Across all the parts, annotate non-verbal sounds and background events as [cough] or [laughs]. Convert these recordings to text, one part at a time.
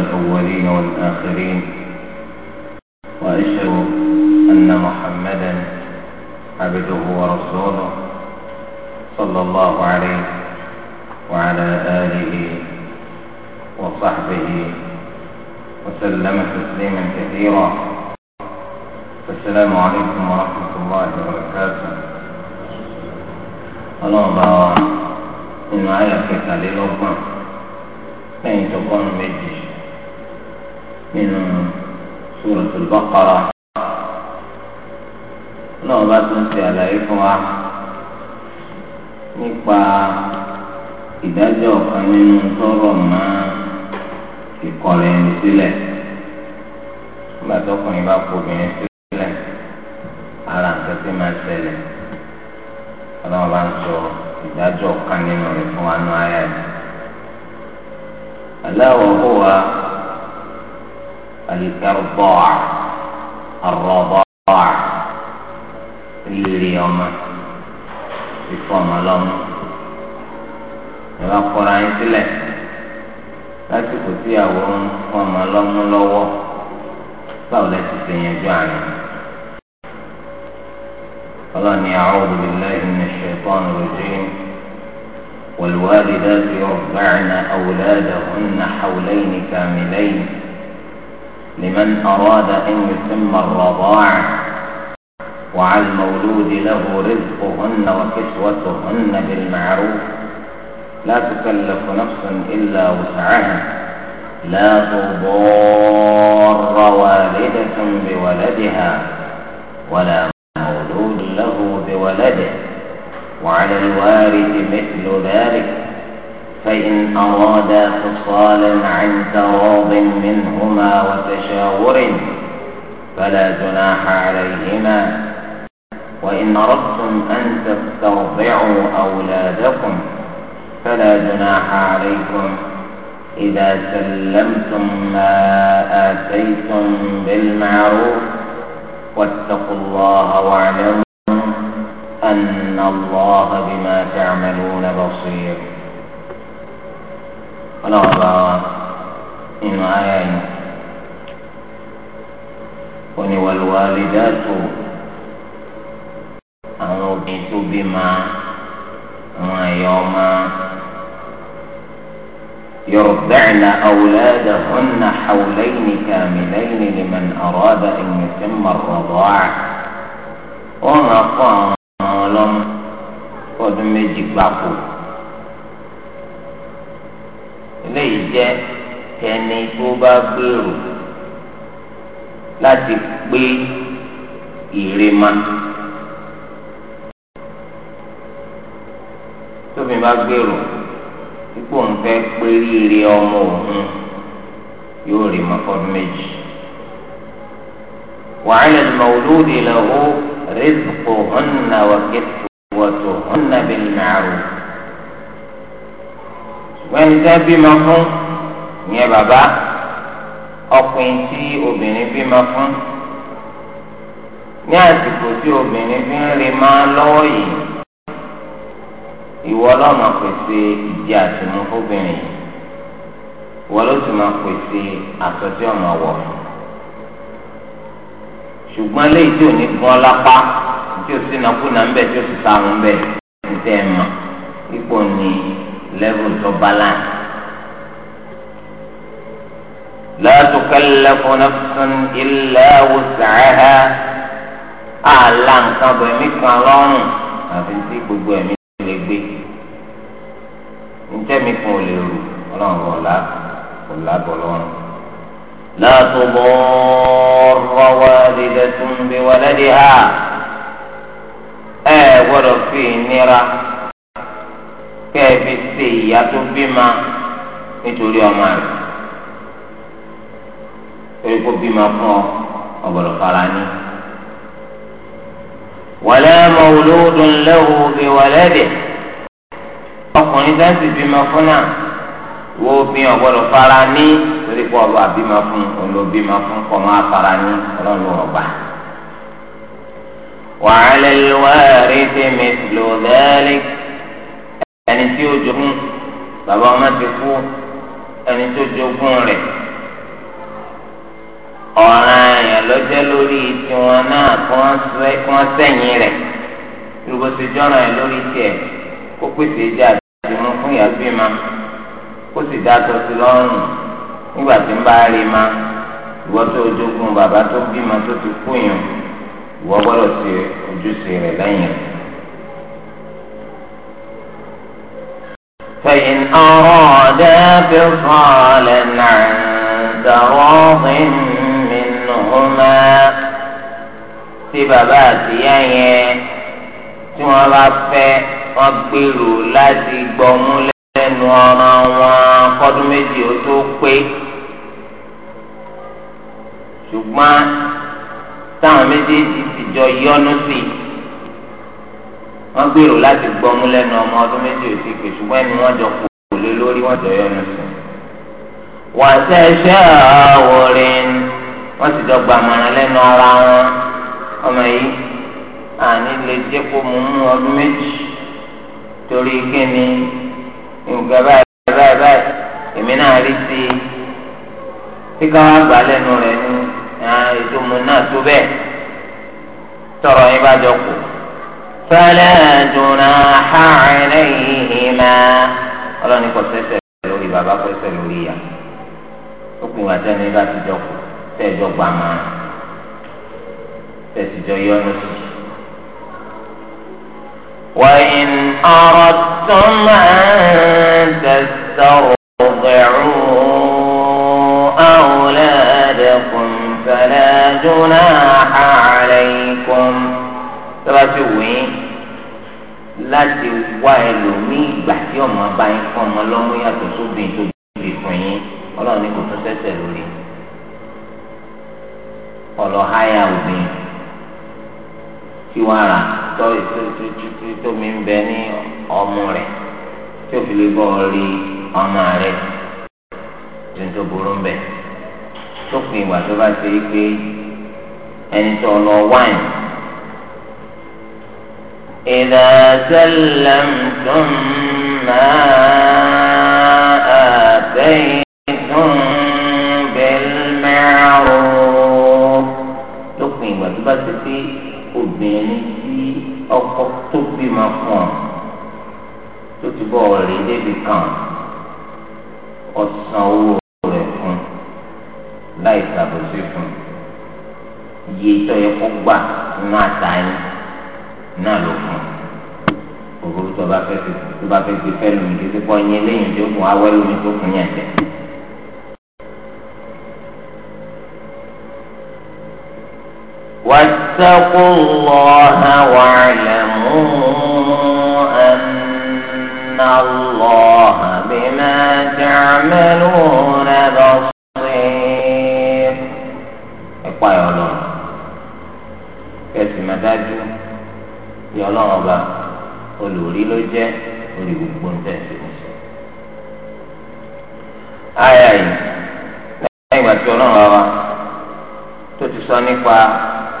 الأولين والآخرين وأشهد أن محمدا عبده ورسوله صلى الله عليه وعلى آله وصحبه وسلم تسليما كثيرا السلام عليكم ورحمة الله وبركاته اللهم بارك إنه آية كتالي لغة lẹ́yìn tó kọ́nu méjì nínú Suratul Baqara náà bá tún ṣe àlàyé fún wa nípa ìdájọ́ ọ̀kan nínú tọ́rọ̀ mọ́ ìkọlẹ̀ ẹni sílẹ̀ nígbà tọkùnrin bá kó obìnrin sílẹ̀ ara nǹkan tí máa ṣẹlẹ̀ ọlọ́run bá ń sọ ìdájọ́ ọ̀kan nínú rẹ̀ fún wa nú ayé rẹ̀. aláwọ̀ ó wa ní ẹrọbọà ẹrọbọà rírì ọmọ ìfọ ọmọ lọmọ ìwà kọra yín sílẹ̀ lásìkò tí àwòrán ọmọ lọmọ lọ́wọ́ báwo lẹ ti ṣèyànjú àná ọlọ́ni àwòrán ilé ìmẹ̀ṣẹ̀ fọ́ọ̀nù rẹ̀ والوالدات يرضعن أولادهن حولين كاملين لمن أراد أن يتم الرضاع وعلى المولود له رزقهن وكسوتهن بالمعروف لا تكلف نفس إلا وسعها لا تضار والدة بولدها ولا مولود له بولده وعلى الوارث مثل ذلك فإن أرادا فصالا عن تراض منهما وتشاور فلا جناح عليهما وإن أردتم أن تسترضعوا أولادكم فلا جناح عليكم إذا سلمتم ما آتيتم بالمعروف واتقوا الله واعلموا أن الله بما تعملون بصير ọlọ́run bá wa nínú ayé yìí oníwàlúwà lè dáàtò àwọn obìnrin tó bí ma àwọn àyà ọmọ يرضعن أولادهن حولين كاملين لمن أراد أن يتم الرضاعة وما قام لهم قد مجي eléyìí jẹ́ ẹni tó bá gbèrò láti pé ìrèmà tóbi bá gbèrò ipò ń fẹ́ pé rírì ọmọ òun yóò rí ma fọdún méjì. وعلى المولود له رزقهن وكسوتهن بالمعروف wẹ́n tẹ́ bímọ fún ìyẹn bàbá ọkùnrin tí obìnrin bímọ fún ní àsìkò tí obìnrin fi ń rin máa lọ́wọ́ yìí ìwọ ọlọ́mọ pèsè ìdí àtìmú fóbìnrin yìí ìwọ ló sì máa pèsè àtọ́jú ọmọ wọ̀ ṣùgbọ́n léyìí tí ò ní gbọ́n lápá tí ó sì nàkúnà ń tí ó sì sáwọn ń bẹ̀ tẹ́ ẹ mọ̀ ipò ní level tó balance. la tukallafu nafsun illa wus'aha àlà nǹkan bọ̀ ẹ̀mí kan lọ́rùn àfi tí gbogbo ẹ̀mí lè gbé ntẹ́mi kan ò lè rù ọlọ́run ọ̀la ọ̀la bọ̀ lọ́rùn. la tudarra walidatun bi waladiha ẹ gbọ́dọ̀ fi ìnira kẹ́ ẹ fi ṣe ìyá tó bímọ nítorí ọmọ rẹ̀ torí kó bímọ fún ọ ọ̀gbọ̀dọ̀ fara ní. wala mawludun lahu bi waladihi ọkùnrin tá sì bímọ fún náà wo bí ọ̀gbọ̀dọ̀ fara ní torí kó ọba bímọ fún olóbímọ fún kọ́ máa fara ní ọlọ́run ọba. وعلى الوارث مثل ذلك ẹni tí ó jogún bàbá ọmọ ti kú ẹni tó jogún rẹ̀ ọ̀ràn àyàn lọ́jọ́ lórí tiwọn náà kí wọ́n sẹ́yìn rẹ̀ irúgbó ti jọ́ràn ẹ̀ lórí tiẹ̀ kó pèsè ìjà àdìmú fún ìyàgbé ma kó sì dátọ́ sí lọ́rùn nígbà tí ń bá rí ma ìwọ tó jogún bàbá tó bímọ tó ti kú yàn ìwọ gbọ́dọ̀ ṣe ojúṣe rẹ̀ lẹ́yìn rẹ̀. فإن أرادا فصالا عن تراض منهما tí bàbá àtìyá yẹn tí wọ́n bá fẹ́ wọ́n gbèrò láti gbọmú lẹ́nu ọ̀ràn wọn kọ́dún méjì ó tó pé ṣùgbọ́n táwọn méjèèjì sì jọ yọnu sí i wọ́n gbèrò láti gbọ́mú lẹ́nu ọmọ ọdún méjì òsì pé ṣùgbọ́n ẹni wọ́n jọ kò lé lórí wọ́n jọ yọnu sí. wọ́n ṣe ṣẹ́ àwòrán wọ́n sì jọ gba àmọ̀ràn ara wọn ọmọ yìí àní lè jẹ́ kó mú mú ọdún méjì torí kíni nǹkan báyìí báyìí báyìí èmi náà rí sí i tí káwá gbà lẹ́nu rẹ̀ ní ètò mu náà tó bẹ́ẹ̀ tọrọ yín bá jọ kù. فلا جناح عليهما ọlọ́ni kò sẹ́sẹ̀ lórí bàbá kò sẹ́sẹ̀ lórí ìyá òkun àtẹni bá ti jọ kù tẹ́jọ́ gbà máa tẹ̀síjọ́ yọnu sí. وإن أردتم أن تسترضعوا أولادكم فلا جناح عليكم tọ́ba ti wù yín láti wá ẹlòmíì ìgbà tí ọmọ bá yín fún ọmọ lọ́mú yàtọ̀ sóbìn tó bí fún yín ọlọ́run ní kò tún sẹ́sẹ̀ lórí ọlọ́háyà obìnrin tí wọ́n rà tọ́ tómi ń bẹ ní ọmú rẹ̀ tí ó fi lè bọ́ rí ọmọ rẹ̀ tó ń tó burú ń bẹ̀ tó pin ìgbà tó bá ṣe é pé ẹni tó lọ wáìnì. إذا سلمتم ما آتيتم بالمعروف lópin ìgbà tó bá ti pé obìnrin tí ọkọ tó bímọ fún ọ tó ti bọ̀ rí débi kan ọ̀sán owó rẹ̀ fún láì ṣàbòsí fún iye tó yẹ kó gbà nínú àtàyè náà ló fún òwúrú tó bá fẹ́ fi tó bá fẹ́ fi fẹ́ lómi kí ti pọ́ yín tó kún awẹ́ lómi tó kún yẹn jẹ. واتقوا الله واعلموا أن الله بما تعملون بصير ẹ̀kọ́ ayọ̀ lọ kẹsì ní ọlọ́run ọba olùrí ló jẹ́ olè gbogbo ń tẹ̀sí mọ́sọ́. ayé ayé lẹ́yìn ìgbà tí ọlọ́run ọba tó ti sọ nípa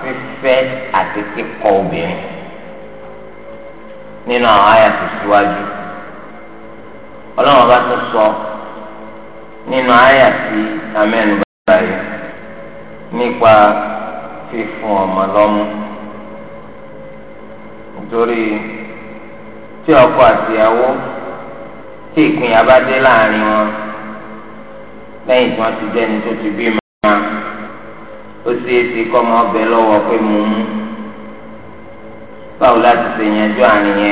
fífẹ́ àti kíkọ obìnrin nínú àwọn ayé àti síwájú ọlọ́run ọba tó sọ nínú ayé àti amẹ́nu báyìí nípa fífún ọmọ lọ́mú. nítorí tí ọkọ àtìyàwó tí ìpínyà bá dé láàrin wọn lẹ́yìn tí wọ́n ti tó ti bí máa ó sì é ti kọ́ ọmọ lọ́wọ́ pé mo mú báwo láti ṣe yanjú àárín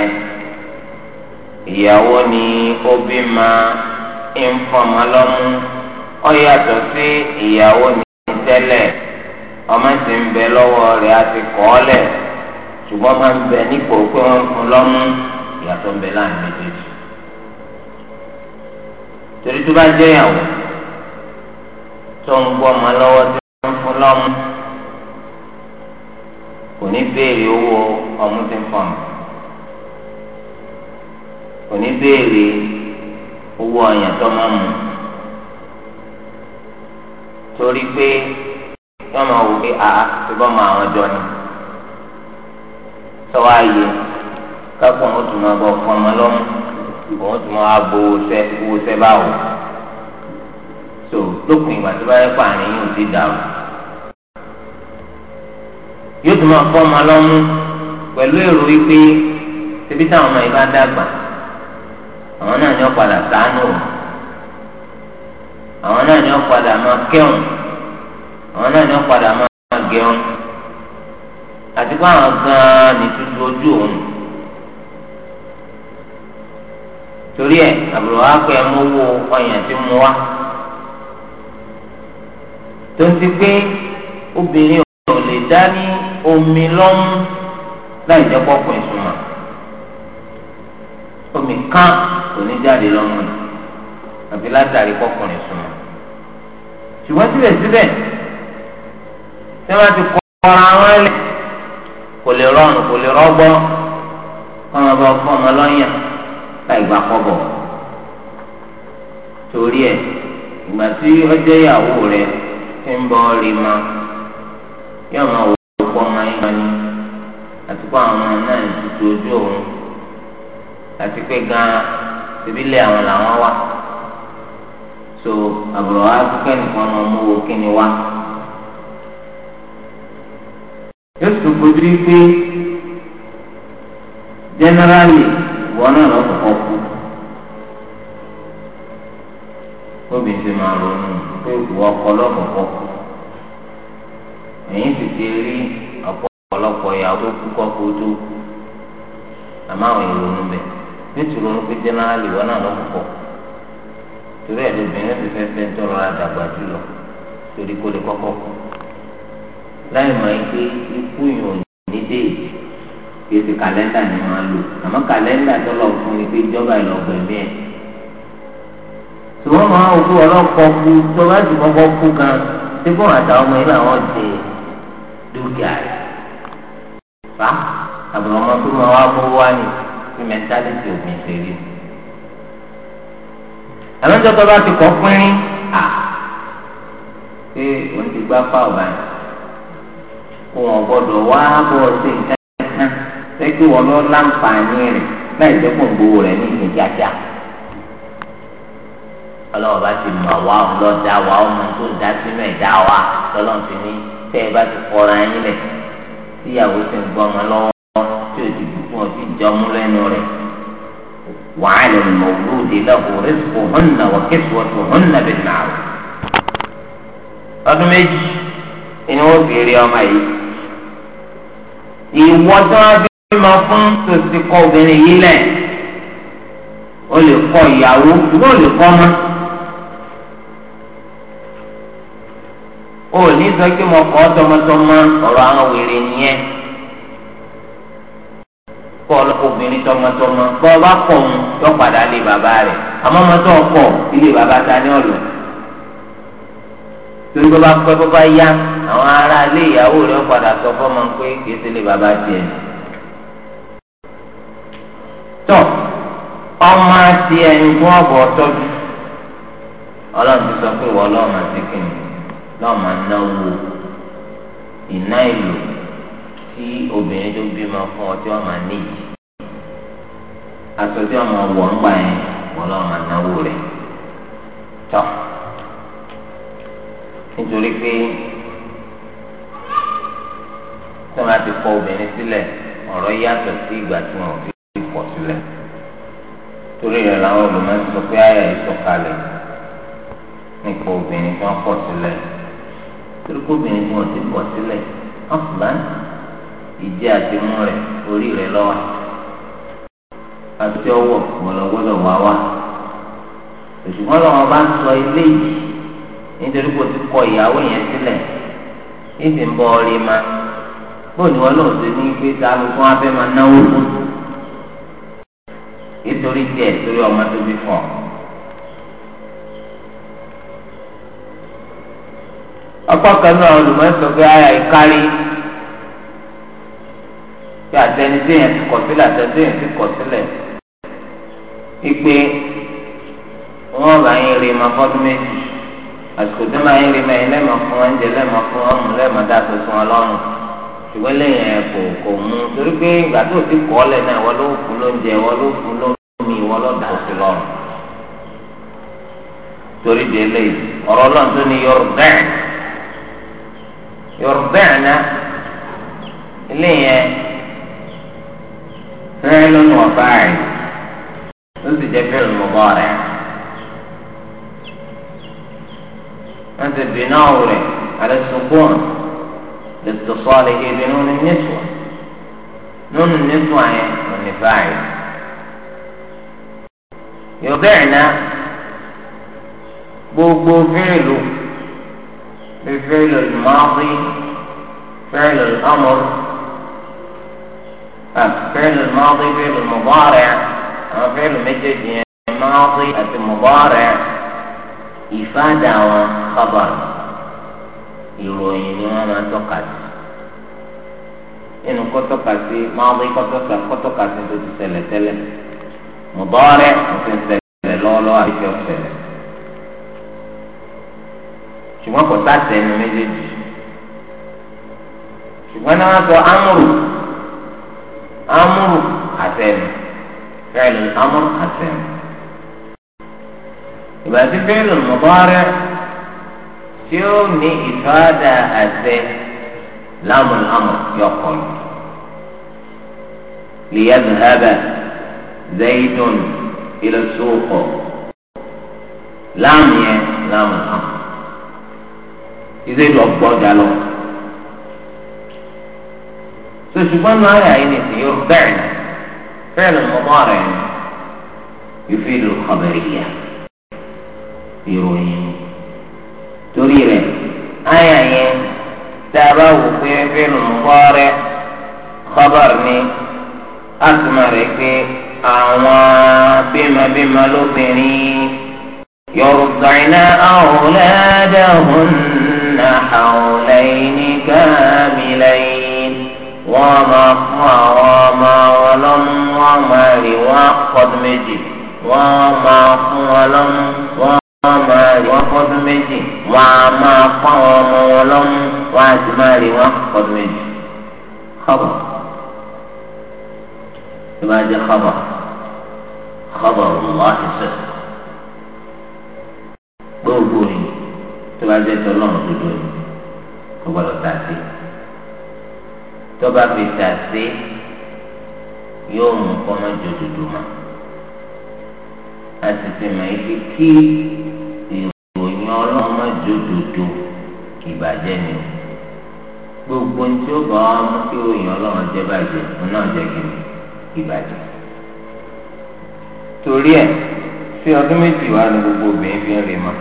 ìyàwó ni ó bí máa ń fọmọ lọ́mú ó yàtọ̀ ni tẹ́lẹ̀ ọmọ ń bẹ lọ́wọ́ ṣùgbọ́n máa ń bẹ nípò pé wọ́n fún lọ́mú ìyàtọ̀ ń bẹ láàrin méjèèjì. torí tó bá jẹ́ ìyàwó tó ń gbọ́ ọmọ lọ́wọ́ tí wọ́n fún lọ́mú kò ní béèrè owó ọmú tí ń fọ̀n kò ní béèrè owó ọyàn tó máa mú torí pé wọ́n máa wò pé àá ti bọ́ mọ àwọn jọ ni tọ́wọ́ ayé kápọ̀ wọn tún máa bọ̀ fún ọmọ lọ́mú wọn tún máa bo sẹ́ wo sẹ́ báwò so lópin ìgbà tó bá yẹ kó àárín yóò ti dàrú yóò tún máa fọ́ ọmọ lọ́mú pẹ̀lú èrò wípé ṣebí táwọn ọmọ yìí bá dàgbà àwọn náà ní ọ̀padà sànù àwọn náà ní ọ̀padà máa kẹ́hùn àwọn náà ní ọ̀padà máa gẹ̀hùn àti pé àwọn gan-an ní tuntun ojú òun torí ẹ àbúrò wa pé ẹ mú owó ọyàn tí mú wá tó ń ti pé obìnrin ò lè dá ní omi lọ́mú láì jẹ́ pọ́pọ́ ìsúnmọ́ omi kan kò ní jáde lọ́mú àbí látàrí pọ́kùnrin súnmọ́ ṣùgbọ́n síbẹ̀síbẹ̀ tí wọ́n ti kọ́ ara wọn lẹ́yìn. kò lè rọrùn kò lè rọgbọ ọmọ bọ fọ ọmọ láì gbà kọ́bọ̀ torí ẹ̀ ìgbà tí ìyàwó ti ma yóò máa wọ ọkọ ọmọ yín wá ní àti kó àwọn náà ń tutù ojú òun àti pé so àbúrò wa kẹ́nìkan ni wá. yóò tún fojú generali pé generally wọn náà lọ kọ́kọ́ kú tóbi ṣe máa ronú pé ìwọ ọpọlọ kọ́kọ́ kú èyí sì ti rí ọ̀pọ̀lọpọ̀ ìyàwó tó kú kọ́kọ́ tó kú àmọ́ àwọn bẹ̀ nítorí pé wọn lọ kọ́kọ́ torí ẹ̀ lóbìnrin ti fẹ́ fẹ́ tọrọ àdàgbà jùlọ torí kó lè kọ́kọ́ kú. láì mọ̀ ẹ́ pé ikú yòó ní déètì kìí ṣe kàlẹ́ndà ni wọ́n á lò àmọ́ kàlẹ́ndà tó lọ fún ni pé ìjọba ìlọ́gbọ̀ ẹ̀mí ẹ̀. ṣùgbọ́n máa ń kú ọlọ́kọ̀ kú tó bá ti kọ́kọ́ kú gan ṣé bọ́ọ̀ àtàwọn ọmọ ilé àwọn ti dúkìá rẹ̀. fa àbúrò ọmọ tó máa wá mú wá ní fi mẹ́ńtálítì òfin ṣeré. àmọ́ ìjọba ti kọ́ pínrín à pé ó ti gbá fáwọn báyìí wọn ò gbọdọ̀ wá bọ̀ ṣe nǹkan kan lẹ́gbẹ̀ẹ́ wọn lọ láǹfààní rẹ̀ láì jẹ́ kó gbowó rẹ̀ ní ìpín kíákíá. ọlọ́wọ́ bá ti mọ̀ wá òun lọ dá wa ọmọ tó dá sínú ẹ̀ wa lọ́lọ́run ti ní tẹ́ ẹ bá ti kọ́ra yín lẹ̀ tíyàwó ti ń gbọ́ ọmọ lọ́wọ́ tí o ti fún ọ ti jọmú lẹ́nu rẹ̀. وعلى المولود له رزقهن وكسوتهن بالمعروف. رقم ni wọ́n fi rí ọmọ yìí. ìwọ́n tó wá bí ma fún tòsí kọ obìnrin yìí lẹ̀ o lè kọ ìyàwó ṣùgbọ́n o lè kọ́ ọmọ. o ní sọ pé mo kọ́ tọmọtọmọ ọ̀rọ̀ àwọn wèrè nìyẹn kọ obìnrin tọmọtọmọ bọ́ ọ bá kọ̀ ọ́n yọ padà lé bàbá rẹ̀ àmọ́ ọmọ tó ilé bàbá ta ní ọ̀lẹ́. torí bó bá pẹ́ bó bá yá àwọn ará ilé ìyàwó rẹ̀ padà sọ fọ́mọ pé kìí ṣe lè bàbá tiẹ̀. tọ́ ọmọ àti ẹni fún ọ̀bọ̀ tọ́jú ọlọ́run ti sọ pé wọ́n lọ́ọ̀mà ti kìnnì lọ́ọ̀mà náwó ìná ìlú tí obìnrin tó bímọ fún ọ tí wọ́n máa níyì aṣọ tí wọ́n máa nítorí pé tí wọ́n ti kọ obìnrin sílẹ̀ ọ̀rọ̀ yàtọ̀ sí ìgbà tí wọ́n ti kọ sílẹ̀ torí rẹ̀ làwọn olùmọ̀ ń sọ pé àyà ìsọ̀kalẹ̀ nípa obìnrin tí wọ́n kọ sílẹ̀ torí pé obìnrin tí wọ́n ti kọ sílẹ̀ wọ́n fìlà ìdí àti mú rẹ̀ orí rẹ̀ lọ́wọ́ àti ọwọ́ ọ̀gbọ̀nlọ́gbọ́dọ̀ wá wá òṣùwọ́n lọ́wọ́ bá ń sọ ilé yìí nítorí kò ti kọ ìyàwó yẹn sílẹ̀ ìsì ń bọ ọrẹ ma bóun ni wọn náà ṣe ní pé ta ló fún abẹ́ máa náwó fún nítorí tiẹ̀ torí ọmọ tó fi fọ̀. ọ̀pọ̀ kan náà olùmọ̀sọ pé àyà ìkárí pé àtẹni tí yẹn ti kọ̀ sílẹ̀ àtẹni tí yẹn ti kọ̀ sílẹ̀ wípé wọ́n bá yín rí ma fọ́dún méjì àsìkò tí màá yín rí mẹ́yìn lẹ́mọ̀ fún oúnjẹ lẹ́mọ̀ fún ọmọ lẹ́mọ̀ dáàbò fún ọlọ́run ṣùgbọ́n lẹ́yìn ẹ̀ kò kò mú torí pé ìgbà tó ti kọ́ lẹ̀ náà wọ́n ló fún lóúnjẹ wọ́n ló fún lómi wọ́n ló dà sí lọ́rùn. torí délé ọ̀rọ̀ ọlọ́run tó ní yorùbẹ́ẹ̀ yorùbẹ́ẹ̀ náà ilé yẹn rẹ́ lónìí ọ̀bá rẹ̀ ó sì jẹ́ fẹ́ràn wọ́n ti bì náà rẹ̀ alẹ́ sọ́kùn lẹ́tọ̀sọ́ọ̀lì ìdí nínú nísùn nínú nísùn yẹn òní báyìí. yorùbá ẹ̀ná gbogbo fíìlù fíìlù ìmọ̀ọ́sí fíìlù ọmọrú fíìlù ìmọ̀ọ́sí fíìlù mọ̀bọ́ọ̀rẹ́ àwọn fíìlù méjèèjì yẹn ìmọ̀ọ́sí àti mọ̀bọ́ọ̀rẹ́. ìfáàdà wọn kọ́bà ìròyìn ni wọn máa tọ́ka sí nínú ma sí máa wí kọ́tọ́ka kọ́tọ́ka sí tó ti ṣẹlẹ̀ tẹ́lẹ̀ mọ̀bọ́rẹ́ ti ṣẹlẹ̀ lọ́wọ́lọ́wọ́ àti ìfẹ́ ṣẹlẹ̀ ṣùgbọ́n kò sá tẹnu méjèèjì ṣùgbọ́n náà sọ amúrù amúrù ìgbà فعل المضارع mọ̀bárẹ̀ إفادة ó لام الأمر àṣẹ ليذهب زيد إلى السوق لام يه لام الأمر يزيد أبوه لو سيشبان ما يعني يربعنا فعل المضارع يفيد الخبريه ìròyìn torí rẹ̀ àyà yẹn tá a bá wò pé fílù kọ́rẹ́ kọ́bọ̀r ni a túmọ̀ rẹ̀ pé àwọn bímọbímọ lóbìnrin yorùbáyìnà àwòlẹ́dẹ̀hùn àwòlẹ́yìn kàmìlẹ́yìn wọ́n máa fún àwọn ọmọ wọn lọ́mú wọ́n máa rí wọn pọ̀ wọ́n máa fún wọn lọ́mú wọ́n wọ́n máa rí wọn fọ́dún méjì wọ́n á máa fọ́ àwọn ọmọ wọn lọ́mú wọ́n á sì máa rí wọn fọ́dún méjì. kọ́bọ̀ tó bá jẹ́ kọ́bọ̀ kọ́bọ̀ wọ́n ti sẹ̀. gbogbo yìí tó bá jẹ́ tó lọ́rùn dúdú yìí kò gbọ́dọ̀ tà sí. tó bá fi tà sí yóò mú kọ́mọ́jọ dúdú mọ́. a sì ti mọ̀ ẹ́ kí kí òdodo ìbàjẹ́ ni gbogbo ní tí ó bá wọn mú kí òyìn ọlọ́run jẹ́ bàjẹ́ òun náà jẹ́ kí ìbàjẹ́ torí ẹ̀ sí ọdún méjì wá ní gbogbo obìnrin fi ń rè mọ́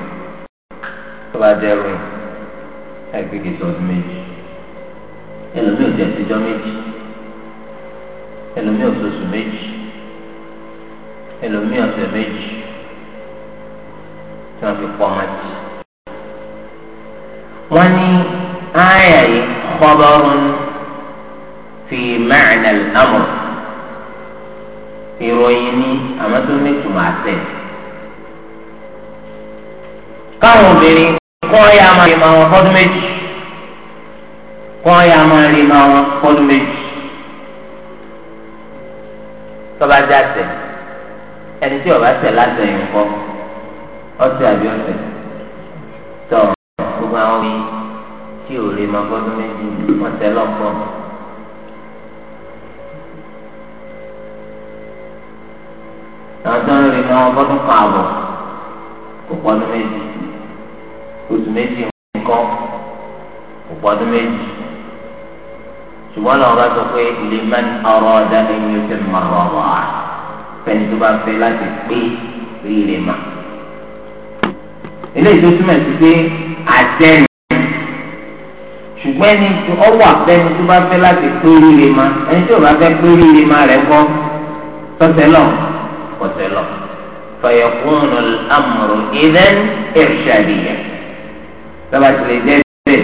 tó bá jẹ́ ròyìn ẹgbẹ́ kìí sọ ọdún méjì ẹlòmíì ò jẹ́ síjọ́ méjì ẹlòmíì oṣooṣù méjì ẹlòmíì ọ̀sẹ̀ méjì tí wọ́n fi pọ́ ọmọ jì wọ́n ní àyà yìí khabarun fi ma'na al-amr ìròyìn ní àmọ́ tó ní tùmọ̀ àtẹ. káwọn obìnrin kọ́ ya máa rí ma wọn fọ́dún méjì kọ́ ya máa rí ma wọn fọ́dún méjì tọ́ba já tẹ̀ ẹni tí ọba tẹ̀ látẹ̀yìn kọ́ ọtí àbí ọtẹ̀ tọ́ gbogbo àwọn yìí tí ò lè máa gbọ́dún méjì wọ́n tẹ lọ́pọ̀. àwọn tó ń rí máa wọn gbọ́dún kan àbọ̀ kò pọ́dún méjì oṣù méjì nǹkan kò pọ́dún méjì ṣùgbọ́n náà wọ́n bá sọ pé lè má ní ọ̀rọ̀ ọ̀dá ní ilé tó ń mọ̀ ọ̀rọ̀ ọ̀rọ̀ à fẹ́ni tó bá fẹ́ láti pé rí rè má. eléyìí tó túmọ̀ sí pé àtẹ́ni ṣùgbọ́n ẹni tí ọ wà fẹ́ni tó bá fẹ́ láti pé rire ma ẹni tí ò bá fẹ́ pé rire ma rẹ̀ kọ́ tọ́tẹ́ lọ kọ́tẹ́ lọ fayakun al-amru idan irshadiya sábà tí lè jẹ́ bẹ́ẹ̀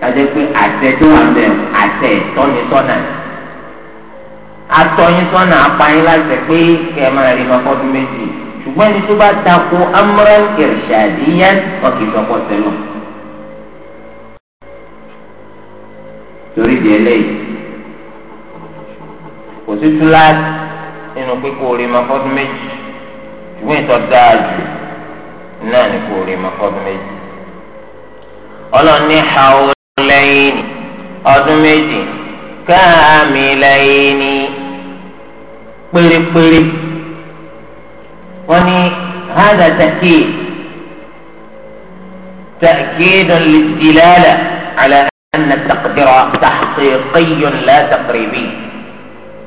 kájẹ́ pé àtẹ tó wà bẹ́ẹ̀ àtẹ tọ́ni sọ́nà atọ́yin sọ́nà apáyin láti ma fọ́dún méjì ṣùgbọ́n tó bá tako amran irshadiya ọkì sọ́kọ́ tẹ́lọ̀. torí di eléyìí kò sí túláàsì nínú pípò orí ma fọdún méjì ṣùgbọ́n ìtọ́ dáa jù náà ní kò orí ma fọdún méjì ọlọ́ni hawlẹ́yìn ọdún méjì káàmìlẹ́yìn pérépéré wọ́n ní hádà tàkì tàkì dùn lè àlẹ́. أن التقدير تحقيقي لا تقريبي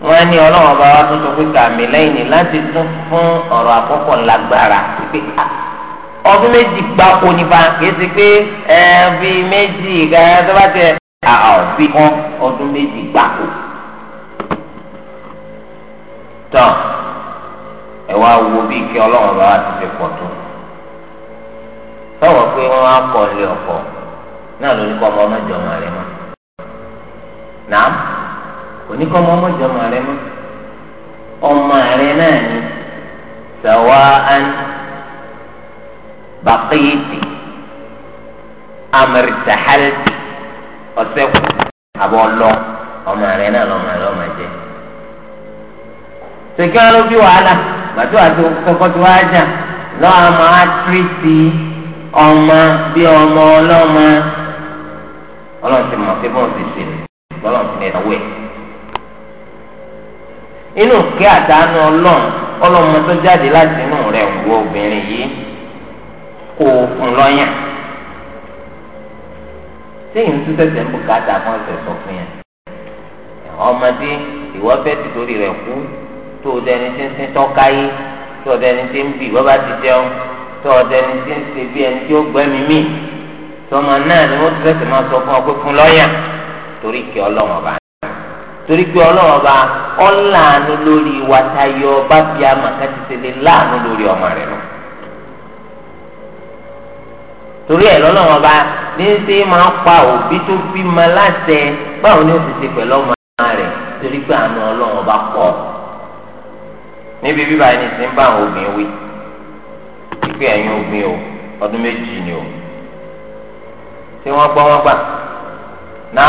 wọ́n ní ọlọ́run ọba wa tuntun pé kàmí lẹ́yìn láti tún fún ọ̀rọ̀ àkọ́kọ́ lágbára pé ọdún méjì gbáko nípa kìí ṣe pé ẹ bí méjì gàdá tó bá tẹ àwọn bí kan ọdún méjì gbáko. tán ẹ wá wo bí kí ọlọ́run ọba wa ti ṣe pọ̀ tó sọ̀rọ̀ pé wọ́n á kọ́ ilé ọ̀pọ̀ náà ló ní kọ́ ọmọ ọmọdé ọmọ rẹ mọ́ nàám kò ní kọ́ ọmọ ọmọdé ọmọ rẹ mọ́ ọmọ rẹ náà ní sawa'an baqiti amirtahalti ọ̀sẹ̀kù àbọ̀ lọ ọmọ rẹ náà lọ́mọ rẹ ọmọ jẹ sèké ló bí wàhálà gbàtú àti kọkọtù wa jà lọ́wọ́ àmọ́ ọmọ bí ọmọ ọlọ́mọ ọlọ́run ti mọ̀ pé bọ́ọ̀ ti sè lọ́lọ́run ti ẹ̀dáwó ẹ̀. inú kí àdánù ọlọ́run ọlọ́mọ tó jáde láti inú rẹ̀ wo obìnrin yìí kó o fún lọ́yàn. sẹ́yìn tó tẹ̀sẹ̀ ń bùkátà fún ẹsẹ̀ sọ fún yẹn. ọmọdé ìwọ fẹ́ ti torí rẹ̀ kú tó o dẹni tí ń sin tó o dẹni tí ń bì wọ́n bá ti jẹun tó o dẹni tí ń ṣe bí ẹni tí ó gbẹ́mí mí tọmọ náà ni wọ́n ti fẹsẹ̀ máa sọ fún ọ pé fún lọ́ọ̀yà torí kí ọlọ́run ọba torí pé ọlọ́run ọba ọ̀làánú lórí wa tayọ bá fi àmàkà ti tẹ̀lé láàánú lórí ọmọ rẹ̀ lọ. torí ẹ̀ lọ́lọ́run ọba ní ṣe máa ń pa òbí tó fi ma láṣẹ báwo ni ó ti ṣe pẹ̀lú ọmọ rẹ̀ torí pé àánú ọlọ́run ọba pọ̀. níbi bíbá ẹni tí ń bá àwọn obìnrin wí pípé ẹ̀yin obìnrin o ọdún méjì ni o. tí wọn gbọ́ wọ́n gbà ná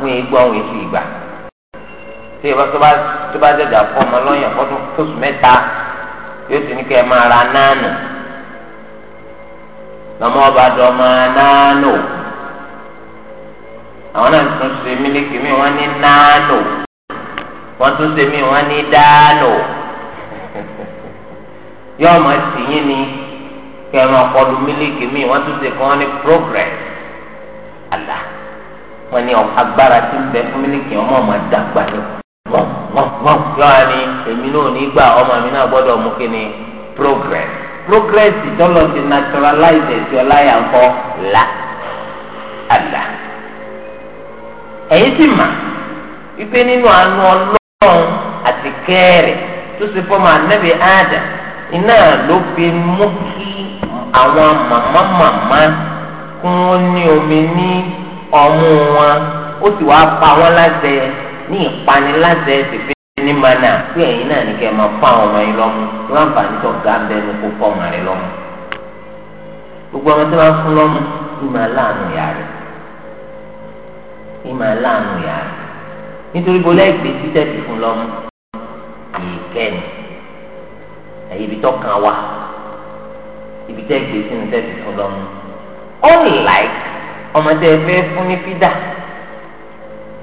wọ́n yìí ọ wọ́n yìí fi gbà tí ìbá tó bá tó fún ọmọ mẹ́ta yóò ti ní kẹ́ ẹ máa ra nánù lọ́mọ ọba dọ̀ máa nánù àwọn náà tún ṣe mílíkì mi wọ́n ní nánù wọ́n tún ṣe mí wọ́n ní dánù [laughs] yín ni mílíkì mi wọ́n tún ṣe ní progress. àlà wọn ni agbára tí ń bẹ fún mílíkì ọmọ ọmọ dàgbà ni wọn wọn wọn. yọ̀ọ́ èmi náà ní gbà ni progress progress tọ́lọ̀ ti naturalize ẹ̀sìn ọláyà ńkọ́ la àlà. ẹ̀yin sì mà wípé nínú àánú ọlọ́run àti kẹ́ẹ̀rẹ̀ tó ṣe fọ́mọ ànábì iná ló fi mú kí àwọn màmá màmá. wọ́n ní omi ní ọmú wọn ó sì wáá pa wọ́n láṣẹ ní ìpani láṣẹ ìfẹ́ ní mana pé ẹ̀yin náà ní kẹ́ máa fún àwọn ọmọ yín lọ́mú wọ́n àǹfààní tó ga ń bẹnu kó fọ́ ọmọ rẹ lọ́mú gbogbo ọmọ tó bá fún lọ́mú ìmọ̀ aláàánú ìyá rẹ̀ ìmọ̀ aláàánú ìyá rẹ̀ nítorí bọ́lá ìgbé títẹ̀ ti fún lọ́mú àyíkẹ́ni àyíbi tó kan wà ibi tẹ́ ìgbé sínú tẹ́ ti fún lọ́mú unlike ọmọdé ẹgbẹ́ fún ní fídà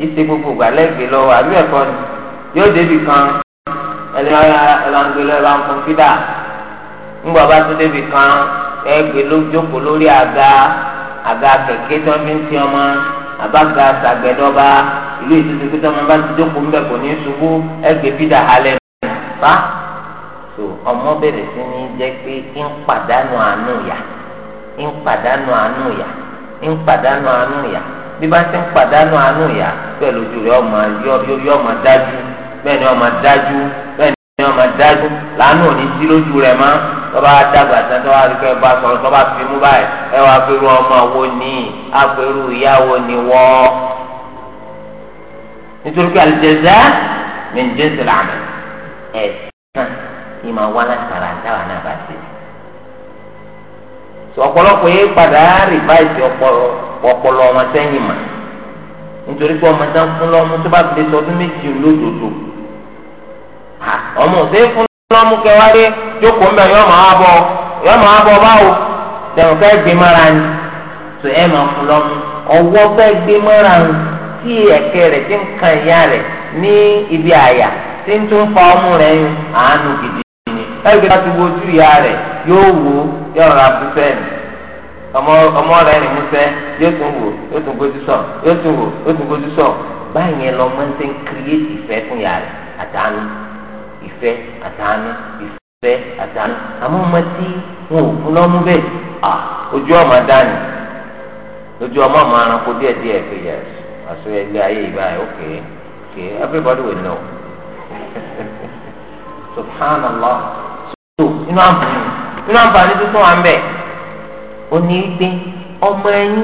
ìṣe gbogbo gbàlẹ́gbẹ̀ẹ́ lọ́wọ́ àbí ẹ̀kọ́ ni yóò débi kan ẹni ọ̀ya ẹlọ́ngbẹ̀lẹ́ bá ń fún fídà ńgbà bá tún débi kan ẹgbẹ́ ló jókòó lórí àga àga kẹ̀kẹ́ tó ń fi ń ti ọmọ àbága sàgbẹ̀dọ́ba ìlú ìtútù kí tọ́mọ bá ti jókòó ńbẹ kò ní ṣubú ẹgbẹ́ fídà halẹ̀ fa ọmọ bẹ̀rẹ̀ sí ní jẹ́ pé ń pàdánù àánú yà ń pàdánù àánú ìyá ń pàdánù àánú ìyá bí bá ti ń pàdánù àánú ìyá bẹ́ẹ̀ lójú rẹ̀ ọmọ yọ ọmọ dájú bẹ́ẹ̀ ni ọmọ dájú bẹ́ẹ̀ ni ọmọ dájú làánú òní sí lójú rẹ̀ mọ́ tọ́ba dàgbà tán tọ́ba àdúgbò bá sọ̀rọ̀ tọ́ba fi mú báyìí ẹ wàá pẹ̀lú ọmọ wo ni àpẹ̀lú ìyá wo ni wọ́ nítorí pé àlùjẹ̀dá mi ń jẹ́ sílámù ẹ̀ sàn ìmọ̀ wá látara dáwà náà bá ti tí ọ̀pọ̀lọpọ̀ yẹn padà rìváìsì ọpọlọ ọmọ sẹ́yìn mà nítorí pé ọmọ sẹ́yìn fún lọ́mú tó bá fi lè sọdún méjì lódodo ọmọ òsè fún lọ́mú kẹwàá rí jókòó mbẹ yọ máa bọ yọ máa bọ báwo tẹ̀wọ̀n fẹ́ gbé mọ́ra ni tó ẹ máa fún lọ́mú ọwọ́ fẹ́ gbé mọ́ra ni tí ẹ̀kẹ́ rẹ̀ ti ń kan ìyá rẹ̀ ní ibi àyà tí ń tún fa ọmú rẹ̀ yín àánú gidi ni ẹ̀rọ ìgbà tí wo ojú ìyá rẹ̀ yóò wò yóò rà bùsẹ̀ ni ọmọ ọmọ rẹ̀ ni musẹ́ yóò tún wò yóò tún gbójú sọ yóò tún wò yóò tún gbójú sọ báyìí yẹn lọ máa ń ṣe ń kírìyèsì ìfẹ́ fún yàrá rẹ̀ àtàánú ìfẹ́ àtàánú ìfẹ́ àtàánú àmọ́ ọmọ tí wọn ò fún lọ́mú bẹ́ẹ̀ ojú ọmọ dání ojú ọmọ ọmọ aranko díẹ̀ díẹ̀ pé yẹs àṣọ ẹgbẹ́ ayé ìbáyìí ok ok everybody will know [laughs] subhanallah so inú àbúrò nínú àǹfààní tuntun wà ń bẹ̀ òní gbé ọmọ ẹyin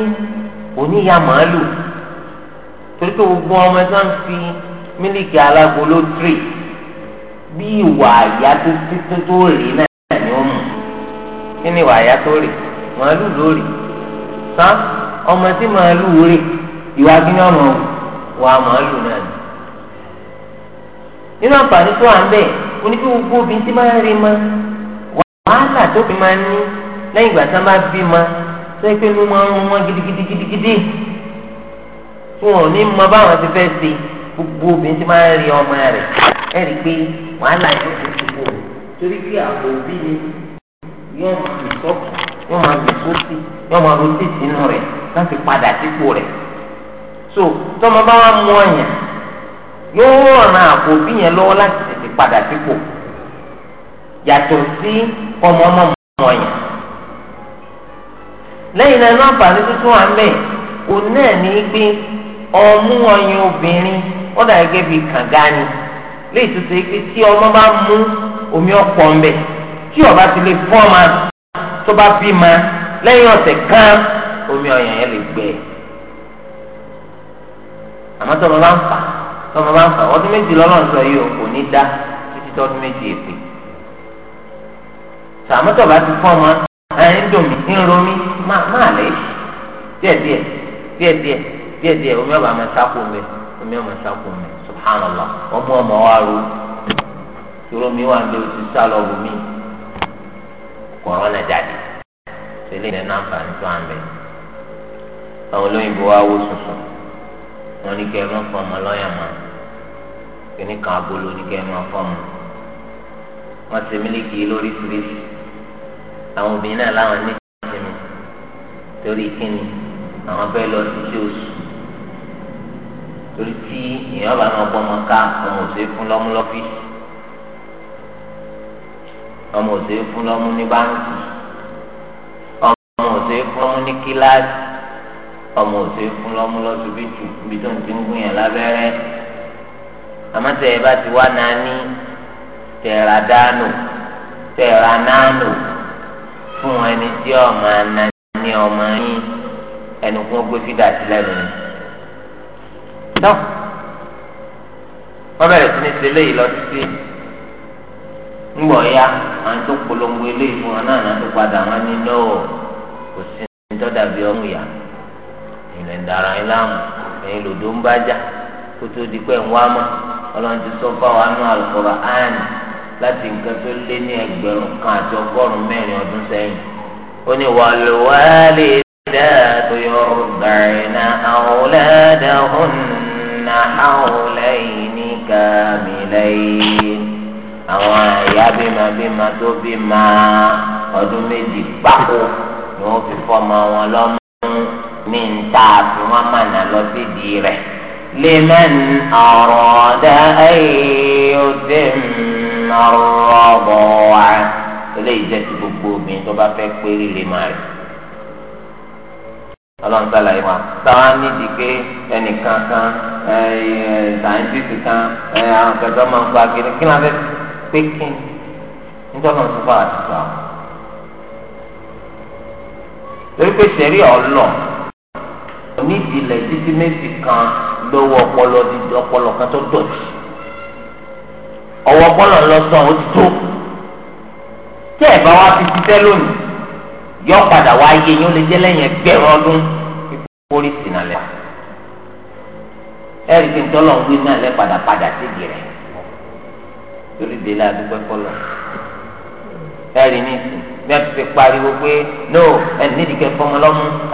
òní ya màálù torí pé gbogbo ọmọ ẹ sáà ń fi mílíkì alágolo tírì bí ìwà àyà tó tó tó rè náà ni ó mú kí ni ìwà àyà tó rè màálù lórí sá ọmọ tí màálù rè ìwà gíní ọmọ wà màálù náà ni nínú àǹfààní tó wà ń bẹ̀ oníkí gbogbo obìnrin tí máa ń rí máa. wàhálà tó fi máa ń ní lẹ́yìn ìgbà tí wọ́n bá bí ma tó yẹ pé máa ń tí ní mọ báwọn ti fẹ́ ṣe gbogbo obìnrin ti máa ń rí ọmọ rẹ̀ ẹ̀ rí pé wàhálà yóò fi dìbò torí pé àbò òbí ni yóò máa sọ́kù yóò so bá mú ọ̀yàn yóò ràn òbí yẹn lọ́wọ́ láti tètè yàtọ̀ sí ọmọ ọmọ mọ̀ọ́yàn. lẹ́yìn náà inú àǹfààní tuntun wà mẹ́ òun náà ní gbé ọmú ọyàn obìnrin ó dà gẹ́gẹ́ bíi ni lè tún pé tí ọmọ omi ọ̀pọ̀ ń bẹ̀ tí ọba ti lè tó ma lẹ́yìn ọ̀sẹ̀ kan omi ọyàn yẹn lè gbẹ. àmọ́ bá ń fà bá tàmọ́tò bá ti fún ọmọ ẹ̀rín dùn mí ń ronú máa lè díẹ̀ díẹ̀ díẹ̀ díẹ̀ díẹ̀ díẹ̀ omi ọba máa sáko mi omi ọba sáko mi subhanallah ọmọ ọmọ wa ro ìró mi wà ní oṣù sálọ wù mí kọ̀rọ̀ náà jáde ṣẹlẹ̀ ní náfààní tó à ń àwọn olóyìnbó wa wó sùsù wọn ní kẹrin ọkọ ọmọ lọ́yà mọ́ kíní kan abolo ní kẹrin ọkọ ọmọ wọn ti mílíkì lórí sírísì àwọn obìnrin náà láwọn ní ìsinmi torí kíni àwọn fẹ́ lọ sí oṣù torí tí èèyàn bá máa gbọ́mọ ká ọmọ òṣèré fún lọ́mú lọ́fíìsì ọmọ òṣèré fún lọ́mú ní báńkì ọmọ òṣèré fún lọ́mú ní kíláàsì ọmọ òṣèré fún lọ́mú lọ́sibítù ibi tó ń ti ń gún yẹn lábẹ́rẹ́ àmọ́tẹ̀ bá ti wá nání tẹ̀ra dánù tẹ̀ra nánù. fún ẹni tí ọmọ àná ní ọmọ yín ẹnu kún ó gbé fídà sí lẹ́nu ni. wọ́n bẹ̀rẹ̀ sí ní ṣe eléyìí lọ títí ńgbọ̀ ya àwọn tó polongo eléyìí fún wọn náà náà tó padà wọn ní lọ́wọ́ kò sí ní tọ́da bí ọmú yá ilẹ̀ ń dara ẹ̀yin lòdó láti nǹkan tó lé ní ẹgbẹ̀rún kan àti ọgọ́rùn-ún mẹ́rin ọdún sẹ́yìn. ó ní wàlúwàlì dáàtò yọrùbàrínà àwòlẹ́dàhùnà àwòlẹ́yìn ní kàmìlẹ́yìn. àwọn àyà bímabíma tó bímá ọdún méjì gbáko ni wọ́n fi fọ́ọ̀mù àwọn lọ́mú ní nta àfi wọn mànà lọ sídìí rẹ̀. لمن أراد أن يتم rọ́bọ̀ wá eléyìí jẹ́ ti gbogbo obìnrin tó bá fẹ́ pé líle máa rẹ̀ ọlọ́run sàlàyé wa táwa nídìí pé ẹnìkan kan sàǹtìtì kan àwọn kẹtọ́ máa ń gba kiri kí ni a fẹ́ pé kí ni nítorí wọn sọ fún àtìkà torí pé sẹ́rí ọlọ́ onídìí ilẹ̀ títí méjì kan lówó ọpọlọ ọpọlọ kan tó dọ̀tí ọwọ́ bọ́lọ̀ lọ́sàn ó ti tó tí ẹ̀ bá wá fi ṣiṣẹ́ lónìí yọ padà wá yé yín ó lè jẹ́ lẹ́yìn ẹgbẹ̀rún ọdún ìkórè sínà lẹ́yìn ẹ̀rí tí ntọ́lọ̀ ń gbé náà lẹ́ padà padà sí ìdí rẹ̀ torí de la dúpẹ́ kọ́lọ̀ ẹ̀rí ní ìsìn bí a ti fi pariwo pé no ẹ̀ nídìí kẹ́ fọmọ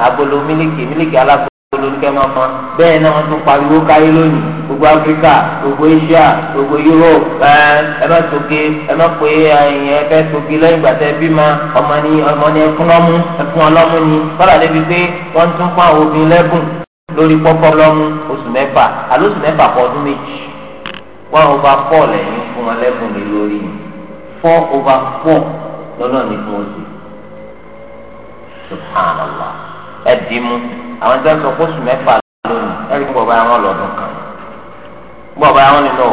agolo mílíkì mílíkì alágbó olùkẹ́ máa fọn bẹ́ẹ̀ náà wọ́n tún pariwo káyé lónìí gbogbo áfíríkà gbogbo asia gbogbo europe ẹ má tóge ẹ má pé ẹyìn ẹ fẹ́ tóge lẹ́yìn ìgbà tẹ́ bímọ ọmọ ni ọmọ ni ẹkún lọ́mú ẹkún ọlọ́mú ni kọ́lá débi pé wọ́n tún fún àwọn obìnrin lẹ́bùn lórí pọ́pọ́ lọ́mú oṣù mẹ́fà àló oṣù mẹ́fà kọ́ ọdún méjì one over four lẹ́yìn fún wọn lẹ́bùn lé lórí four over four lọ́nà subhanallah. ẹdìmú àwọn tó sọ kóṣù mẹ́fà lónìí ẹni kí bọ̀bá wọn kan bọ̀bá wọn ni no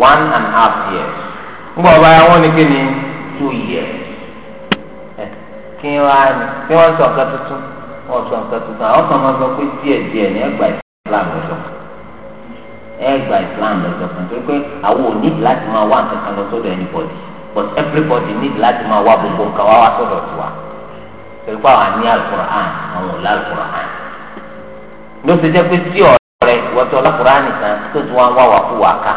one and a half years bọ̀bá wọn ni kí ni two years kí wọ́n kí wọ́n sọ nǹkan tuntun wọ́n sọ nǹkan tuntun àwọn kan máa sọ pé díẹ̀ díẹ̀ ní ẹgbà Islam lọ́jọ́ ẹgbà Islam lọ́jọ́ kan torí pé àwọn ò need láti máa wá nǹkan kan lọ anybody but everybody need láti máa wá pẹ̀lú àwọn àní alukur'an àwọn òlà alukur'an ló ti jẹ́ pé tí ọ̀rẹ́ wọ́tọ̀ alukur'an nìkan tó tún wá wá wà fún wa ká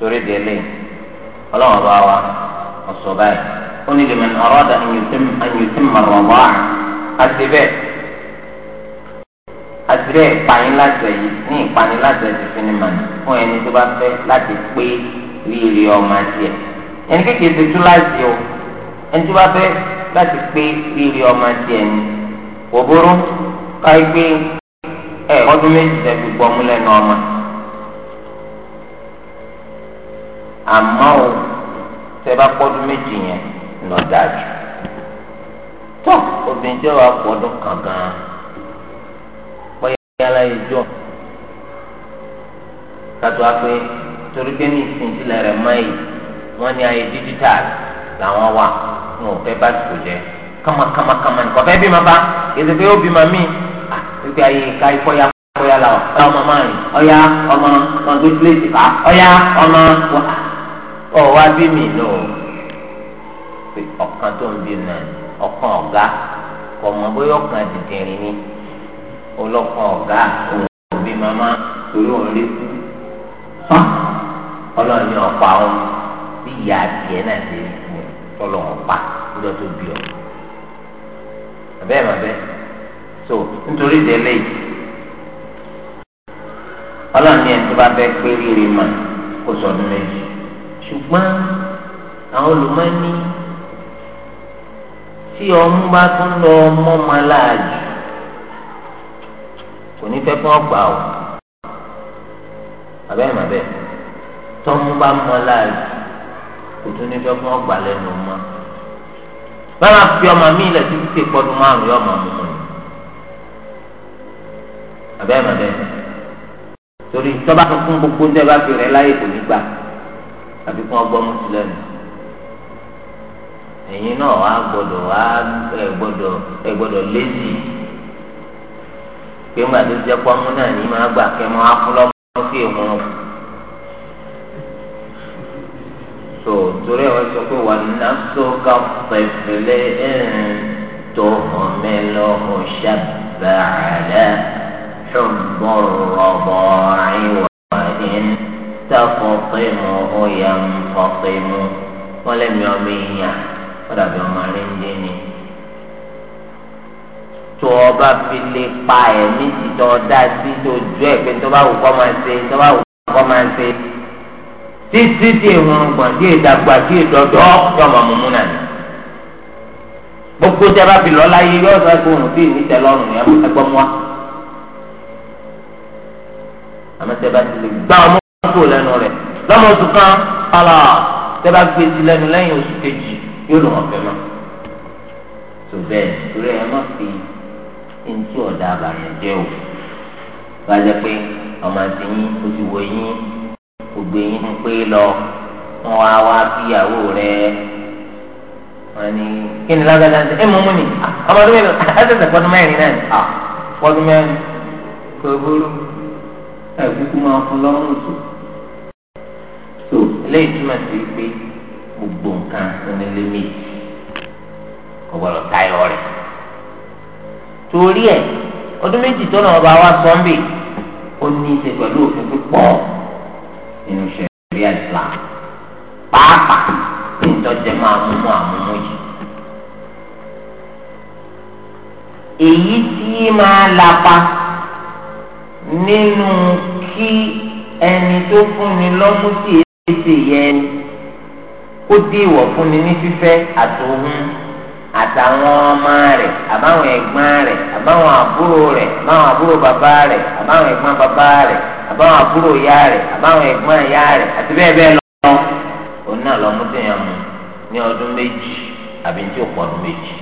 torí délé ọlọ́wọ́n bá wa ọ̀sọ̀ báyìí ó ní lèmi ọ̀rọ̀dà ẹ̀yìn màlúwà àti bẹ́ẹ̀ àti bẹ́ẹ̀ ìpanyin láti ẹ̀yìn ní ìpanyin láti ẹ̀yìn fúnimàní fún ẹni tó bá fẹ́ láti pé rírì ọmọ àti ẹ̀ ẹni kékeré ti tú láti ẹ̀ o. ẹni tó bá fẹ́ láti pé rírì ọmọ ka anyị kò burú pé ẹ ọdún méjì tẹ̀sí gbọ́mú lẹ́nu ọmọ. àmọ́ o tẹ bá méjì yẹn lọ dájú. tó obìnrin tí wàá pọ́dún kan gan-an pẹ́yà láyé jọ kátó torí pé ní làwọn wà wọn ò fẹ́ bá dìbò jẹ kàmàkàmàkàmà nìkan fẹ́ bímọ bá èdè pé ó bímọ mí ìgbé ayé ká ikọ́ ya kọ́ ya la ọ ọ̀ya ọmọ máa rìn ọ̀ya ọmọ ọmọ tó tilé ti fà ọ̀ya ọmọ ọ wá bí mi lọ pé ọ̀kan tó ń bí náà ọ̀kan ọ̀gá ọmọ bóyá ọ̀kan dìdìrín ni ọlọ́kan ọ̀gá òun òbí màmá torí òun lé sí ọlọ́run ní ọ̀pá ọ̀hún bí ìyá àti ẹ̀ náà ti rí kọlọ wọn pa níjọ tó bí ọ abẹ ẹ so nítorí délé ọlọ́ọ̀ni ẹ̀ tó bá bẹ pé rírì mà kó sọdún méjì ṣùgbọ́n àwọn olùmọ́ni tí ọmú bá tún lọ mọ́ ma láàyè kò ní fẹ́ kí wọ́n gbà ọ́ abẹ́ tọ́mú bá mọ́ láàyè ètò oníjọ́ fún ọgbà lẹ́nu mọ́ báwa fi ọmọ mi ilẹ̀ títí tí ìpọ́dún márùn-ún yọ ọmọ mọ́ ni àbẹ́ màdẹ́ torí tọ́ba fún gbogbo ń dẹ́gbà fi rẹ̀ láyè kò ní gbà àbí fún ọgbọ́n mùsùlùmí ẹ̀yin náà wàá gbọ́dọ̀ wàá ẹ̀ gbọ́dọ̀ ẹ̀ gbọ́dọ̀ lézì pé ńgbà tó jẹ́ pọ́nmú náà ní máa gbà kẹ́ mọ́ afúnlọ́mọ́ fún èèwọ̀n. so torí àwọn sọ pé wà nàfsó ká pẹ̀fẹ̀lẹ́ ẹ̀rìn tó ọ̀mẹ́lọ ọ̀ṣàbà àdá ṣùgbọ́n rọ̀bọ̀ àìwá ẹ̀ń tàkọ̀pẹ́ mọ́ ọ̀yà ń kọ̀pẹ́ mọ́ wọ́n lẹ́mi ọmọ èèyàn wọ́n dàbí ọmọ aríńdé ni tó ọba fi lè pa ẹ̀mí tìtọ́ dá sí tó ju ẹ̀ pé tó bá wù kọ́ máa ṣe tó bá wù kọ́ máa ṣe títí tí ìrùn gbọ̀n tí ìdàgbà tí ìdọ̀dọ̀ yọmọ mímú náà ni. gbogbo tí a bá fi lọ láyé yóò sọ pé òun tí ìníṣẹ́ lọ́rùn yẹn ẹgbọ́n wa. àmọ́ tẹ́ bá ti lè gbá ọmọ kúrò lẹ́nu rẹ̀ lọ́mọ oṣù kan pàlà tẹ́ bá gbé sí lẹ́nu lẹ́yìn oṣù kejì yóò lọ́ wọn fẹ́ mọ́. tó bẹ́ẹ̀ torí ẹ má fi ntí ọ̀dà àbàyàn jẹ́ o. wájú pé ọmọ àti yín gbogbo eyín ń pé lọ wọn wá wá síyàwó rẹ wọn ni kí ni lágbàdá ń sẹ ẹ mọ mú ni ọmọdé mẹ́rin ẹsẹsẹ fọdún mẹ́rin náà ni ah, fọdún mẹ́rin kò burú ẹ kúkú máa fún lọ́rùn tó tó eléyìí túmọ̀ sí pé gbogbo nǹkan onílé méjì kò gbọdọ̀ táyọ̀ rẹ̀ torí ẹ̀ ọdún méjì tó náà bá wá sọ́ńbì ó ní í ṣe pẹ̀lú òfin pípọ̀ nínú ṣẹ̀ríà Islam pàápàá ìtọ́jẹ́ máa mú mú àmúmú yìí. èyí tí máa lapa nínú kí ẹni tó fúnni lọ́mú tí èyí ṣe yẹ kó dé ìwọ̀ fúnni ní fífẹ́ àtòhún. àtàwọn ọmọ rẹ̀ àbáwọn ẹ̀gbọ́n rẹ̀ àbáwọn àbúrò rẹ̀ àbáwọn àbúrò bàbá rẹ̀ àbáwọn ẹ̀gbọ́n bàbá rẹ̀ àbáwọn àbúrò ìyá rẹ̀ àbáwọn ẹ̀gbọ́n ìyá rẹ̀ àti bẹ́ẹ̀ bẹ́ẹ̀ lọ. òun náà lọ mú tẹ̀yàn mu ní ọdún méjì àbí tí ó pọ̀ ọdún méjì.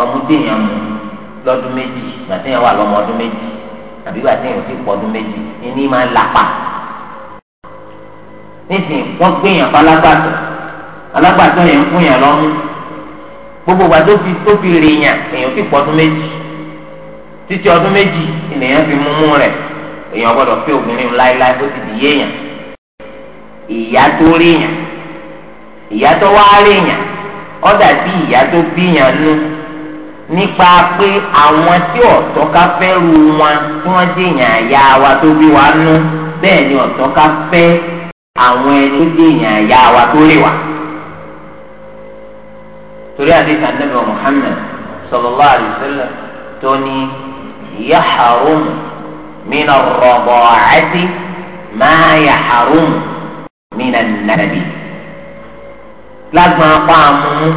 ọmú tẹ̀yàn mu lọ́dún méjì gbàtẹ́yàn wà lọ́mọ ọdún méjì àbí gbàtẹ́yàn pọ̀ ọdún méjì máa nísìnyí alágbàtọ́ yẹn ń fún yẹn lọ́mú gbogbo wa tó fi tó fi rè yàn èèyàn fi pọ̀ ọdún méjì títí ọdún méjì ènìyàn fi mú mú rẹ̀ èèyàn gbọ́dọ̀ fi obìnrin láéláé bó ti di yéèyàn ìyá tó rè yàn ìyá tó wá rè yàn ọ̀dà bí ìyá tó bí yàn nú nípa pé àwọn tí ọ̀tọ́ ká fẹ́ ru wọn tí wọ́n dé yàn àyà wa tó bí wa nú bẹ́ẹ̀ ni ọ̀tọ́ ká fẹ́ àwọn ẹni tó dé yàn àyà wa tó rè wa torí àdéhùn anábìá Muhammad sallallahu alaihi wasallam tó ní yàhàrùn mina rọ̀bọ̀ọ́cẹ́tì máa yàhàrùn mina nàbì. lágbọn apá amúmú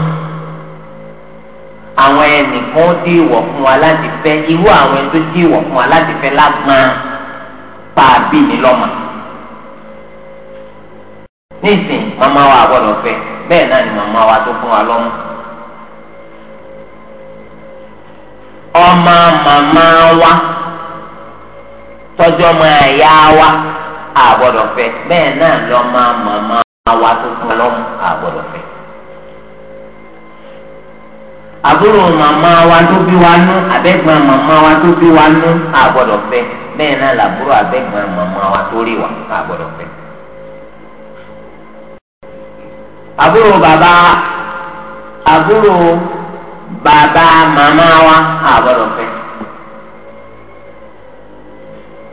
àwọn ẹnìkan ó dé ìwọ̀ fún wa láti fẹ́ irú àwọn ẹni tó dé ìwọ̀ fún wa láti fẹ́ lágbọn pàbí nílọ́mọ. nísìnyí màmá wa gbọ́dọ̀ fẹ́ bẹ́ẹ̀ náà ni màmá wa tó fún wa lọ́mú. ọmọ màmá wa tọ́jú ọmọ ẹ̀yà wa àgbọ̀dọ̀ fẹ́ bẹ́ẹ̀ náà lọ́mọ màmá wa tó fún lọ́mọ àgbọ̀dọ̀ fẹ́. àbúrò màmá wa tó bí wa nú abẹ́gbọ̀n màmá wa tó bí wa nú àgbọ̀dọ̀ fẹ́ bẹ́ẹ̀ náà làbúrò wa tó rí wa bàbá màmá wa àbọ̀dọ̀ fẹ́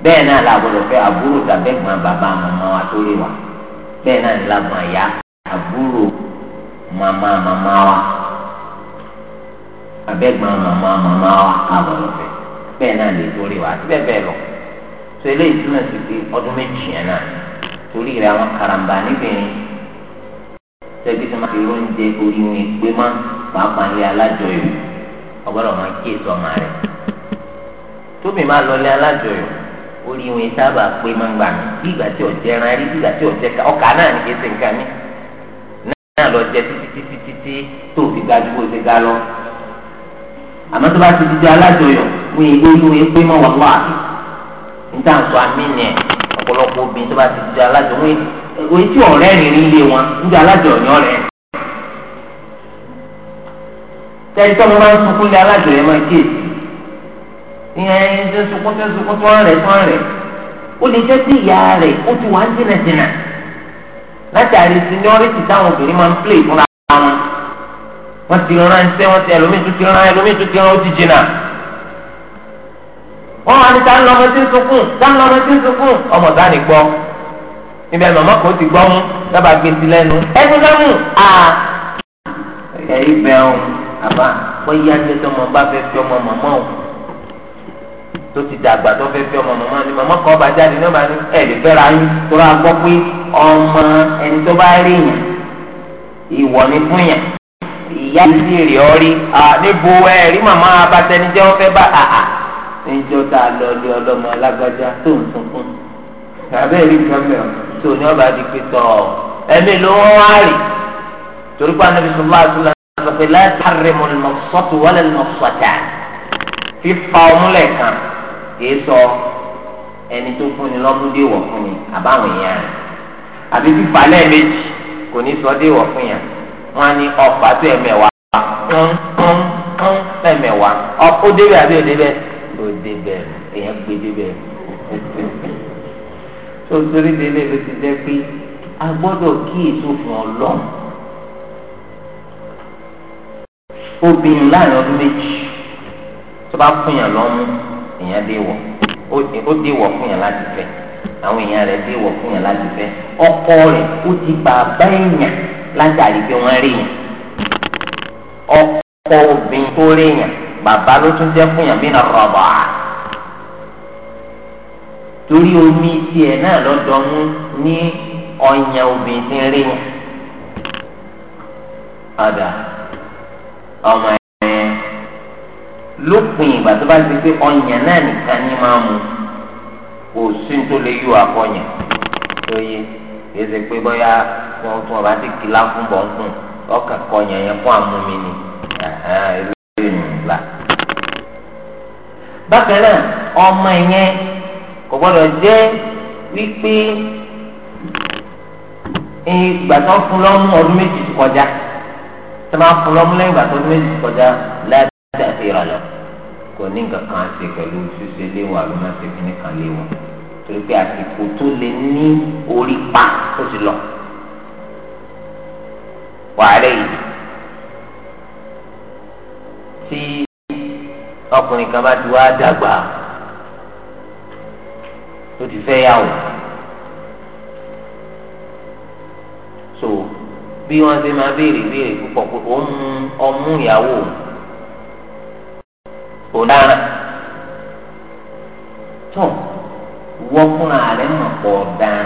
bẹ́ẹ̀ náà làbọ̀dọ̀ fẹ́ àbúrò tàbẹ́gbọ̀n bàbá màmá wa tó lé wa bẹ́ẹ̀ náà làgbọ̀n ya àbúrò màmá màmá wa abẹ́gbọ̀n màmá màmá wa àbọ̀dọ̀ fẹ́ bẹ́ẹ̀ náà lè tó àti bẹ́ẹ̀ bẹ́ẹ̀ lọ eléyìí túmọ̀ sí pé ọdún sẹ́bi tí wọ́n fi oúnjẹ orí wọn gbé má pàápàá ilé alájọyọ̀ ọgbọ́dọ̀ máa kí èso ọmọ rẹ̀ tóbi máa lọlé alájọyọ̀ orí wọn sábà pé máa ń gbà mí bí ìgbà tí ọ̀jẹ̀ ẹran rí bí ìgbà tí ọ̀jẹ̀ ọkà náà ní nǹkan mi náà lọ jẹ títí títí títí tó fi ga ti ga lọ àmọ́ tó bá ti di oh, ah, alájọyọ̀ èwo tí ọ̀rẹ́ rìn rí wọn níbi alájọ ọ̀yàn rẹ̀. tẹ́tọ́ mo máa ń sunkún lé alájọ yẹn máa kéè ìyẹn ń ṣe sunkún tó sunkún tó ń rẹ̀ tó ń ó lè jẹ́ sí ìyá ó ti wá jìnnàjìnnà táwọn obìnrin máa ń fúnra wọn ti ti ti rán ti rán ó ti jìnnà ibẹ̀ màmá kò ti gbọ́ mú dábàá gbé sí lẹ́nu ẹgbẹ́ ká mú a. ẹ̀yà ibẹ̀ o àbá wọ́n yí ajé tó ọmọ bá fẹ́ fi ọmọ màmá o tó ti dàgbà tó fẹ́ fi ọmọ màmá ni màmá kan bá jáde náà bá ní ẹ̀ẹ́dẹ̀ fẹ́ ra yín tó ra gbọ́ pé ọmọ ẹni tó bá rí yàn ìwọ ni fún yàn ìyá ìdí èrè ọrí níbo ẹ rí màmá abatẹnijẹ wọn fẹ́ bá àhà níjọ tá a lọ lé ọlọmọ alágbájá tó ń sunkún tàbí ẹ̀rí kan tó ní ọba di pé tọ ẹmí ló wọn wá rì torí pé anabi sọlá àtúlá sọ pé láti àrẹmọ lọsọtò wọlé lọsọtà fífa ọmúlẹ̀ kan kì í sọ ẹni tó fún ni lọ́múdé wọ̀ fún ni àbáwọn èèyàn rẹ̀ àbí fífa lẹ́ẹ̀mejì kò ní sọ dé wọ̀ fún yàn wọn á ọ̀pá tó ẹ̀mẹ̀wá ẹ̀mẹ̀wá ọ̀pọ̀ débẹ̀ àbí òdébẹ̀ òdébẹ̀ èèyàn gbé débẹ̀ rẹ̀ sotori lele ló ti jẹ́ pé a gbọ́dọ̀ kíyèsí òfin Ọlọ́run obìnrin láàrin ọdún méjì tó bá fún yàn lọ́mú èèyàn dé wọ̀ ó dé wọ̀ fún yàn láti fẹ́ àwọn èèyàn rẹ̀ dé wọ̀ fún yàn láti fẹ́ ọkọ rẹ̀ ó ti bàbá èèyàn látàrí pé wọ́n rí yàn ọkọ obìnrin tó rí yàn bàbá ló tún jẹ́ fún yàn bí nà rọ̀bà torí omi tiẹ̀ náà lọ́dọ̀ mú ní ọ̀yàn obìnrin rí wọn. padà ọmọ ẹ̀ lópin ìgbà tó bá ti pé ọ̀yàn náà nìkan ní máa mu kò sí tó lè yọ àkọyàn lóye èsì pé bóyá tí wọ́n tún ọba ti kila fún bọ̀ǹkùn ọkàn kọyàn yẹn fún àmúmi ni ẹ̀hán ẹ̀rọ ìlú ìlú ńlá. bákan náà ọmọ yẹn kò gbọ́dọ̀ jẹ́ wípé eh, ìgbà tó ń fún lọ́mú ọdún méjì ti kọjá tó máa fún lọ́mú lẹ́yìn ìgbà tó ọdún méjì ti kọjá láti àti ìrànlọ́ kò ní nǹkan kan ṣe pẹ̀lú ṣíṣe léwà ló máa ṣe kíní kan léwà torí pé àsìkò tó lè ní orí pa tó ti lọ wàhálẹ́ yìí tí ọkùnrin kan bá ti wá dàgbà tó ti fẹ́ yà so bí wọ́n ṣe máa béèrè béèrè púpọ̀ pé ó mú ọmú ìyàwó kò dára tó wọ́n fúnra rẹ̀ mọ̀ pọ̀ dáa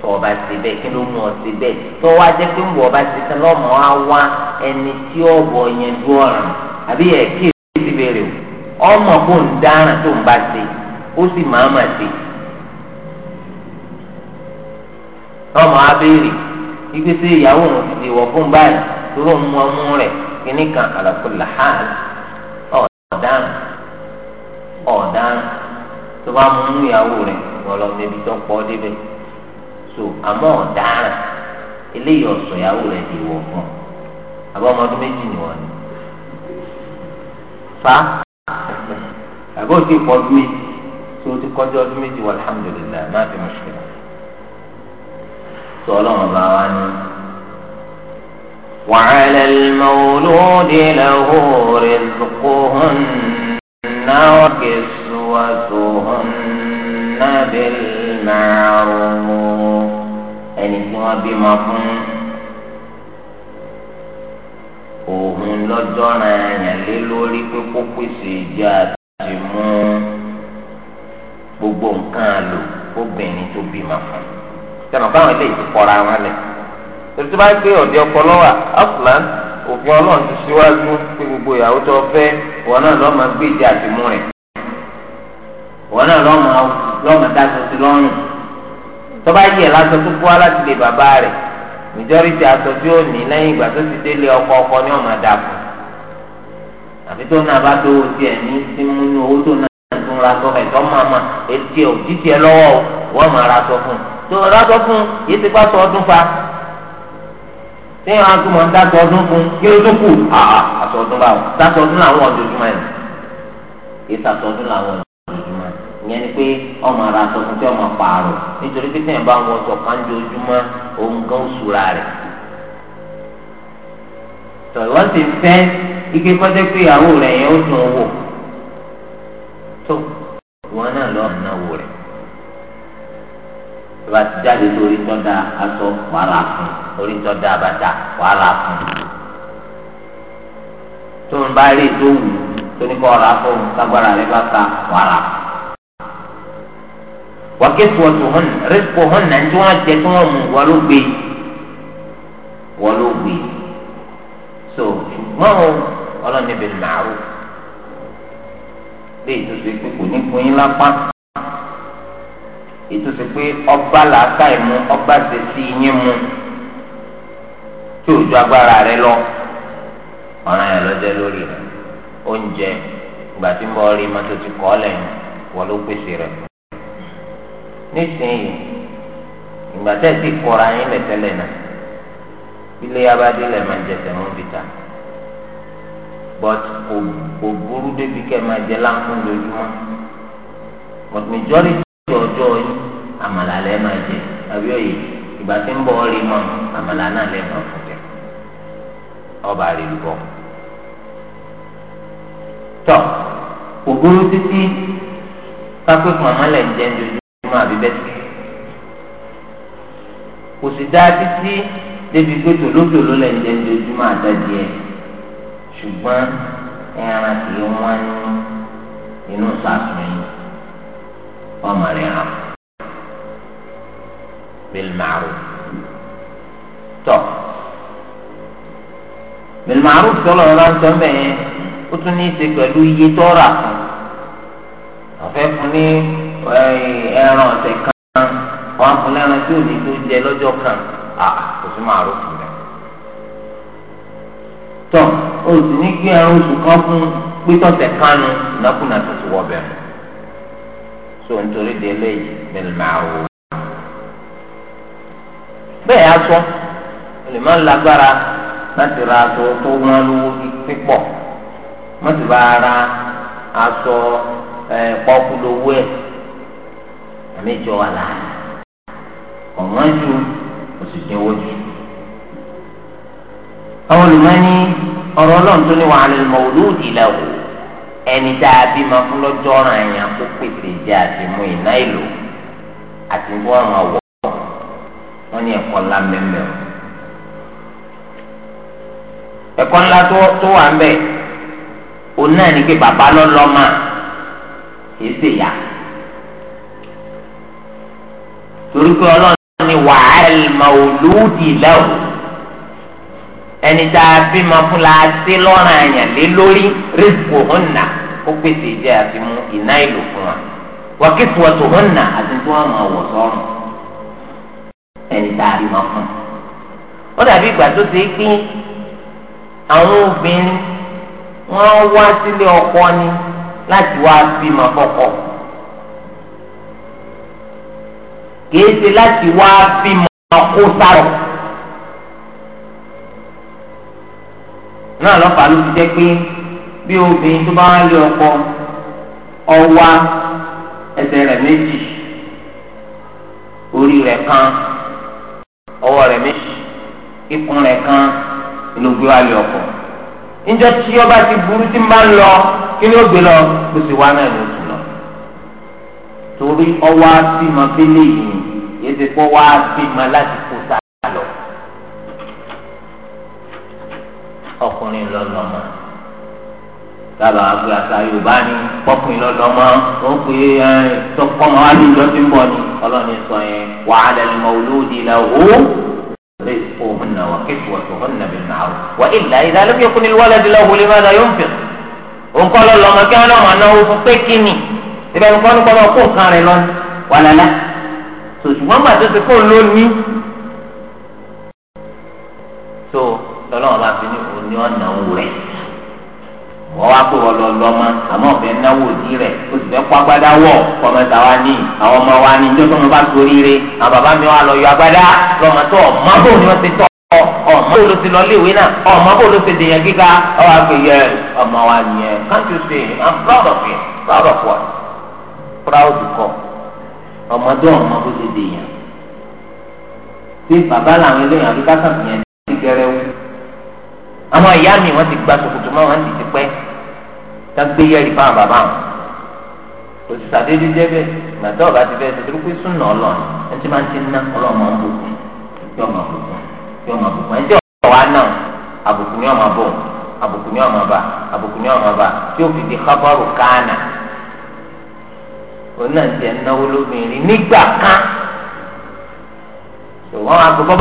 tọ́ ọba ti bẹ́ẹ̀ kí ló mú ọ ti bẹ́ẹ̀ tọ́ wa jẹ́ pé ń wọ ọba ti sẹ́lẹ̀ ọmọ wa wá ẹni tí ọ̀bọ̀ yẹn dúọ̀ràn àbí ẹ̀ kí èsì ti bẹ̀rẹ̀ o ọmọ kò ń dáràn tó ń bá ti ó sì máa mà dé ọmọ abéèrè ibi tí ìyàwó òun ti dèwọ̀ fún báyìí tóró ń mú ọmú rẹ̀ kíní kan àlàkùlà hàn ọ̀daràn ọ̀daràn tó bá mú ìyàwó rẹ̀ ọlọ́mọ ibi tó pọ̀ débẹ̀ so àmọ́ ọ̀daràn eléyìí ọ̀sọ̀ ìyàwó rẹ̀ dèwọ̀ fún àbọ̀ ọmọ ọdún méjì nìwọ̀n ni fa àbọ̀ òsì pọ̀ ọdún méjì tó ti kọjá ọdún méjì wà alhamdulilayi náà fi mùsùlùmí tó ọlọ́run bá wá ní. وعلى المولود له رزقهن وكسوتهن بالمعروف ẹni tí wọ́n bímọ fún òun lọ́jọ́ rẹ̀ yàn lé lórí pé kó pèsè ìjà àti gbogbo nǹkan lò obìnrin tó bímọ fún tẹnu báwọn ilé yìí kọra wọn lẹ tó bá gbé ọdẹ ọkọ lọ́wọ́ afúlán òfin Ọlọ́run ti pé gbogbo ìyàwó tó fẹ́ wọn náà lọ máa gbé ìdí àtìmú rẹ wọn náà lọ máa lọ máa dáṣọ sí tó bá yẹ tó aláti lè bàbá rẹ majority aṣọ tí ó ní lẹ́yìn ìgbà tó ti délé ọkọ ọkọ ni wọn máa dà fún tó náà bá ń ra sọ fún ẹ̀tọ́ máa ma etí ò títí ẹ lọ́wọ́ o wọ́n máa ra sọ fún tó ra sọ fún yìí ti pa sọ ọdún fa ní ìhàn tó máa ń dá sọ ọdún fún kí ló tó kù àà àsọ ọdún bá wọn dá sọ ọdún làwọn ọdọọdún ẹ̀ ìsàsọ ọdún làwọn ọdọọdún ẹ̀ ìyẹn ni pé ọmọ ara sọ fún tí ọmọ pààrọ̀ nítorí pé tẹ̀yìn bá wọn sọ pàǹdé ojúmọ́ òun gan sùúrà rẹ̀. tọ̀ ìwọ́n ti fẹ́ ike kọ́jẹ́ ìyàwó rẹ̀ yẹn ó dùn wò tó wọn náà lọ náwó rẹ̀ bá ti jáde lórí tọ́da aṣọ wàhálà fún orí tọ́da bàtà wàhálà fún tó ń bá rí tó wù tó ní kọ́ ọ̀rá fún tágbára rẹ̀ bá ka wàhálà fún wakiswatuhun rizquhun na tí wọn jẹ tí wọn mú wọn ló gbé wọn ló gbé so ṣùgbọ́n ọlọ́ni bil ma'ruf. bí ìtúsí pé kò ní kun yín lápá ìtúsí pé ọba làákà ìmú ọba ṣèṣì mu tí òjò agbára rẹ lọ ọ̀ràn yẹn lọ́jọ́ lórí rẹ oúnjẹ ìgbà tí mo rí mọ́tò ti kọ́ lẹ́yìn wọ́n ló pèsè rẹ̀ nísìnyí ìgbà anyị kọ́ra yín lẹ́tẹ̀lẹ̀ náà ilé yaba but kò kò burú débi kẹ́ máa jẹ láǹfún lójúmọ́ but majority ọjọ́ yín àmàlà lẹ́ máa jẹ àbí òye ìgbà tí ń bọ̀ ọ́ rí mọ́ àmàlà náà lẹ́ máa fún jẹ ọba àrèlúbọ̀ tọ́ kò burú títí pápẹ́ fún àmàlẹ̀ ń jẹ́ lójúmọ́ àbí bẹ́tì kò sì dá títí débi pé tòlótòló lẹ́ ń jẹ́ lójúmọ́ àdájẹ́ ẹ̀ ṣùgbọ́n ẹran kì í wọ́n ní inú sàfihàn ọmọ rẹ̀ hàn bilmaru tọ bilmaru tọ́lọ̀ ọ̀la ń sọ bẹ́ẹ̀ ó tún ní í ṣe pẹ̀lú iye tọ́ra kan ọ̀fẹ́ fún ní eh, ẹran ọ̀sẹ̀ kan wọn fún lẹ́ran tí ò ní tó jẹ lọ́jọ́ kan ah, kò sí màrú fún un. tọ o sì ní gbé àwọn oṣù kan fún pítọ̀tẹ̀ kánú ìnákùnà tó ti wọ bẹ̀rẹ̀ so nítorí de eléyìí bẹ́ẹ̀ máa wò ó. bẹ́ẹ̀ aṣọ olè máa ń lágbára láti ra aṣọ tó wọ́n lówó pípọ̀ wọ́n ti bá aṣọ pọ́kú àwọn olùmọ́ni ọ̀rọ̀ ọlọ́run tó ní wàhálà mọ̀lúùdì lẹ́wọ̀ ẹni tá a bí máa fún lọ́jọ́ ọ̀ràn àyàn kó pèsè ìdí àti mú iná ìlú àti bó àwọn àwọ̀ wọn ní ẹ̀kọ́ ńlá mẹ́mẹ́ o ẹ̀kọ́ ńlá tó wà ń bẹ̀ òun náà ní pé bàbá lọ́lọ́mà kìí ṣe yá torí pé ọlọ́run ní wàhálà mọ̀lúùdì lẹ́wọ̀. ẹni tá a bímọ fún lọ́rùn àyàn lé lórí rìsíkò hùnà ó pèsè ìjẹ àti ìná ìlò fún wa wàkísùwọ̀tò hùnà àti tí wọ́n máa wọ̀ ẹni tá a bímọ fún. ó dàbí ìgbà tó àwọn obìnrin wá sílé ọkọ ni láti wá bímọ kìí ṣe láti wá bímọ náà lọ́pàá ló ti jẹ́ pé bí obìnrin tó bá ń lé ọkọ ọwa ẹsẹ̀ rẹ̀ méjì orí rẹ̀ kan ọwọ́ rẹ̀ méjì ikùn rẹ̀ kan ló gbé wá lé ọkọ níjọ tí ọba ti burú tí máa ń lọ kí ni gbé lọ kó sì wá náà ló tún lọ torí ọwọ́ á bímọ bílẹ̀ yìí yé ti kó wá bímọ láti ọkùnrin lọ́lọ́mọ dábàá àgbẹ̀ àti yorùbá ni pọ́kùnrin lọ́lọ́mọ ó pé ẹ tọkọmọ wa ní ìjọ tí ń bọ̀ ni ọlọ́ni sọ yẹn wà á lẹ́nu mọ olóòdì la wò ó lè òhun náà wà kéèkì wọ́tò òhun nàbì náà wà ìlà ìlà lókè kún ní wàlẹ́ dìlà wọlé má dà yóò ń fẹ́ òǹkọ́ lọ́lọ́mọ kí wọ́n náà máa náwó fún pé kí ni ìbẹ̀ nǹkan ní kọ́lọ́ kó nǹkan rẹ̀ lọ́nà wà lálá tòṣùgbọ́n gbà tó ti kó lónìí tọ́lọ́wọ́n bá fi ní òní ọ̀nà òwò rẹ̀ wọ́n wá pé wọ́n lọ lọ́mọ àmọ́ ọ̀fẹ́ náwó òdì rẹ̀ ó sì fẹ́ kó agbádá wọ̀ kọ́mẹ́ta wa ní àwọn ọmọ wa ní níjọ́ tó mo bá sórí àwọn bàbá mi wà lọ yọ agbádá lọ́mọ tó ọ̀mọ́ bò ni wọ́n ti tọ́ ọ̀mọ́ bò ló ti lọ léwé náà ọ̀mọ́ bò ló ti dèyàn gíga ọ̀wá pé yẹ ọmọ wa nìyẹn can't you say I'm proud of you proud of what proud kọ ọmọdé ọmọ bó ti dèyàn ṣé bàbá làwọn eléyàn àbíká sàmìyàn ní àwọn ìyá mi wọ́n ti gba ṣòkòtò mọ́ wọn ti ti pẹ́ ká gbé yẹ̀rì fáwọn bàbá wọn kò sì sàdédé jẹ́ bẹ́ẹ̀ gbàtọ́ ọ̀gá ti bẹ́ẹ̀ tuntun pé súnà ọlọ́run ẹ̀ ti máa ń ti ná ọlọ́run máa ń bòkun yọ máa bòkun yọ máa bòkun ẹ̀ ń tẹ́ wa náà àbùkù ni ọmọ bọ̀ àbùkù ni ọmọ bá àbùkù ni ọmọ bá tí ó fi di kábọ́ọ̀rù kánà òun náà ti ẹ̀ náwó lóbìnrin nígbà kan ṣùgbọ́n àkókò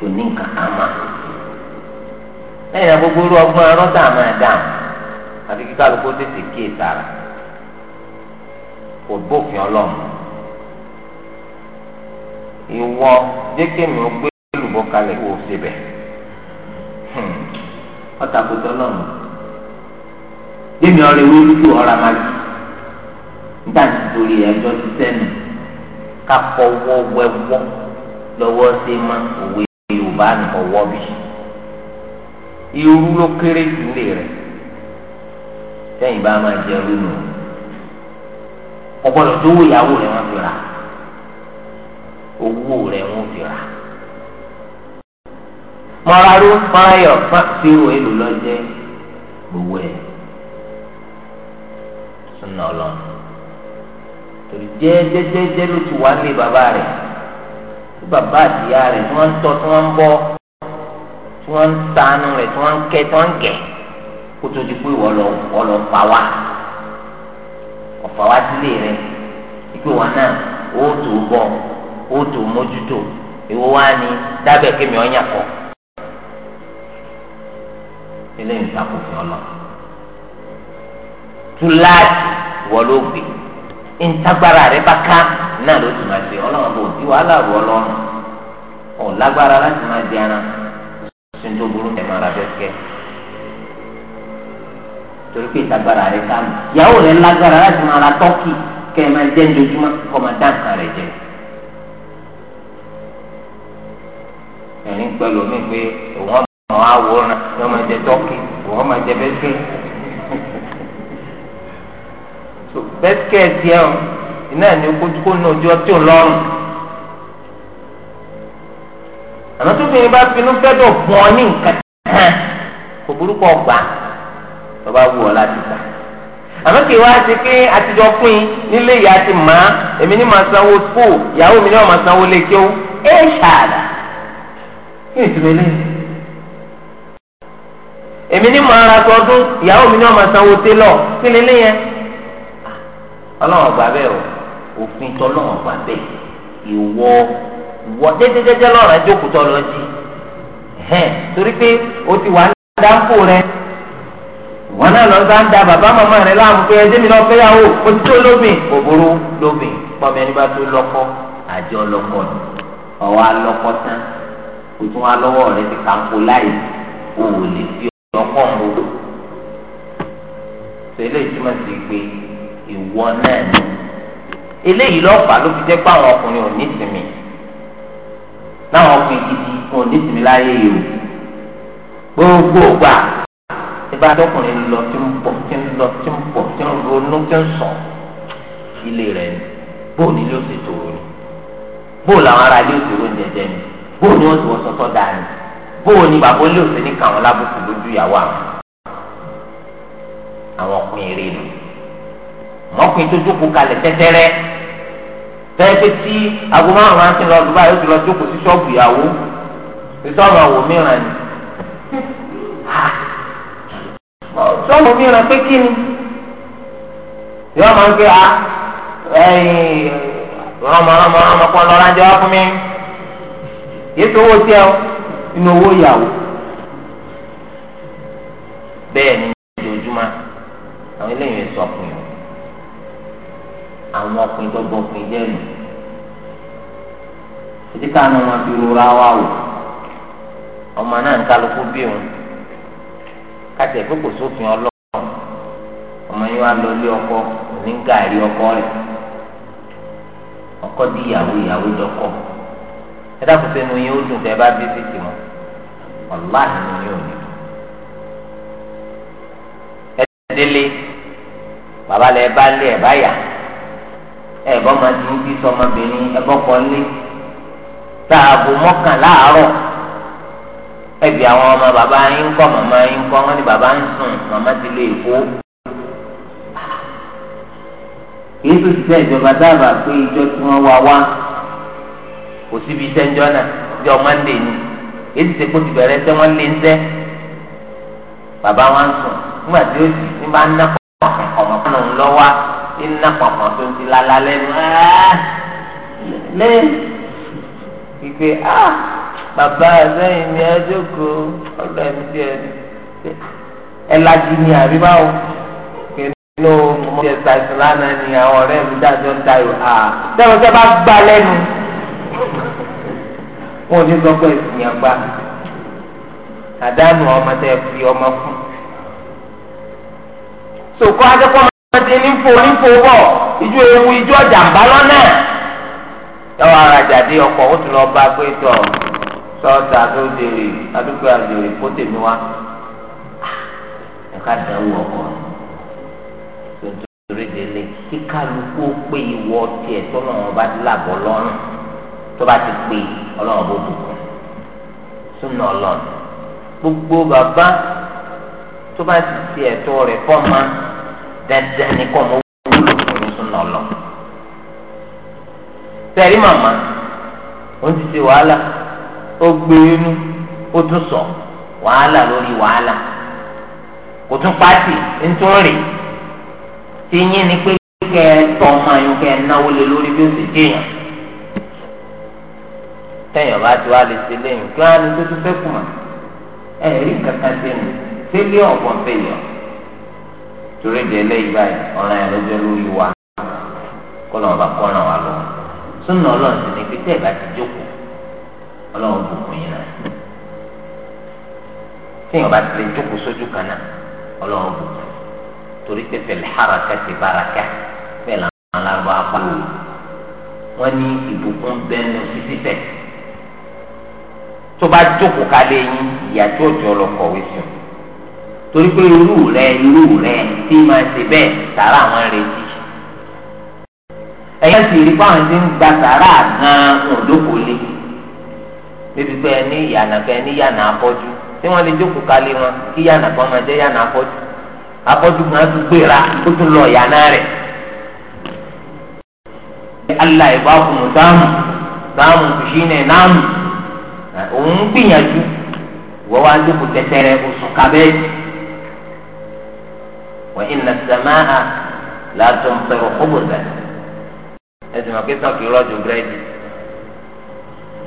kò ní ama kan mà lẹ́yìn agbogbo irú ọgbọ́n arọ́tà máa dàn àti kíkọ́ àlùkò tètè kí ìtara kò bófin ọlọ́mù ìwọ jẹ́kẹ̀mí ó gbé olùbọ́ kalẹ̀ kó o ṣe ọ̀tà hmm. kò tọ́ lọ́mù jẹ́mi ọ̀rẹ́ wo ọ̀rọ̀ nígbà torí ẹjọ́ yorùbá ni mo wọ́ bí irú ló kéré sílé rẹ̀ sẹ́yìn bá máa jẹ irú nù ọgbọ́dọ̀ tó wò ìyàwó rẹ̀ wọ́n fi rà owó rẹ̀ wọ́n fi rà mọ́rarú fáyọ̀ fáṣírò èlò lọ́jẹ́ gbowó ẹ̀ sùnà ọlọ́run torí jẹ́jẹ́jẹ́jẹ́ ló ti wá lé bàbá rẹ̀. bàbá àtìyá rẹ̀ tí ntọ ń nbọ tí ntanu ń bọ́ tí wọ́n ń tanu tí ń tí ń di pé wọlọ lọ fà wá ọ̀fà wá sílé rẹ̀ ìpè wọn náà ó tó bọ̀ ó tó mójútó ìwọ wá ní ọlọ ìtagbára rẹ bá náà ló sì máa ṣe ọlọ́run bò tí wàhálà rù ọlọ́run ò lágbára láti máa di ara ṣe ń tó burú ẹ̀ máa ra bẹ́sẹ̀ torí pé ìtagbára rẹ̀ ká mi ìyàwó rẹ̀ lágbára láti máa ra tọ́kì kẹ́ ẹ máa jẹ́ ń kọ́ máa dá nǹkan rẹ̀ jẹ. ẹ̀rín pẹ̀lú mi pé òun ọmọ àwòrán ni wọ́n máa jẹ tọ́kì òun máa jẹ bẹ́sẹ̀ [laughs] bẹ́sẹ̀ tiẹ̀ o iná ní kótókó ní ojú ọtí ọlọ́run àmọ́ tóbìnrin bá finú fẹ́dọ̀ bọ́ ní nǹkan kan kò burúkú ọgbà lọ́ba wù ọ́ láti gbà àmọ́ kì í wá ṣe pé àtijọ́ pín nílé ìyá ti mà á èmi ní màá sanwó school ìyàwó mi ní wọ́n màá sanwó lè kí ó ẹ ṣàdà kí ni ìtumọ̀ eléyìí èmi ní màá ra tọdún ìyàwó mi ní wọ́n màá sanwó télọ̀ kí ni eléyẹn ah, ọlọ́run ọgbà bẹ́ẹ̀ o òfin tọ́lọ́wọ̀n gbà bẹ́ẹ̀ ìwọ wọ jẹ́jẹ́jẹ́jẹ́ lọ́rọ̀ ẹ jókòó tọ́ lọ sí hẹ́n torí pé o ti wà ní àdáńkò rẹ wọn náà lọ bá ń da bàbá màmá rẹ láàmú pé ẹjẹ mi lọ fẹ́yàwó o ti tó lóbìn òbúrú lóbìn pọmọ ẹni bá tó lọ́kọ àjọ lọ́kọ ni ọwọ́ alọ́kọ tán o tún wá lọ́wọ́ rẹ ti kàǹkó láì o ò lè fi ọkọ mọ o tẹ́lẹ̀ túmọ̀ sí pé ìwọ náà ni eléyìí lọ́fà ló fi jẹ́ pé àwọn ọkùnrin ò ní sinmi láwọn ọkùnrin gidi wọn ò ní sinmi láyé yìí o gbogbo gbà ìbá dọkùnrin lọ tí ń bọ̀ tí ń lọ tí ń bọ̀ tí ń ronú tí ń sọ ilé rẹ̀ ni bóò ní ilé ó sì tòrò ni bóò làwọn ará ilé ó sì ròyìn jẹjẹ ni bóò ni wọ́n ti wọ́n sọ́tọ̀ dáa ni bóò ni bàbá ilé ó sì ní kàwọn lábùkù lójú ìyàwó àwọn àwọn ọkùnrin rè ni mọ́kùnrin tó jókòó kalẹ̀ tẹ́tẹ́rẹ́. tẹ́tẹ́ tí aago márùn-ún á lọ Dubai ti lọ jókòó sí ṣọ́ọ̀bù ìyàwó ìṣọ́ọ̀bù àwò mìíràn ni. Ah! mìíràn pé kí ni máa ń gbé a ẹ̀yìn rọmọrọmọ ọmọkùnrin lọ́la ń fún mi yìí tó owó inú owó àwọn ọkùnrin tó bọkùnrin jẹ́ nù títí káàánú wọn fi rora wá wò ọmọ náà ń kálukú bí òun kàtẹ́ pé sófin ọlọ́run ọmọ yìí wá lọ lé ọkọ òní gàrí ọkọ rẹ ọkọ di ìyàwó ìyàwó dọkọ ẹ dákun ó dùn bá bí títì ní. ẹ ẹ̀bọ́n máa ti ń bí sọmọbìnrin ẹ̀bọ́n kan lé tààbò mọ́kànlá àárọ̀ ẹbí àwọn ọmọ bàbá yín ń kọ́ màmá yín ń kọ́ wọ́n ní bàbá ń sùn màmá ti lè kó. kì í tó ti sẹ́ ìjọba dábàá pé ìjọ tí wọ́n wá wá kò síbi iṣẹ́ ń jọ́nà ìjọ mọ́ndé ni kì í ti ṣe kó ti bẹ̀rẹ̀ ṣẹ́ wọ́n lé ń sẹ́ bàbá wọn sùn nígbà tí ó sì ń bá ń ná dán pọ̀npọ̀n tó ti lala lẹ́nu ah. lé ìgbé a ah, bàbá sẹ́yìn ni ẹ jókòó ọ̀dọ̀ ẹ̀mí tí ẹ ẹ lajú ni àbí báwo ló mo ti ẹ̀sà ìsìláàna ni àwọn ọ̀rẹ́ mi dájọ́ ń dayò a sẹ́wọ́n sẹ́ bá gbà lẹ́nu wọn ò ní sọ pé ìsìn yẹn gbà àdánù ọmọ tẹ fi ọmọ fún sòkò adékọ́ wọ́n ti ní fo ní fo bọ̀ ìjọ ewu ìjọ jàmbá lọ́nà yàrá àràjàdé ọkọ̀ ó ti lọ bá pé tọ̀ sọ́ọ̀tà tó dèrè adúgbò àdèrè kó tèmi wá ẹ̀ka ìdánwò ọkọ̀ tontoro délé kíkálukú pé ìwọ tiẹ̀ tó lọ́wọ́ bá lábọ̀ lọ́rùn tó bá ti pè ọlọ́wọ́ bó bùkún súnà ọlọ́run gbogbo bàbá tó bá ti ti ẹ̀tọ́ rẹ̀ fọ́ dandan ni kọ́ mọ́ wúlò ní súnà lọ. sẹ́rí màmá ó ti ṣe wàhálà ó gbé inú ó tún sọ wàhálà lórí wàhálà kò tún pàtì ń tún rìn tí yín ni pé kẹ tọ́ ọmọ yín kẹ náwó lé lórí bí ó sì jẹyàn tẹ̀yàn bá ti wá lè ṣe lẹ́yìn kí wọ́n á ní tó tún fẹ́ kùmà ẹ̀rí kankan ṣe nù sílé ọ̀gbọ̀n fẹ́ torí ìdè eléyìí báyìí ọ̀ràn yẹn ló jẹ́ lórí wa kọ́ lọ́wọ́ bá kọ́ràn wa lọ. súnà ọlọ́run sì ni pété ìgbà ti jókòó ọlọ́run bùkún yín náà. tí èèyàn bá tilẹ̀ jókòó sójú kan náà ọlọ́run bùkún torí pé fẹ̀lẹ́ haraka ti baraka bẹ́ẹ̀ làwọn aláàbọ̀ apá. wọ́n ní ìbùkún bẹ́ẹ̀nu títí tẹ̀. tó bá jókòó kálé yín ìyá tí jọ lọ kọ̀wé sí torí pé irú rẹ irú rẹ tí máa ṣe bẹ́ẹ̀ sàrà àwọn retí. ẹ̀yẹ́ sì rí fáwọn tí ń gba sàrà gan-an òdòkó lé bíbi pé ẹni ìyànà kan ẹni ìyànà afọ́jú tí wọ́n lè jókòó kalẹ̀ wọn kí ìyànà kan máa jẹ́ afọ́jú afọ́jú kan tún gbéra ó tún lọ rẹ̀. ìbá sáàmù sáàmù وإن السماء لا تمطر خبزا ẹsìn máa kéésàn kì í rọ̀jò búrẹ́dì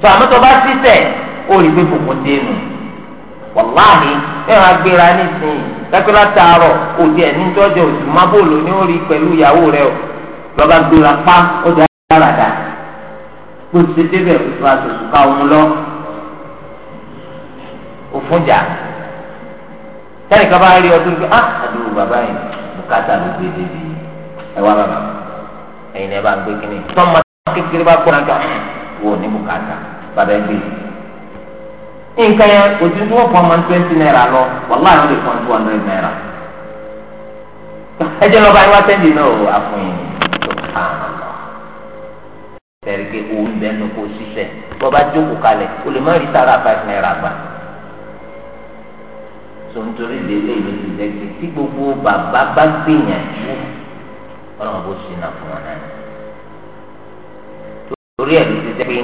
tó àmọ́ tó bá sísẹ̀ ó rí pé kòkó dé nù wàláhì ẹ máa gbéra nísìnyí lẹ́kọ́ látàárọ̀ òde ẹ̀ níjọ́jọ́ oṣù mábòlò ni ó rí pẹ̀lú ìyàwó rẹ̀ o lọ́ba gbéra pa ó dá dáradá kó ti débẹ̀ oṣù àtòṣù ká òun lọ òfúnjà. sẹ́yìn kan bá rí ọdún gbé ah àdúró bàbá yìí bùkátà ló gbé débi ẹ wá bàbá ẹ̀yin ẹ bá gbé kínní tọ́mọ kékeré bá gbọ́n àgbà wò ní bùkátà bàbá ẹ gbé nǹkan yẹn ojú tí wọ́n fọ́ ọmọ twenty naira lọ wàhálà ló lè fọ́ two hundred naira ẹ jẹ́ lọ́ba ẹ wá tẹ́lẹ̀ náà o àfọyín tó kà tẹ̀rí pé òun bẹ́ẹ̀ ni kò ṣiṣẹ́ bọ́ba jókòó kalẹ̀ o má rí five naira gbà. sọ̀ntorí délé ìlú ti dẹ́gbẹ́ tí gbogbo bàbá bá gbìyànjú ọlọ́run bó ṣe náà fún wọn náà torí ẹ̀ ló ti dẹ́ pé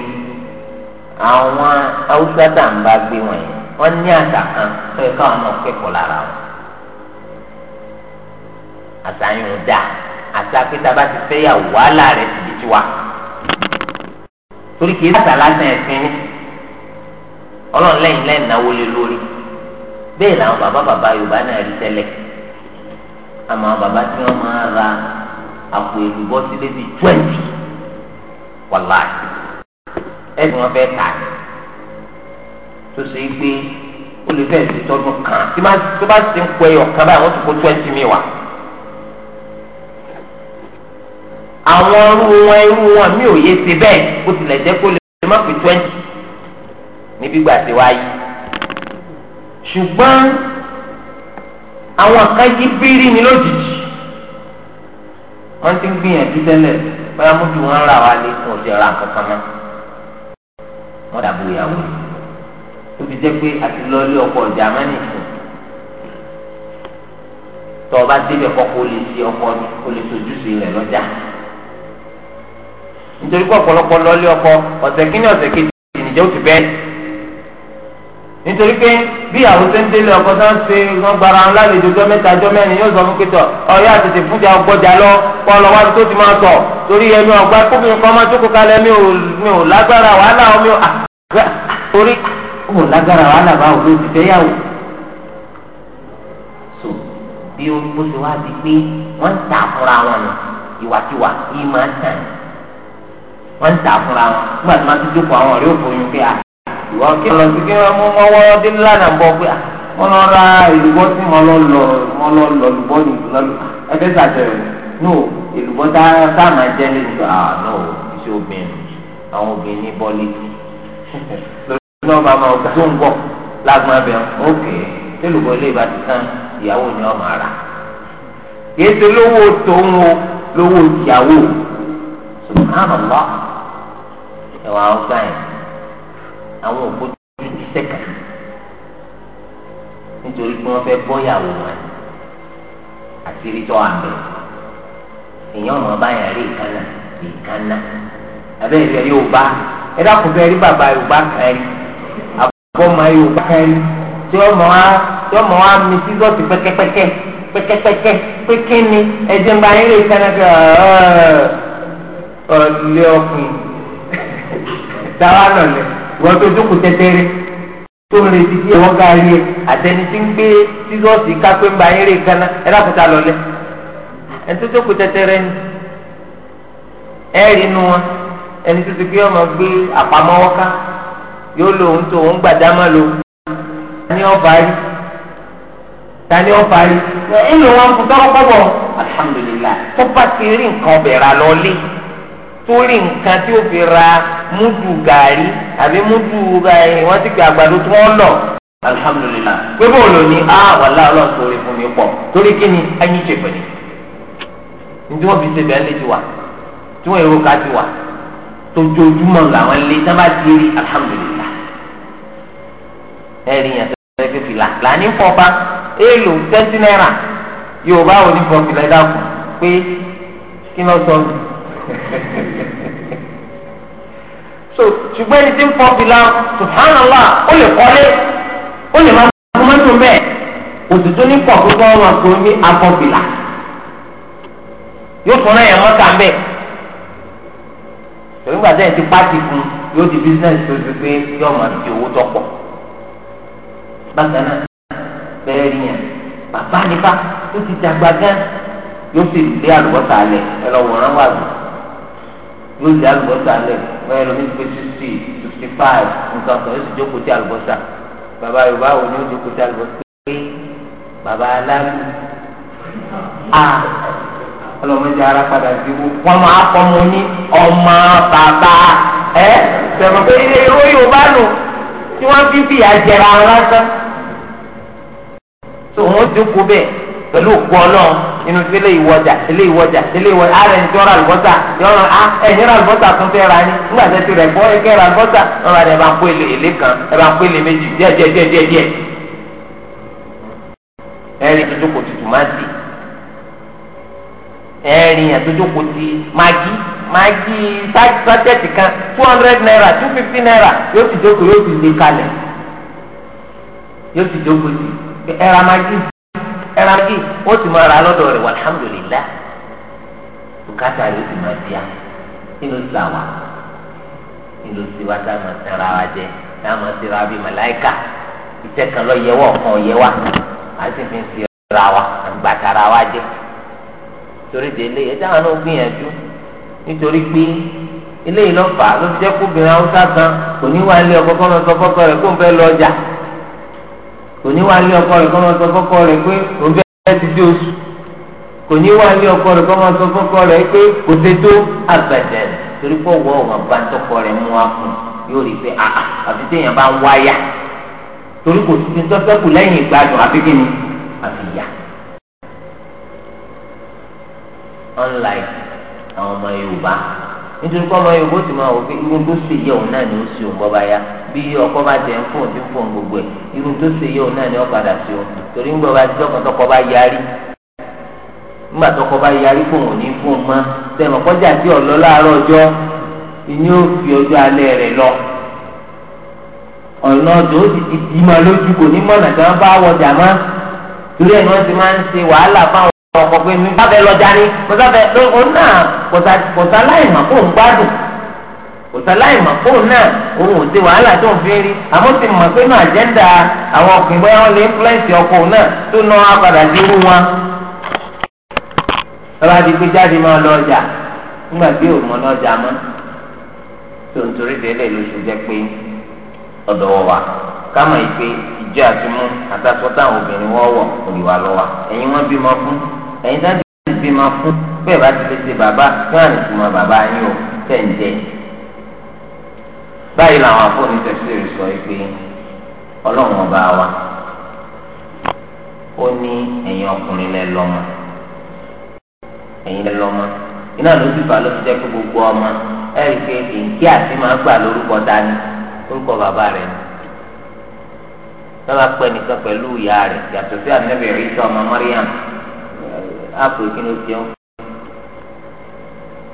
àwọn haúsá tá à ń bá gbé wọn yìí wọ́n ní àṣà kan tó yẹ káwọn náà kẹ́kọ̀ọ́ lára wọn àtàyùn dà àṣà bá ti fẹ́ yà wàhálà rẹ̀ ti di tiwa torí kìí sàtà lásán ẹ̀sìn ọlọ́run lẹ́yìn lẹ́yìn náwó lé lórí bẹ́ẹ̀ làwọn bàbá bàbá yorùbá náà rí tẹ́lẹ̀ àmọ́ àwọn bàbá tí wọ́n máa ra àpò èlùbọ́ sílé bíi twenty wàlá ẹ̀sìn wọn fẹ́ tà ní tó ṣe é gbé olùfẹ́ ìṣètọ́dún kan tí bá ti ń pẹ́ ọ̀kan báyìí wọ́n ti kó twenty mi wá. àwọn irú wọn irú wọn mi ò yé ṣe bẹ́ẹ̀ bó tilẹ̀ jẹ́ kó lè má fi twenty níbi gbà tí wáyé ṣùgbọ́n àwọn kan jí bírí ni lójijì wọ́n ti ń gbìyànjú tẹ́lẹ̀ báyà mútu wọn rà wá lé fún ọ̀sẹ̀ ra kankan mọ́ wọ́n dàbò ìyàwó tó fi jẹ́ pé àti lọ́ọ́lé ọkọ̀ ọ̀jà mẹ́ni fún tọ́ ọba débẹ̀ kọ́kọ́ lè ṣe ọkọ̀ kó sojúṣe rẹ̀ lọ́jà nítorí pé ọ̀pọ̀lọpọ̀ lọ́ọ́lé ọkọ̀ ọ̀sẹ̀ kínní ọ̀sẹ̀ kejì ìnìjẹ́ ó bẹ́ẹ̀ nítorí pé bí àwùjọ ń délé ọkọ náà se wọn gbara ńlá lèdè ọjọ́ mẹ́ta ọjọ́ mẹ́rin yóò sọ fún pétọ ọyọ àtètè fúnjà ọgbọjà lọ kọ lọ wá tó ti máa sọ torí ẹni ọgbà kóbìnrin kan máa jókòó kalẹ̀ mi ò mi ò lágbára wàhálà omi ò àgbà ah, torí ò lágbára wàhálà báwo ló ti fẹ́yàwó. so bí o bó ṣe wá di pé wọ́n ń ta fúnra wọn nù ìwàkiwà yìí máa ń tàn wọ́n ń ta fúnra wọn nígbà tí ìwà kí lọ sí kí wọn mú ọwọ́ dé lánàá bọ̀ pé wọn lọ ra èlùbọ́ tí wọn lọ lọ wọn lọ lọ lùbọ́ ní lọ́lù ẹgbẹ́ sàtẹ̀rẹ̀ nù èlùbọ́ tá a máa jẹ́ lé nígbà ah, nù iṣẹ́ obìnrin àwọn obìnrin ní bọ́ọ̀lì [laughs] lórí ọba máa ọgbà tó ń bọ̀ lágùn abẹ òkè tẹlùbọ́ ilé ìbá ti tán ìyàwó ni ọmọ ara kìí ṣe lówó tòun o lówó ìyàwó subhanallah ẹwà ọgbà yẹn àwọn òkú tó ti sẹ́kà nítorí pé wọ́n fẹ́ bọ́yàwó wọn àti ìrìtọ́ àmì èèyàn ọmọ báyà rí ìkànnà ìkànnà abẹ́ ìfẹ́ yóò bá ẹ dákun bẹ́ẹ̀ rí bàbá Yorùbá kan rí àbọ̀mọ Yorùbá kan rí tí ọmọ wa tí ọmọ wa mi sísọ́ọ̀sì pẹ́kẹ́pẹ́kẹ́ pẹ́kẹ́pẹ́kẹ́ pé kí ni ẹ̀jẹ̀ ń bá yín rí ìkànnà kí ọ̀ọ́ ọ̀ọ́ ilé ọkùnrin [laughs] dáwà náà lẹ́yìn ìwọ́n tó jókòó tẹ́tẹ́rẹ́ tó ń retí kí ẹ̀wọ́n gáàrí ẹ̀ àtẹni tí ń gbé sísọ́ọ̀sì kápẹ́ ń ba eré gánà ẹ lákòóta lọ́lẹ̀ ẹni tó jókòó tẹ́tẹ́rẹ́ ni ẹ rí inú wọn ẹni tó ti gbé ọmọ gbé àpamọ́wọ́ ká yóò lo òun tó òun gbàdámà lo tani ọba rí tani ọba rí ẹ ń lò wọn fún tọ́kọ́ bọ̀ alhamdulilayi kó bá ti rí nǹkan ọbẹ̀ rà torí nǹkan tí ó fi ra múdù gàrí àbí múdù wọ́n ti pè àgbàdo tí wọ́n lọ alhamdulilah pé bó lò ní àwọn ah, aláàlọ́ sórí fún mi pọ̀ torí kí ni ẹyin ṣe pẹ̀lú ní tí wọ́n fi ṣe bẹ́ẹ̀ lé ti wà tí wọ́n èrò ká ti wà tójoojúmọ́ làwọn lé sábà ti rí alhamdulilah ẹ̀rí yẹn tó ṣe fìlà làní fọba èèlò tẹ́tí náírà yorùbá ò ní fọ fìlà pé kí ló sọ so ṣùgbọ́n ẹni tí ń fọ́ fìlà subhanallah ó lè kọ́lé ó lè máa fún mọ́tò mẹ́ẹ̀ òtútù ní pọ̀ tó tọ́ wọn akọ fìlà yóò fún ẹ̀yàn ti pàtì di bísíǹsì tó ti pé yóò máa fi owó yóò di alùbọ́sà lẹ̀ wọ́n yẹn lómi pé sixty fifty five nǹkan kan yóò sì jókòó ti alùbọ́sà bàbá yorùbá wo ni ó jókòó ti alùbọ́sà pé bàbá aláàbí a ọlọ́mọdé ara padà sí wo wọ́n máa kọ́ mu ní ọmọ bàbá ẹ sọ̀rọ̀ pé ilé ìró yorùbá nù tí wọ́n fi fìyà jẹra wọn lásán tó wọ́n jókòó bẹ́ẹ̀ pẹ̀lú òkú ọlọ́run inú tí ilé ìwọjà ilé ìwọjà ilé ìwọjà ara ẹni tí wọ́n ra àlùbọ́sà yọ̀ọ́ a ẹ̀yìn ra àlùbọ́sà tún fẹ́ ra ni nígbà tẹ́ ti rẹ̀ bọ́ ẹ̀kẹ́ ra àlùbọ́sà wọ́n ra ẹ̀ bá ń kó èlé èlé kan ẹ̀ bá ń kó èlé méjì díẹ̀ díẹ̀ díẹ̀ díẹ̀ díẹ̀. ẹ̀rín àtúntò ti tòmátì ẹ̀rín àtúntò ti mágí mágí sátẹ́tì kan two hundred naira two fifty naira yóò ti dókòó yóò ti lé kalẹ̀ yóò ti dókòó ti ẹ̀ra mágí ẹran kí ó sì máa ra lọ́dọ̀ rẹ̀ alhamdulillah bùkátà siwa tá a máa tẹ̀ra wa jẹ tá a máa tẹ̀ra bíi màláìkà iṣẹ́ kan lọ sì fi ń wa àgbàtara wa jẹ torí délé ẹ táwọn náà gbìyànjú nítorí pé eléyìí lọ́fà ló fi jẹ́ kóbìnrin haúsá kan kò ní wá ilé ọkọ̀ kọ́ rẹ̀ kò ní wá lé ọkọ rẹ̀ kọ́ máa sọ fọ́kọ rẹ̀ pé òun bẹ́ẹ̀ ti dé oṣù kò ní wá lé ọkọ rẹ̀ kọ́ máa sọ fọ́kọ rẹ̀ pé kò ṣe tó àgbàdẹ torí pé ọwọ́ ọ̀wọ́n bá tọkọ rẹ̀ mú wa kù yóò rí i pé àà ah, ah, àfi téèyàn bá ń wáyà torí kò sí tọ́tẹ́ kù lẹ́yìn ìgbádùn àfi ni àfi yà. unlike àwọn ọmọ Yorùbá nítorí kọ́ ọmọ yorùbá ó ti máa wò pé irun tó ṣe yẹ òun náà ni ó ṣe òun ya bí ọkọ bá jẹ ń fóun tí ń gbogbo ẹ̀ irun tó ṣe yẹ òun náà ni o torí ń gbọ́ba tí ọkàn tọkọ bá yarí tọkọ bá yarí ní mọ́ tẹ̀mọ̀ kọjá láàárọ̀ ọjọ́ ìní ó fi ọjọ́ alẹ́ rẹ̀ lọ ọ̀nà ọjọ́ lójú kò ní mọ̀nà tí wọ́n bá ọ̀pọ̀ pé mi bàbá lọ́jà ni mo sábẹ́ pé náà kò sá láì náà òun ò wàhálà tó ń fi rí àmọ́ mọ̀ pé náà àwọn ọkùnrin lè influence náà tó ná wa padà sí irú wọn. jáde máa lọ ọjà nígbà tí òun mọ lọ́jà mọ́ tó ń torí délé jẹ́ pé ọ̀dọ̀ wọ̀ wá ìjọ àtàtúntà obìnrin wọ́wọ́ fún ẹ̀yin náà ti fi máa fún bẹ́ẹ̀ bá ti fi ṣe bàbá náà ní ìtumọ̀ bàbá yín o tẹ̀ ń jẹ. báyìí làwọn afọ́ni tẹ̀síìrì sọ pé ọlọ́run ọba wa ó ní ẹ̀yin ọkùnrin lẹ lọ́mọ ẹ̀yin lẹ lọ́mọ iná ló ti fà ló ti jẹ́ pé gbogbo ọmọ ẹ̀rí pé èyí àti máa gbà lórúkọ dání lórúkọ bàbá rẹ̀ ni sábà pẹ́ nìkan pẹ̀lú ìyá rẹ̀ yàtọ̀ sí ànábìrì ìṣọ́ ọmọ mọ́ríyàmù àpò ìkíni ó jẹun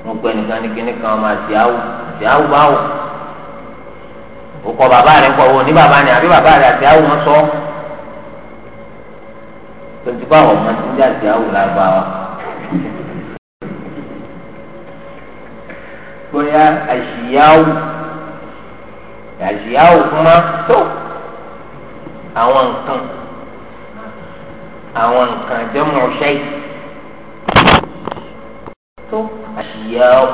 mo gbọ́ ẹnìkan ní kíní kan ọmọ àti àwò àti àwò báwò òkọ bàbá rẹ̀ kọ wo ní bàbá ni àbí bàbá rẹ̀ àti àwò wọn sọ tuntun bá wọn máa ti ń dá àti àwò lágbá wa. bóyá àṣìyáwò àṣìyáwò kuma tó àwọn nǹkan àwọn nǹkan jẹ́ mọ̀ ṣẹ́yìn àṣìyàwó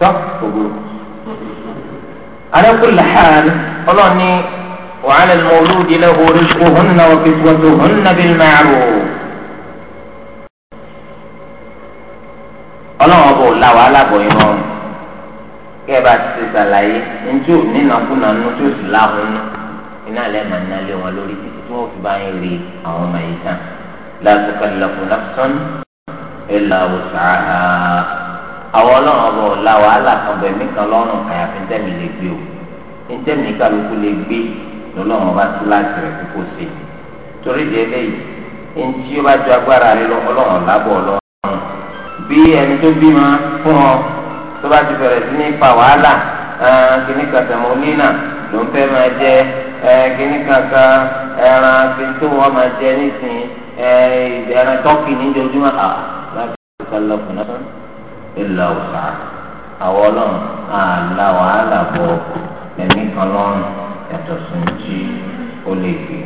tó ògbó. alákùlẹ̀ hàn ọlọ́ni وعلى المولود له رزقهن وكسوتهن بالمعروف ọlọ́run ọba ò la wàhálà bọ̀ yìí rọrùn kí ẹ bá ti ṣe ṣàlàyé njó nínàkúnà nù tó sì láhùn iná lẹ́ẹ̀mà nílé wọn lórí títí tí wọ́n fi bá ń rí àwọn ọmọ yìí tán la tukallafu nafsan illa wus'aha àwọn ọlọ́run ọba ọ̀la wàhálà kan bẹ̀ mí kan lọ́rùn àyàfi ntẹ́mi lè gbé o ntẹ́mi kálukú lè gbé lọ́lọ́run ọba tó láti rẹ̀ kókó sí torí di eléyìí ntí ó bá ju agbára rẹ lọ ọlọ́run ọ̀làbọ̀ ọlọ́run bí ẹni tó bímọ fún ọ tó bá ti bẹ̀rẹ̀ sí ní fa wàhálà kíní kan tẹ̀mọ́ nínà ló ń fẹ́ máa jẹ kíní kan kan ẹran kí tó wọ́n máa jẹ nísìnyí ẹran tọ́kì ní ojoojúmọ́ à láti sọ́lọ́ fún náà ìlà òsà àwọn ọlọ́run àlà wàhálà bọ̀ ẹ̀mí kan lọ́rùn yàtọ̀ sí ti ó lè gbé.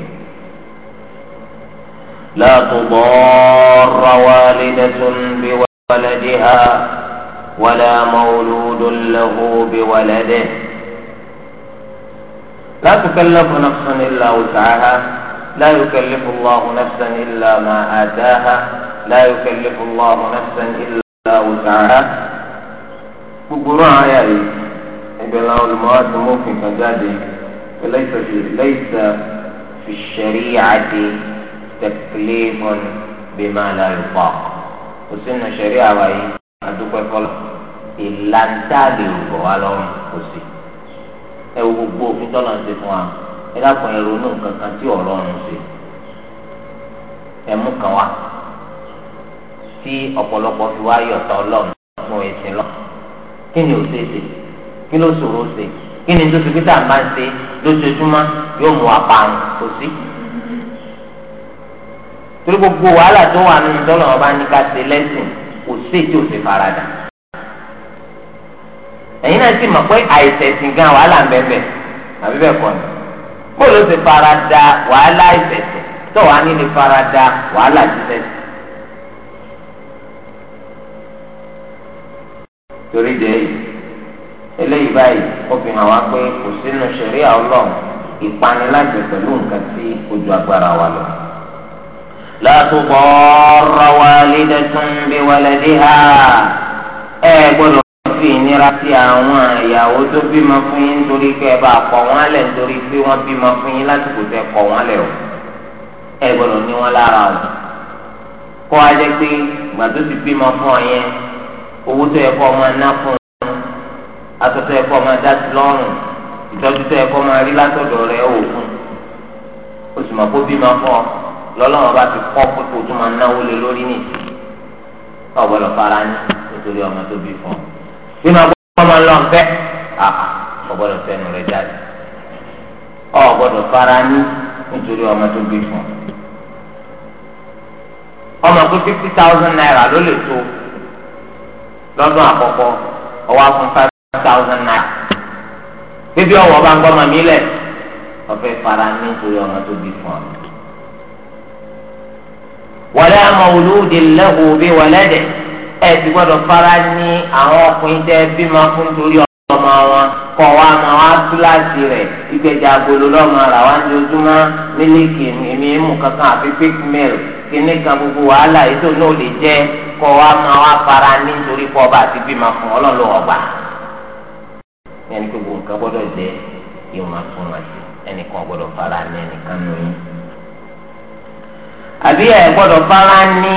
لا تضار والدة بولدها ولا مولود له بولده لا تكلف نفس إلا وسعها لا يكلف الله نفسا إلا ما آتاها لا يكلف الله نفسا إلا وسعها gbogbo àyà yìí ibẹ̀ làwọn olùmọ̀wádìí mọ́fin kan jáde lẹ́sẹ̀ fi lẹ́sẹ̀ fi ṣẹ̀rí àdé tẹ̀kílẹ́fọ̀n bí máa la ìfọ̀ kò sínú ṣẹ̀rí àwa yìí adúpẹ́ fọlọ́ ìlànà tá a lè rò wá lọ́rùn kò sí ẹ wo gbogbo òfin tọ́lọ̀ ń ṣe fún wa ẹ dákun ẹ ronú nǹkan kan tí ọ̀rọ̀ ọ̀run ṣe ẹmú kan wá tí ọ̀pọ̀lọpọ̀ fi wá yọ̀tọ̀ ọlọ́run fún ẹ̀sìn lọ kí ni ò ṣe ṣe kí ló ṣòro ṣe kí ni tó ti fi tà máa ń ṣe lójoojúmọ́ yóò mú apààrùn kò sí. torí gbogbo wàhálà tó wà nínú tọ́lọ̀ ọba ní ká ṣe lẹ́sìn kò sí tí ò ṣe faradà. ẹ̀yin náà sì mọ̀ pé àìsẹ̀sìn gan wàhálà ń bẹ́ẹ̀ bẹ́ẹ̀ àbí bẹ́ẹ̀ kọ́ ni bóòlù ti fara da wàhálà ìfẹsẹ̀ tó wàá ní ní fara da wàhálà ìfẹsẹ̀. torí dé yìí eléyìí báyìí ó fi hàn wá pé kò sínú ṣẹ̀ríà ọlọ́run ìpanilájẹ pẹ̀lú nǹkan tí ojú agbára wa lọ. la tudarra walidatun biwaladiha ẹ gbọ́dọ̀ ìnira sí àwọn ìyàwó tó bímọ fún yín nítorí pé ẹ bá kọ̀ wọ́n lẹ̀ nítorí pé wọ́n bímọ fún yín lásìkò tẹ́ kọ̀ wọ́n lẹ̀ o ẹ gbọ́dọ̀ ní wọn lára o kó a jẹ́ pé ìgbà tó ti bímọ fún ọ yẹn owó tó yẹ kó ọmọ ná fún un aṣọ tó yẹ kó ọmọ dá sí lọ́rùn ìtọ́jú tó yẹ kó ọmọ rí látọ̀dọ̀ rẹ̀ ò fún o sì mọ̀ kó bímọ fún ọ lọ́lọ́run bá ti kọ́ pé kó tó máa náwó lé lórí nìyí ọ̀gbọ́dọ̀ fara ní nítorí ọmọ tó bí fún ọ bí máa gbọ́ ọmọ lọ nfẹ́ à ọgbọ́dọ̀ fẹ́nu rẹ jáde ọgbọ́dọ̀ fara ní nítorí ọmọ tó gbé fún ọmọ pé fifty thousand naira ló lè tó lọ́dún àkọ́kọ́ ọwọ́ fún five thousand naira bíbí ọwọ́ bá ń gbọ́ màmí lẹ̀ ọfẹ́ fara ní nítorí ọmọ tó bí fún ọ. wala mawludin lahu bi waladihi. ẹ ti fara ní àwọn ọkùnrin bima bímọ fún torí ọmọ wọn kọ́ wa ma agolo lọ́mọ ara wa ní ojúmọ́ mílíkì èmi mú kankan àfi quick mail kíní kan gbogbo wàhálà ètò náà lè wa ma fara ní torí fún ọgbà ẹni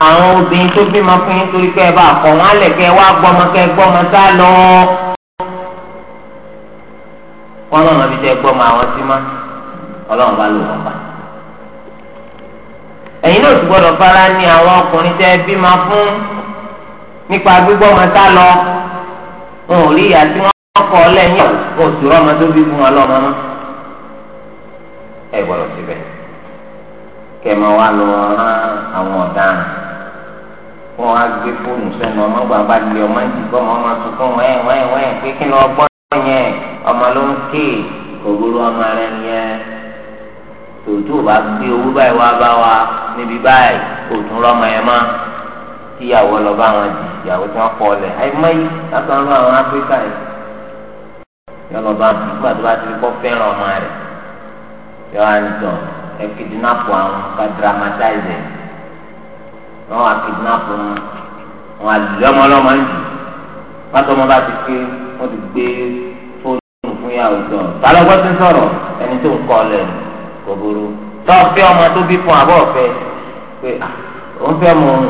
àwọn obìnrin tó ma fún yín torí pé ẹ bá kọ wọn alẹ kẹ wá gbọmọ sá lọ wọn lọrùn àbí gbọmọ àwọn sí má Ọlọ́run bá lò wọn bá ẹ̀yin náà ti gbọ́dọ̀ fara ní àwọn ọkùnrin ma fún nípa gbígbọmọ wọn ò rí ìyá tí lẹ́yìn oṣù tó bí fún wọn ẹ wọn á gbé fóònù sẹ́nu ọmọ bàbá lé ọmọ ìdìbò ọmọ ọmọ wẹ́ẹ̀ wẹ́ẹ̀ wẹ́ẹ̀ pé kí ni ọgbọ́n yẹn ọmọ ló ń ké ọmọ rẹ yẹn tòótọ́ bá gbé owó báyìí wá bá wa níbi báyìí kò tún rọmọ yẹn mọ́ tíyàwó ọmọ dramatize wọn wá kidnap wọn wọn àlè ọmọ ọlọmọ ń jù pátọ ọmọ bá ti ké wọn ti gbé fóònù fún yàwó tó balọgbọ ti sọ̀rọ̀ ẹni tó ń kọ lẹ kòkòrò tó ọ̀fẹ́ ọmọ tó bí fún abọ ọ̀fẹ́ pé ó ń fẹ́ mọ òun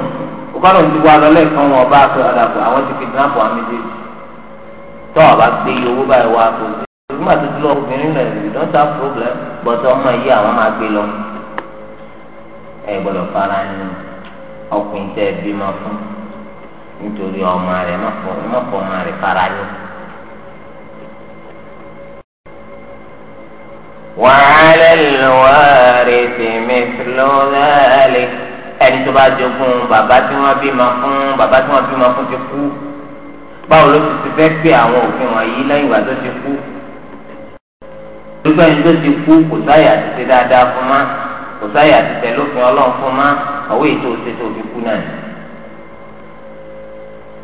òkàlò ń ti wá lọ lẹ́ẹ̀kan wọn ọba àti ọdàpọ àwọn ti kidnap wọn méjèèjì tó ọba gbé iye owó báyìí wá kó nígbà tó ti lọ obìnrin rẹ you don't have problem but ọmọ yìí àwọn máa gbé lọ ẹ gbọ́dọ̀ fara ẹni ọkùnrin tẹ ẹbí máa fún nítorí ọmọ rẹ mọ̀kọ́ ọmọ rẹ fara ní. وعلى الوارث مثل ذلك ẹni tó bá jogún bàbá tí wọ́n bímọ fún bàbá tí wọ́n bímọ fún ti kú báwo ló ti fẹ́ pé àwọn òfin wọ̀nyí lẹ́yìn ìgbà tó ti kú dúpẹ́ ẹni tó ti kú kò sáyà ti ṣe dáadáa fún ma kò sáyà ti tẹ̀ lófin ọlọ́run fún ma àwọn ètò òṣè tó fi kú náà ni.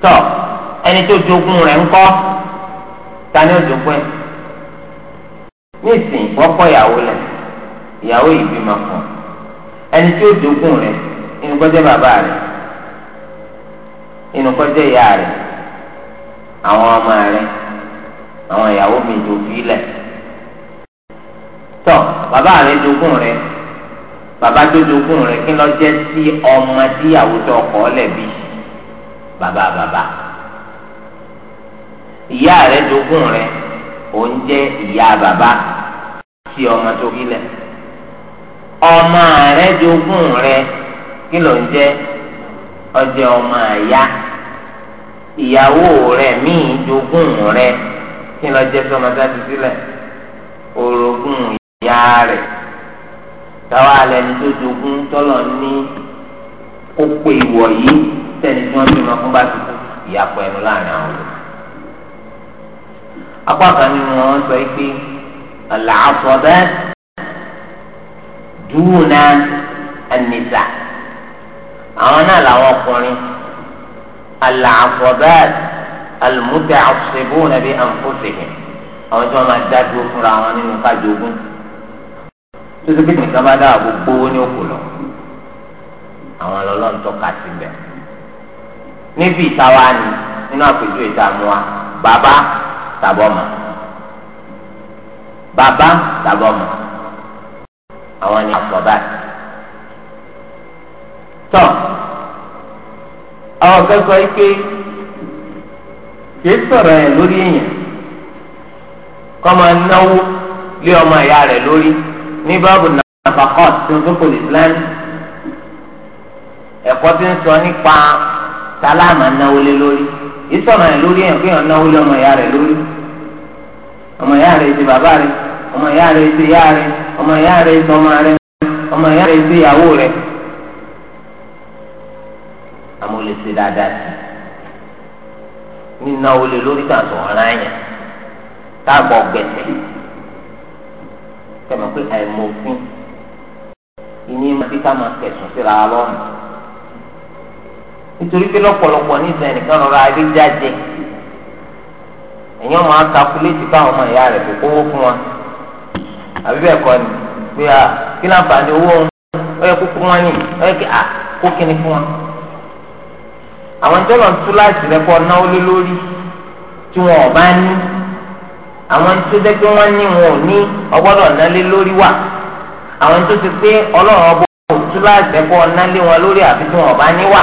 tọ́ ẹni tó jogún rẹ̀ ń kọ́ ta ni ó jogún ẹ̀ nísìnyí wọ́n kọ́ ìyàwó lẹ̀ ìyàwó yìí bímọ fún ẹni tí ó jogún rẹ̀ inú kọjá bàbá rẹ̀ inú kọjá ìyá rẹ̀ àwọn ọmọ rẹ̀ àwọn ìyàwó mi tó fi lẹ̀ tọ́ bàbá rẹ̀ jogún rẹ̀ bàbá tó jogún rẹ̀ kí lọ jẹ́ sí ọmọ tí àwùjọ ọkọ̀ lẹ̀bi bàbá bàbá ìyá rẹ̀ jogún rẹ̀ òun jẹ́ ìyá bàbá sí ọmọ tó bí lẹ̀ ọmọ rẹ̀ jogún rẹ̀ kí ló ń jẹ́ ọjọ́ ọmọ àyá ìyàwó rẹ̀ míì jogún rẹ̀ kí lọ jẹ́ sọmọ dájú sílẹ̀ orogún ìyá rẹ̀ táwa alẹ́ ní tó jogún tọ́lọ̀ ní ó pé ìwọ̀ yìí tẹ̀lé tí wọ́n fi máa fún bá ti kú ìyàpọ̀ ẹnu láàrin àwọn olùkọ́. apá kan nínú wọn sọ pé àlàáfọ̀dẹ́ dúnà ẹnìta àwọn náà làwọn ọkùnrin àlàáfọ̀dẹ́ àlùmútẹ̀ àṣẹbùnà bí àǹfọ̀ṣẹ̀hìn àwọn tí wọ́n máa dá dúró fúnra wọn nínú kájogún tuntun bí nìkan bá dáa bó gbówó ní òkú lọ àwọn ọlọ́run tọ́ka sí bẹ̀. níbi ìtawá ni nínú àpèjọ ìdààmú wa bàbá tàbọ̀mọ̀ bàbá tàbọ̀mọ̀ àwọn ni àfọ̀bá tọ́ àwọn kẹ́kọ̀ọ́ ike kìí sọ̀rọ̀ yẹn lórí èèyàn kọ́ máa náwó lé ọmọ ìyá rẹ̀ lórí. ní báàbù nàfàkọ́t tó ń fipò islam ẹ̀kọ́ ti ń sọ nípa sálámà náwó lé lórí ìsọ̀nà ẹ̀ lórí ẹ̀ kéèyàn náwó lé ọmọ ìyá rẹ̀ lórí ọmọ ìyá rẹ̀ ti bàbá rẹ̀ ọmọ ìyá rẹ̀ ti ìyá rẹ̀ ọmọ ìyá rẹ̀ ti ọmọ rẹ̀ ọmọ ìyá rẹ̀ ti ìyàwó rẹ̀ dáadáa sí ní náwó lé lórí sẹmọ pé àìmọ̀fin ìní ma ti ká máa kẹsùn síra lọ́rùn nítorí pé lọ́pọ̀lọpọ̀ níta ẹnìkan rọra adé jáde èèyàn máa kakuléètì káwọn ọmọ ìyá rẹ̀ kó kówó fún wa àbí bẹ́ẹ̀ kọ́ ni pé a kí láǹfààní owó òun yẹ kúkú wọn ni ó yẹ kí a kó kíni fún àwọn láti rẹ kọ́ àwọn tó jẹ́ pé wọ́n ní wọn ò ní ọgbọ́dọ̀ nálé lórí wà àwọn tó ti pé ọlọ́run ọgbọ́ òtú láti ẹ̀kọ́ nálé wọn lórí àfi tí wọn ọba ní wà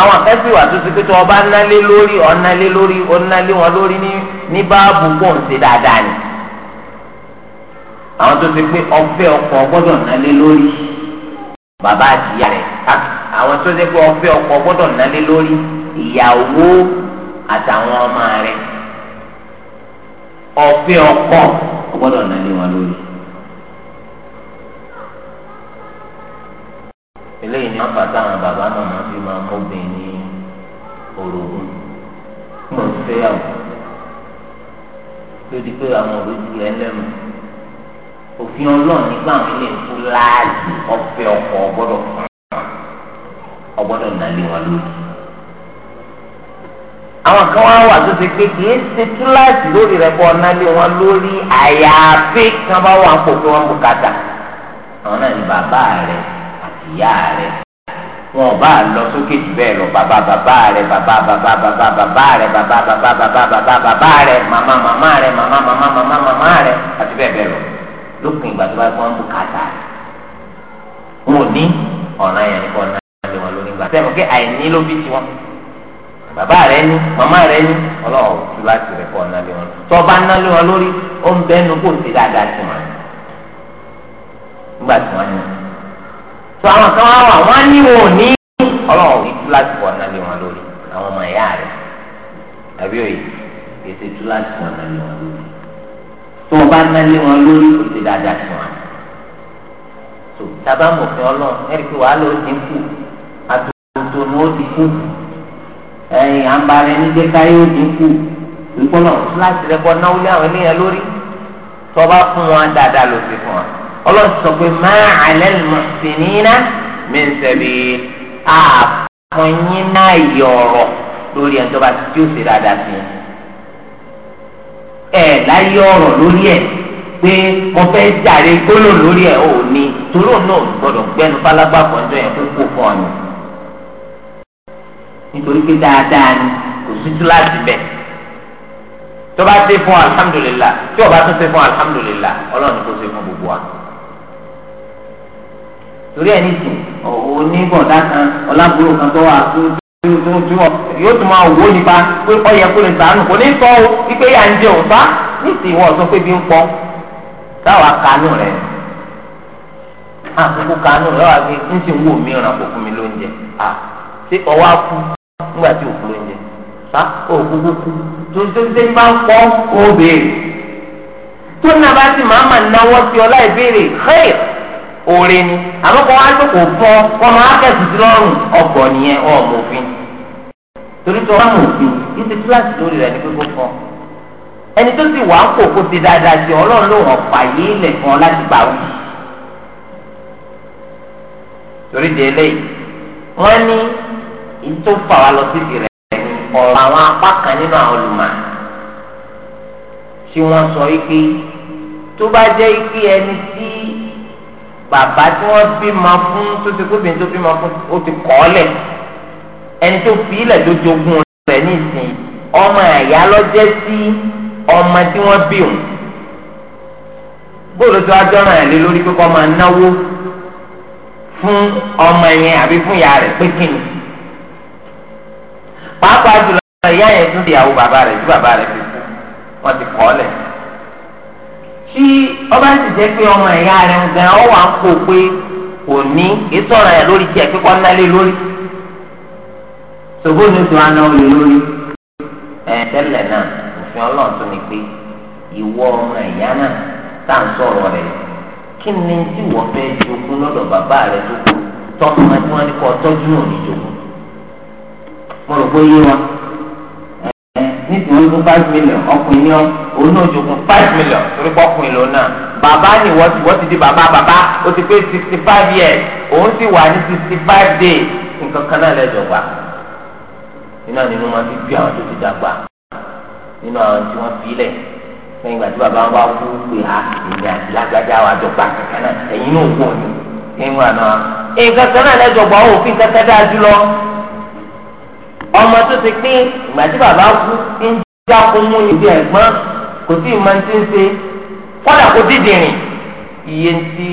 àwọn akẹ́sì tó ti pé tí wọn bá nálé lórí ọ̀nálé lórí ọ̀nálé wọn lórí ní báàbù pọ̀ǹsì dáadáa ni àwọn tó ti pé ọ̀fẹ́ ọkọ ọgbọ́dọ̀ nálé lórí bàbá àti ìyá rẹ̀ àwọn tó ti pé ọ̀fẹ́ ọkọ ọgbọ́dọ̀ nálé lórí ìyàwó àtàwọn ọmọ rẹ̀ ọ̀fẹ́ ọkọ gbọ́dọ̀ nàlé wọn lórí. eléyìí ni wọn bàtà àwọn bàbá màmá fi máa mọ́bìn ní orogún wọn fẹ́ yàwó tó di pé àwọn òbí rẹ̀ òfin ọlọ́run nígbà wọn ilé ìfúláàjì ọ̀fẹ́ ọkọ gbọ́dọ̀ fún wọn ọgbọ́dọ̀ nàlé wọn lórí àwọn kan wá wà tó ṣe pé kì í ṣe túláàsì lórí rẹ bọ ọ̀nà lé wọn lórí àyàfi kan bá wà pò pé wọn bùkátà àwọn náà ní bàbá rẹ àti ìyá rẹ wọn ò bá lọ sókè jù bẹ́ẹ̀ lọ bàbá bàbá rẹ bàbá bàbá bàbá bàbá rẹ bàbá bàbá bàbá bàbá bàbá rẹ màmá màmá rẹ màmá màmá màmá màmá rẹ àti bẹ́ẹ̀ bẹ́ẹ̀ lọ lópin ìgbà tó bá wọn bùkátà wọn ò ní ọ̀nà yẹn kọ́ ọ̀nà bàbá rẹ ní màmá rẹ ní ọlọ́run tú láti rẹ̀ kọ́ ọ̀nà lé wọn tó bá ná lé wọn lórí ó ń bẹ́ nu kó ń ti dáadáa sí wọn nígbà tí wọ́n ní. tó àwọn kan wá wà wọ́n ní wọn ò ní ọlọ́run yìí tú láti kọ́ ọ̀nà lé wọn lórí àwọn ọmọ ẹ̀yà rẹ̀ àbí òye ètò tú láti kọ́ ọ̀nà lórí tó bá ná lórí ó ti dáadáa sí wọn tó tábà mọ̀ fún ọlọ́run ẹ̀rí pé wàá lọ sí kú àtúntò ni ó ti kú ẹ̀yìn àǹbarẹ nígbè káyé òdìkú ìgbóná láti rẹ bọ náwó lé àwọn ènìyàn lórí tọba fún wọn dáadáa ló ti fún wọn ọlọ́run sọ pé má alẹ́ mọ̀sínínà mẹ́sẹ̀bí àfọyín náà yọ̀rọ̀ lórí ẹni tó bá ti ó ṣe dáadáa sí ẹ láyé ọ̀rọ̀ lórí ẹ pé mo fẹ́ jàre gbólóhùn lórí ẹ ò ní torí òun náà gbọ́dọ̀ gbẹnu fálágbá kan jọ yẹn kó kó fún ọ ni nítorí pé dáadáa ni kò sí kíláàsì bẹ́ẹ̀ tó bá ṣe fún alhamdulillah tí o bá tún ṣe fún alhamdulillah ọlọ́run kò ṣe fún gbogbo wa. torí ẹni sì onígbọ̀dá kan ọlábúrò kan tó wà tó tó yóò tún máa wò nípa pé ọyẹ kó lè sànù kò ní sọ o wípé yà ń jẹ òǹfà ní ìsìn wọn sọ pé bí ń pọ táwa kanú rẹ àkókò kanú rẹ wà pé ń sì wò mí ràn fún mi lóúnjẹ à ṣé ọwọ́ á kú nígbà tí òkú ló ń jẹ sá òkú kúkú tuntun tí bá ń pọ ó béèrè tó ní abá ti máa náwó sí ọ láì béèrè òre ni àmọ́ kó wá tó kò fọ kó máa kẹsì sí lọ́rùn ọgbọ nìyẹn ọ mọfin torí tó wá mọfin yìí ti kíláàsì lórí rẹ ní pé kó fọ ẹni tó sì wà á kó kó ti dáadáa sí ọlọ́run ló hàn fàyè lẹ̀ fún ọ láti gbà wù torí délé wọn ní ntó fà wá lọ sí ìrẹ̀ ọ̀rọ̀ àwọn apá kan nínú àwọn olùmọ̀ tí wọ́n sọ wípé tó bá jẹ́ wípé ẹni tí bàbá tí wọ́n bímọ fún tó ti kóbìnrin tó bímọ fún ó ti kọ́ ọ́ lẹ̀ ẹni tó fi ilẹ̀ tó jogún rẹ̀ nísìnyí ọmọ àyà lọ́jẹ́ sí ọmọ tí wọ́n bí òun bóòlù tó ajọ́ ràn lé lórí pé kọ́ máa náwó fún ọmọ yẹn àbí fún ìyá rẹ̀ pé kíni. pàápàá jùlọ ìyá yẹn tún di àwọn bàbá rẹ tí bàbá rẹ fi wọ́n ti kọ́ lẹ̀. tí ọba ti jẹ́ pé ọmọ ìyá rẹ̀ ń gan ń kó pé kò ní lórí tiẹ̀ pípọ́ nálé lórí. ni oṣù olè lórí. òfin ọlọ́run tún ni pé ìwọ ọmọ náà tá à ń sọ̀rọ̀ rẹ̀ ni tí wọ́n fẹ́ jogún lọ́dọ̀ bàbá tó tọ́kùnrin tí wọ́n ní kọ́ mo rò pé yé wọn nítorí fún five million ọkùnrin ni ọ òun náà jogún five million torí pé ọkùnrin lòun náà bàbá ni wọ́n ti wọ́n ti di bàbá bàbá ó ti pé sixty five years òun sì wà ní sixty five days nǹkan kan náà lẹ́jọ̀ gbà nínú àwọn nínú wọn fi bí àwọn tó ti dàgbà nínú àwọn tí wọ́n fi lẹ̀ lẹ́yìn ìgbà tí bàbá wọn bá kú pé a ah, èmi àti lágbájá wa jọ gbà kankan náà ẹ̀yin náà wọ̀ ni ẹ̀yin wà náà nǹkan kan náà lẹ́jọ̀ gbà ó fi kankan dáa jùlọ ọmọ tó ti pín ìgbà tí bàbá kú ń já kó mú ibi ẹ̀gbọ́n kò sí ìmọ̀ tí ń ṣe kọ́dà kó dídìrín iye tí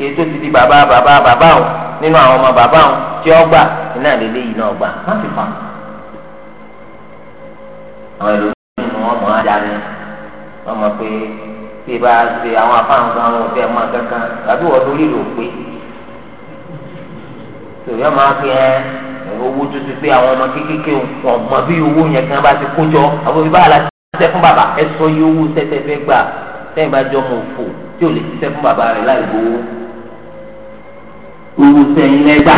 èyí tó ti di bàbá bàbá bàbá o nínú àwọn ọmọ bàbá o tí ó gbà iná lélẹ́ yìí náà gbà má fi fà. àwọn ìlú nínú wọn mọ adarí wọn mọ pé tí ì bá ṣe àwọn afáǹkan àwọn òfin ẹ̀mọ́ kankan tàbí wọ́n lórí ìlú pé tòun yóò máa fi ẹ́ owó tó ti pé àwọn ọmọ kékeré ọmọ bí owó yẹn kan bá ti kó jọ àwọn òbí la ṣiṣẹ́ fún bàbá ẹ sọ iye owó tẹ́tẹ́ fẹ́ gbà tẹ́yìn bá jọ ọmọ òfò tí ò lè ṣiṣẹ́ fún bàbá rẹ̀ láì gbowó owó sẹ́yìn lẹ́gbà.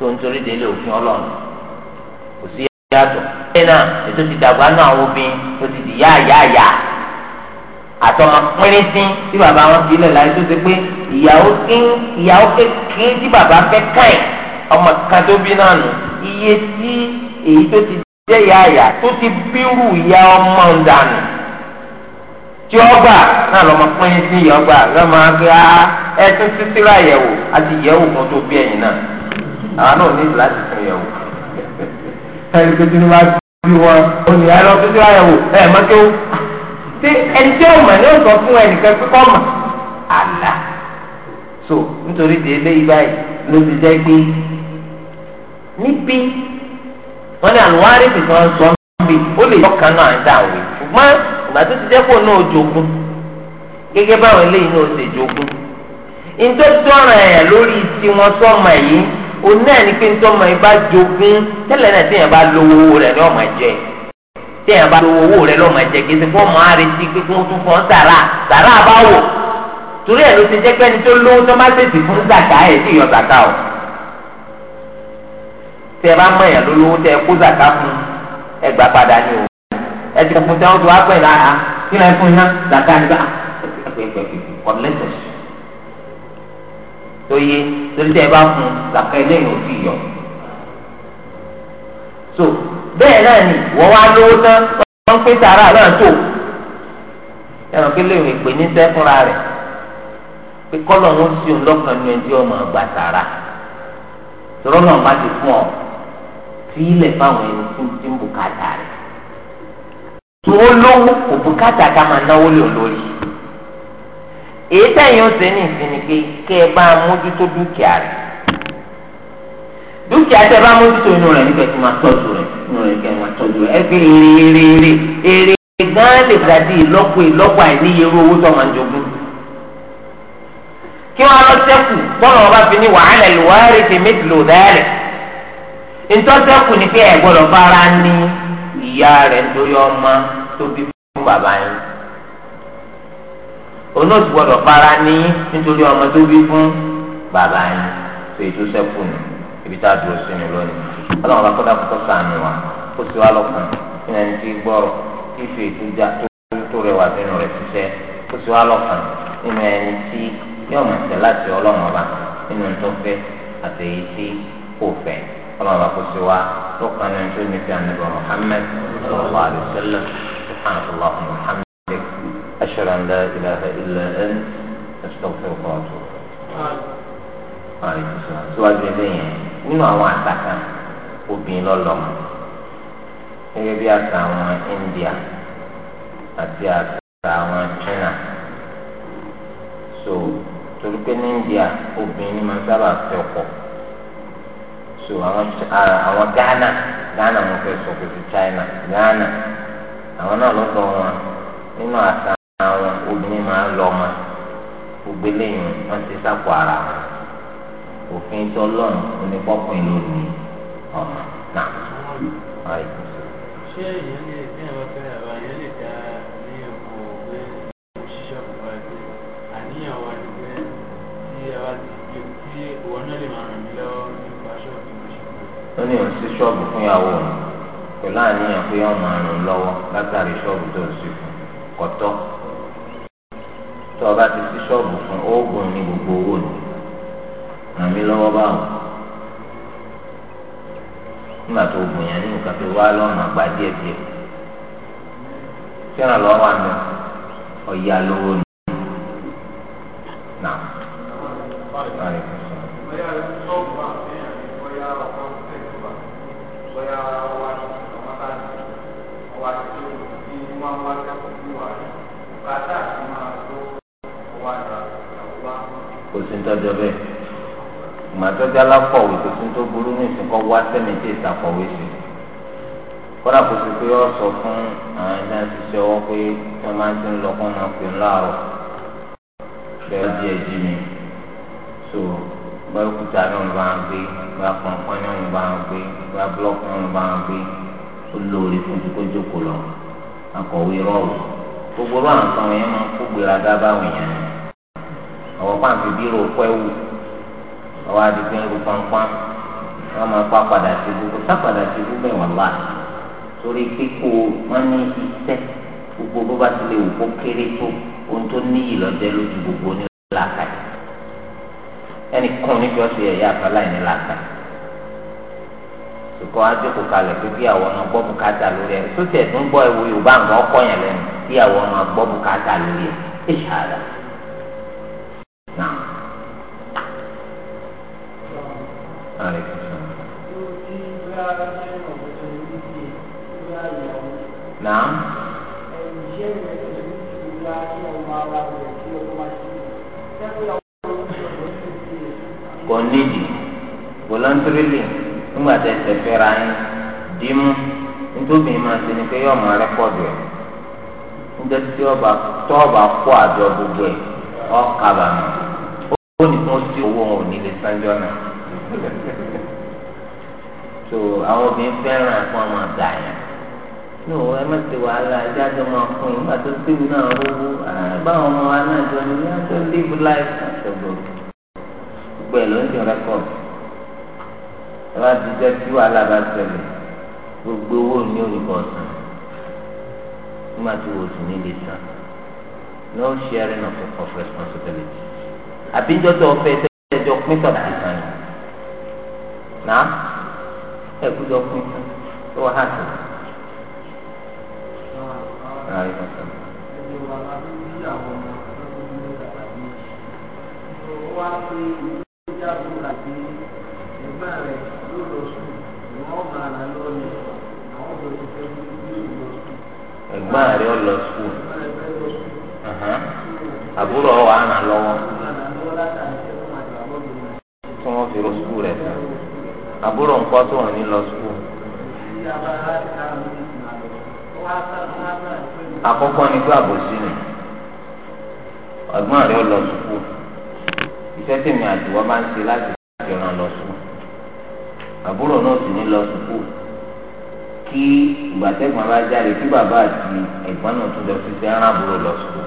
tó ń torí délé òfin ọlọ́run kò sí yàtọ̀. ẹ náà ètò ti dàgbà náà àwọn obìnrin ó ti di yáàyáàyà àtọmọ pínrínsín tí bàbá wọn fi lẹ̀ láyé tó ṣe pé ìyàwó ìyàwó kékeré tí bàbá fẹ́ káì ọmọ kan tó bí náà nù iye tí èyí tó ti jẹ́ ìyá àyà tó ti bírù ìyá ọmọ ọ̀dànù tí ó gbà náà lọ́mọ pínrínsín yìí ọgbà lọ́mọ agbá ẹtún títí láyẹ̀wò àti ìyẹ̀wò kan tó bí ẹ̀yìn náà àwọn náà ní láti fún yẹ̀wò. [laughs] ẹni tó ti ní wá bí wọn ò ní ẹ lọ títí láyẹ̀wò ẹ̀ mọ́tò ṣé ẹni tí ọmọ ní ọ̀sán fún ẹnìkan pé kọ́ mọ̀ so nítorí di eléyìí báyìí ló ti jẹ́ pé níbi wọ́n ní àlùwárí ti sọ níbi ó lè yọkàn náà dá òwe ṣùgbọ́n ìgbà tó ti jẹ́ kó náà jogún gẹ́gẹ́ báwọn eléyìí náà ṣe jogún ntọ́jọ́ra ẹ̀ lórí tiwọn sọ́mọ yìí òun náà ní pé ntọ́mọ yìí bá jogún tẹ́lẹ̀ náà tí yẹn bá rẹ̀ ní ọmọ jẹ́ téèyàn bá lo owó rẹ lọ́mọ ẹ̀jẹ̀ ti àrètí pé kí wọ́n sàrà sàrà bá wò torí ẹ̀ ló ti jẹ́ pé ẹni tó lówó tó má tètè fún zàkà ẹ̀ sì yọ zàkà o tẹ bá mọ èèyàn lólówó tẹ kó fún ẹ padà ní o tó wá kí fún iná zàkà nígbà bẹ́ẹ̀ náà ni wọ́n wá lówó tán wọ́n ń pín sàrà náà tó ẹ̀rọ kí lè rìn pé ní sẹ́fúnra rẹ̀ pé kọ́lọ̀ ń sí òun lọ́kàn ní ẹjọ́ ọmọ àgbà fún ọ tí ilẹ̀ fáwọn ẹni tí ń ti ń bùkátà rẹ̀ lówó kò bùkátà ká máa náwó lè lórí èyí tẹ̀yìn ó ṣe ní ìsinmi pé kẹ́ ẹ bá mójútó dúkìá rẹ̀ dúkìá bá mójútó nínú rẹ̀ kẹ́ máa tọ́jú ẹ fi èrè èrè èrè èrè gan lè ga di ìlọ́pọ̀ ìlọ́pọ̀ àìníye irú owó tó máa ń jogún. kí wọ́n lọ sẹ́kù bọ́lá ọba fi ní wàhálà ìwárí ti mí lò dáàlẹ̀. ìtọ́sẹ́kù ni pé ẹ̀gbọ́dọ̀ bára ní ìyá rẹ̀ nítorí ọmọ tó bí fún bàbá yín. onóòtú gbọ́dọ̀ bára ní nítorí ọmọ tó bí fún bàbá yín. tó ètò sẹ́kù nù ibi tá a dúró sínú lónìí ọlọ́run bá kọ́dà kọ́kọ́ sànù wa kó sì wá lọ́kàn nínú ẹni tí gbọ́rọ̀ tí ìfẹ́ ìtújà tó rẹwà nínú rẹ̀ ṣiṣẹ́ kó sì wá lọ́kàn nínú ẹni tí yóò mọ̀ ṣẹ́ láti ọlọ́run ọba nínú tó fẹ́ àti èyí tí kò fẹ́ ọlọ́run bá kó sì wá lọ́kàn nínú tó nífẹ̀ẹ́ àníbọ̀ Muhammad sallallahu alaihi wasallam subhanallah Muhammad أشهد أن لا إله إلا أنت أستغفرك وأتوب إليك. وعليكم السلام. سؤال nínú àwọn àṣà kan obìnrin lọ́lọ́mọ gẹ́gẹ́ bí àṣà àwọn India àti àṣà àwọn China so torí pé ní India obìnrin ni máa sábà fẹ́ ọkọ so àwọn àwọn Ghana Ghana mo fẹ́ sọ pé ti China Ghana àwọn náà lọ́dọ̀ wọn nínú àṣà àwọn obìnrin máa lọ ọmọ gbogbo eléyìí wọ́n ti sápò ara wọn òfin tọ́lọ́run onípọ́kùn lónìí ọ̀nà náà. ṣé èèyàn lè fi àwọn fẹ́rẹ̀ àwọn èèyàn lè dá ní oko pé òṣìṣẹ́ òkùnkùn àti àníyàn wa ni pé tí a bá ti gbé tí òwò náà lè máa ràn mí lọ́wọ́ nípa ṣọ́ọ̀bù ìmọ̀ṣẹ́kù. ó ní òun sí ṣọ́ọ̀bù fún ìyàwó rẹ̀ pẹ̀lú àníyàn pé wọ́n máa ràn lọ́wọ́ látàrí ṣọ́ọ̀bù tó ń ṣe fún kọ́tọ́ tó o bá ti sí ṣọ́ọ̀bù fún oògùn ní gbogbo owó nìyí ràn mí lọ́wọ́ báwọn nígbà tó gùn yẹn ní nǹkan tó wá lọ́nà àgbà díẹ̀ díẹ̀ tí ràn lọ́wọ́ àná ọ̀yà lówó ni. Now, kò sí ń tọ́jọ́ bẹ́ẹ̀ ìmọ̀tọ́jà lápọ̀wé tó tún tó burú ní ìsìnkọ́ wá sẹ́ni tí ìsàkọ̀wé sí kódà kó sì pé ó sọ fún àwọn ẹni àṣìṣe ọwọ́ pé wọ́n máa ti ń lọ kó máa pè ń láàrọ̀ bẹ́ẹ̀ díẹ̀ jí mi so bẹ́ẹ̀ kúta ní òun bá ń gbé bá pọ̀npọ́n ní òun bá ń gbé bá búlọ́ọ̀kì ní òun bá ń gbé ó lóore fún ti kó jókòó lọ akọ̀wé rọ́ọ̀lù gbogbo ọlọ́run kan yẹn máa ń kó gbéraga báwọn àwọn adigun ẹrù pampan wọn máa pa padà sí gbogbo sápadà sí gbogbo ẹwọn bá torí kíkó wọn ní iṣẹ́ gbogbo bó bá ti lè wò kó kéré tó ohun tó níyì lọjẹ lójú gbogbo ní làákàyè ẹnìkan níbi ọsẹ ẹyà àfàlà ìní làákàyè sùkọ́ adókò kalẹ̀ pé kí àwọn ọmọ gbọ́ bùkátà lórí ẹ̀ sótì tó ń gbọ́ ẹ̀wò Yorùbá nǹkan ọkọ̀ yẹn lẹ́nu kí àwọn ọmọ gbọ́ bùkátà lórí ẹ̀ ẹ̀ àlè tuntun. Nàá. Kò nídìí voluntarily nígbà tẹ ẹsẹ̀ fẹ́ra yín dìímú nítòbí máa ṣe ni pé yóò máa rẹ́kọ̀dù ẹ̀ níjẹ́ tí ọba tó ọba kó àjọ gbogbo ẹ̀ ọ́ kábàámọ̀ ó ní kó sí owó òun lè sanjọ́ náà àwọn obìnrin fẹ́ràn fún ọmọ ọ̀gá yẹn ní òun ẹ mẹ́tẹ̀ wàhálà ẹjẹ́ àjọ máa fún yín nígbà tó tẹ̀lé náà rówó báwọn ọmọ wa náà jọ ní wọ́n tó live life àtọ̀gbọ̀ gbogbo ẹ̀ ló ń jọ rẹ́kọ̀d ẹ bá ti jẹ́ kí wàhálà bá ṣẹlẹ̀ gbogbo owó ní olùkọ́ sàn nígbà tí wò sí nílé sàn no sharing of, of responsibility àbíjọ́ tó o fẹ́ tẹ́jọ́ pín tọ̀tì sàn yìí náà ẹ̀kújọ pín tó wà hàn sí. ẹ̀gbọ́n rẹ̀ ọ lọ sùn àbúrò ọ wà á nà lọ́wọ́ tí wọ́n fi rọ sùn rẹ̀ fún un àbúrò ńkọ́ tó wọn ní lọ sùkúù. àkọ́kọ́ ni pé àbòsí ni ọ̀gbọ́n rẹ̀ lọ sùkúù iṣẹ́ tèmi àdìwọ́ máa ń ṣe láti ìran lọ sùkúù àbúrò náà sì ní lọ sùkúù kí ìgbàtẹ́gbọ̀n bá jáde kí bàbá àti ẹ̀gbọ́n náà tún lọ sí ti ẹran àbúrò lọ sùkúù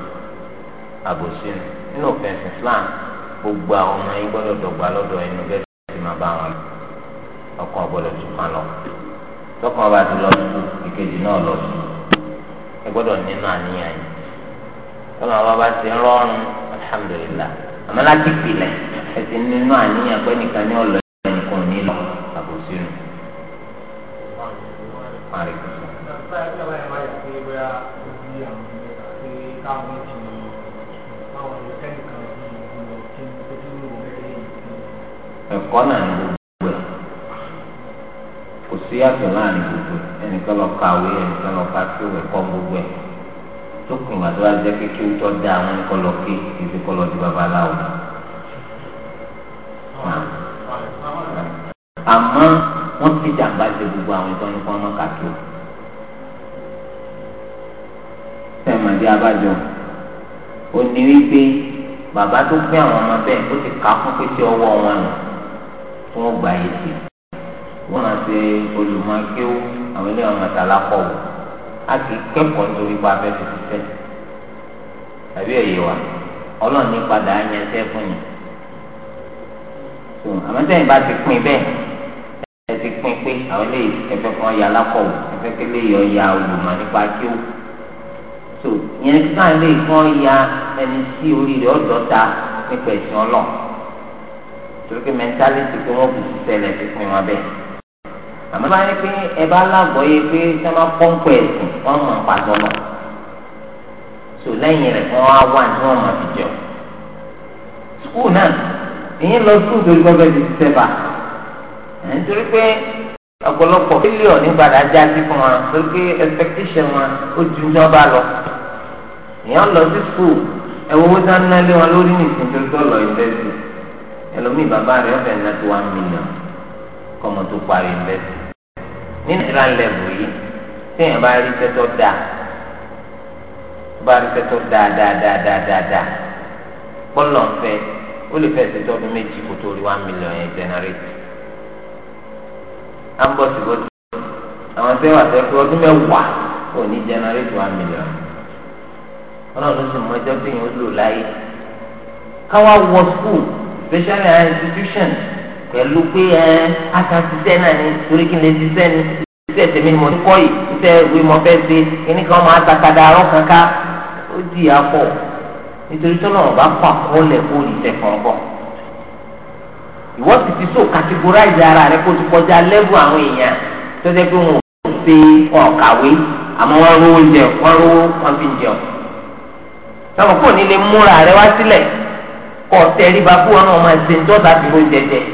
àbòsí ni nínú òfin Islam gbogbo àwọn ọmọ yín gbọ́dọ̀ dọ̀gba lọ́dọ̀ ẹnu bẹ́ẹ̀ sì máa bá wọn lọ ọkọ ọgbọ́dọ̀ tún kan lọ tọkàn bá ti lọ sí ìkejì náà lọ sí ẹ gbọ́dọ̀ nínú àníyàn yìí tọkàn bá bá ti rọrùn alhamdulillah àmọ́ láti pilẹ̀ ẹ ti nínú àníyàn pé nìkan ní ọlọ ẹnìkan ò ní lọ àbòsí nù. ẹ̀kọ́ náà ni sí yàtọ̀ láàrin gbogbo ẹnìkan lọ kàwé ẹnìkan lọ ká tó ẹ̀kọ́ gbogbo ẹ̀ tó kùn àti wá jẹ́ kékeré tó dá àwọn ẹnìkan lọ ké ibi kọ́ lọ di babaláwo. àmọ́ wọ́n ti jàǹbá ṣe gbogbo àwọn ìtọ́ nípa ọmọ kàtó. sẹ́mọ̀dé abájọ ò ní wípé bàbá tó pín àwọn ọmọ bẹ́ẹ̀ ó ti kà á fún pé tí ọwọ́ wọn nù fún ọgbà yìí sí i wọ́n máa ṣe olùmọ̀kéwò àwọn ilé ọmọ tàlá pọ̀ wò á kì í kẹ́kọ̀ọ́ nítorí pa abẹ́ fi fẹ́ tàbí ẹ̀yẹ wa ọlọ́run ní padà á yẹn sẹ́fún yìí àmọ́tẹ́yìn bá ti pín bẹ́ẹ̀ ẹ ti pín pé àwọn ilé ẹfẹ́ kan ya lápọ̀ wò ẹfẹ́ kélé yọ ya olùmọ̀ nípa kéwò so yẹn ká ilé kan ya ẹni sí orí rẹ̀ ọ̀dọ́ta nípa ẹ̀sìn ọlọ́run torí pé mẹ́ńtálítì pé wọ́n kù sí sẹ́lẹ̀ ti pín wọn bẹ́ẹ̀ àmọ́ bá ní pé ẹ bá lágbọ́ yé pé ṣé wọ́n pọ́ńpọ̀ ẹ̀sìn wọ́n mọ̀ pàtó lọ sò lẹ́yìn rẹ̀ wọ́n á wà tí wọ́n mọ̀ fi jọ. skul náà ìyẹn lọ skul torí gbọ́dọ̀ ti ti sẹ́fà nítorí pé ọ̀pọ̀lọpọ̀ fílíọ̀ nígbàdá já sí fún wa torí pé expectation wa ó ju ní ọba lọ ìyẹn lọ sí skul ẹ̀wọ̀n owó tá ń ná lé wọn lórí nìsín torí tó lọ ẹlòmíì bàbá rẹ̀ ọ̀fẹ́ ná million kọ́mọ tó parí ìfẹ́sì ní nàìjíríà lẹ́bù yìí téèyàn bá rí sẹ́tọ́ dáa tó bá rí sẹ́tọ́ dáa dáa dáa dáa dáa dáa gbọ́dọ̀ fẹ́ ó lè fẹ́ sẹ́tọ́ ọdún méjì kó tó rí one million yẹn generate à ń bọ̀ síbò tí àwọn tẹ́wà tẹ́kọ̀ ọdún mẹ́wàá kò ní generate one million ọlọ́run sì mọ ẹjọ́ téèyàn ó lò láyé káwá wọ school special institutions pẹ̀lú pé ẹ aṣàṣiṣẹ́ náà ni torí kí n lè ṣiṣẹ́ ni iṣẹ́ tèmi ni mo ti kọ́ yìí iṣẹ́ ìwé mo fẹ́ ṣe kíní kan máa takada arọ́ kankan ó di àpọ̀ nítorí tó náà bá kọ́ àkọọ́lẹ̀ kó o lè fẹ́ kàn bọ̀. ìwọ sì ti so categorize ara rẹ kó o ti kọjá level àwọn èèyàn tó jẹ́ pé wọn ò ṣe ọ̀kàwé àmọ́ wọ́n rówó jẹ wọ́n rówó wọ́n fi jẹun. táwọn kò ní lè múra rẹ wá sílẹ̀ kọ́ tẹríba fún ọ náà máa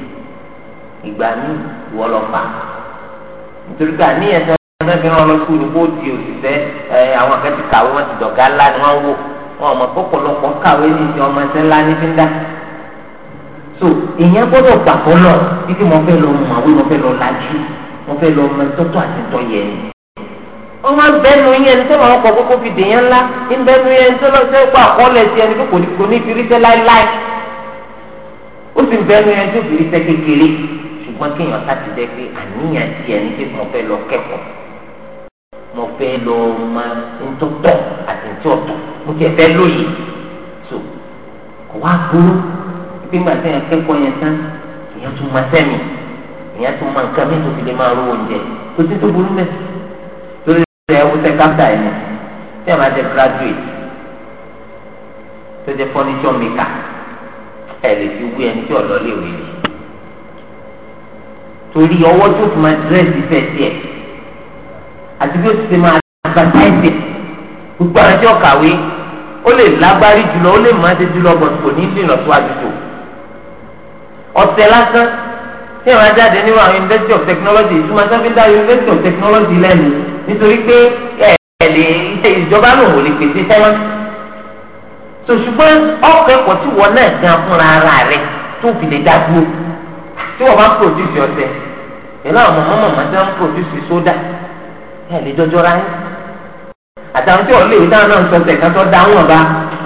ìgbà míì ìwọ lọ fà nítorí pé àníyàn tó ń rẹ́ fi rán lọ sùn kó di òṣìṣẹ́ àwọn akẹ́kọ̀ọ́ ti kàwé wọn ti dọ̀gá ńlá ni wọ́n wò wọn ọmọ pọ̀pọ̀lọpọ̀ kàwé ní ìṣe ọmọ ẹsẹ̀ ńlá ní fíńdà so ìyẹn gbọ́dọ̀ gbà fọlọ́ títí mo fẹ́ lọ mọ̀ àwọn mo fẹ́ lọ lajú mo fẹ́ lọ mọ tọ́tọ́ àti tọ́ yẹn ni wọ́n máa ń bẹ́ẹ̀ nu yẹn ní sọ́nà ọkọ̀ kókó fi dè yẹn ńlá ń bẹ́ẹ̀ nu yẹn ní sọ́nà ọ̀sẹ̀ ẹ̀kọ́ àkọọ́lẹ̀ tiẹ̀ ní kò ní fi rí ó sì ń yẹn tó fi kékeré ṣùgbọ́n kéèyàn sáti jẹ́ pé àníyàn tiẹ̀ ní pé mo fẹ́ lọ kẹ́kọ̀ọ́ mo fẹ́ lọ ma ntọ́tọ̀ àti ntọ́tọ̀ mo tiẹ̀ fẹ́ lóye so kò wá gbóró pé nígbà tí èèyàn kẹ́kọ̀ọ́ yẹn tán èèyàn tún máa sẹ́mi èèyàn tún máa nǹkan mẹ́tò fi lè máa rówó oúnjẹ kò sí tó burú mẹ́ torí rẹ̀ ó tẹ́ kápítà ẹ̀ ní tí a máa jẹ graduate tó jẹ furniture maker ẹ̀ lè fi wí ẹni tí ọ̀lọ́ lè wí yìí torí ọwọ́ tó fi máa dírẹ́sì fẹ̀ tiẹ̀ àti bí ó ti máa àgbàtáìsì gbogbo àwọn tí ó kàwé ó lè lágbárí jùlọ ó lè máa ṣe jùlọ bọ̀ kò ní lè lọ síwájú tó ọ̀tẹ̀ lásán tí ìwà jáde nínú àwọn university of technology ìtumọ̀ sáfíńdà university of technology lẹ́nu nítorí pé ẹ̀ẹ́dẹ̀ ìjọba lòun ò lè pèsè sẹ́wọ́n so ṣùgbọ́n ọ̀kẹ́kọ̀ọ́ tí wọ́n náà gan fúnra ara rẹ̀ tó fi lè dá dúró. tí wọ́n bá ń pòdùsì ọ̀sẹ̀ pẹ̀lú àwọn mọ̀mọ́ mọ̀mọ́ tí wọ́n ń pòdùsì sódà ẹ̀ lè jọjọ́ra yín àtàwọn tí wọ́n lè dáhùn náà sọ̀tẹ̀ kan tó dáhùn ọ̀ba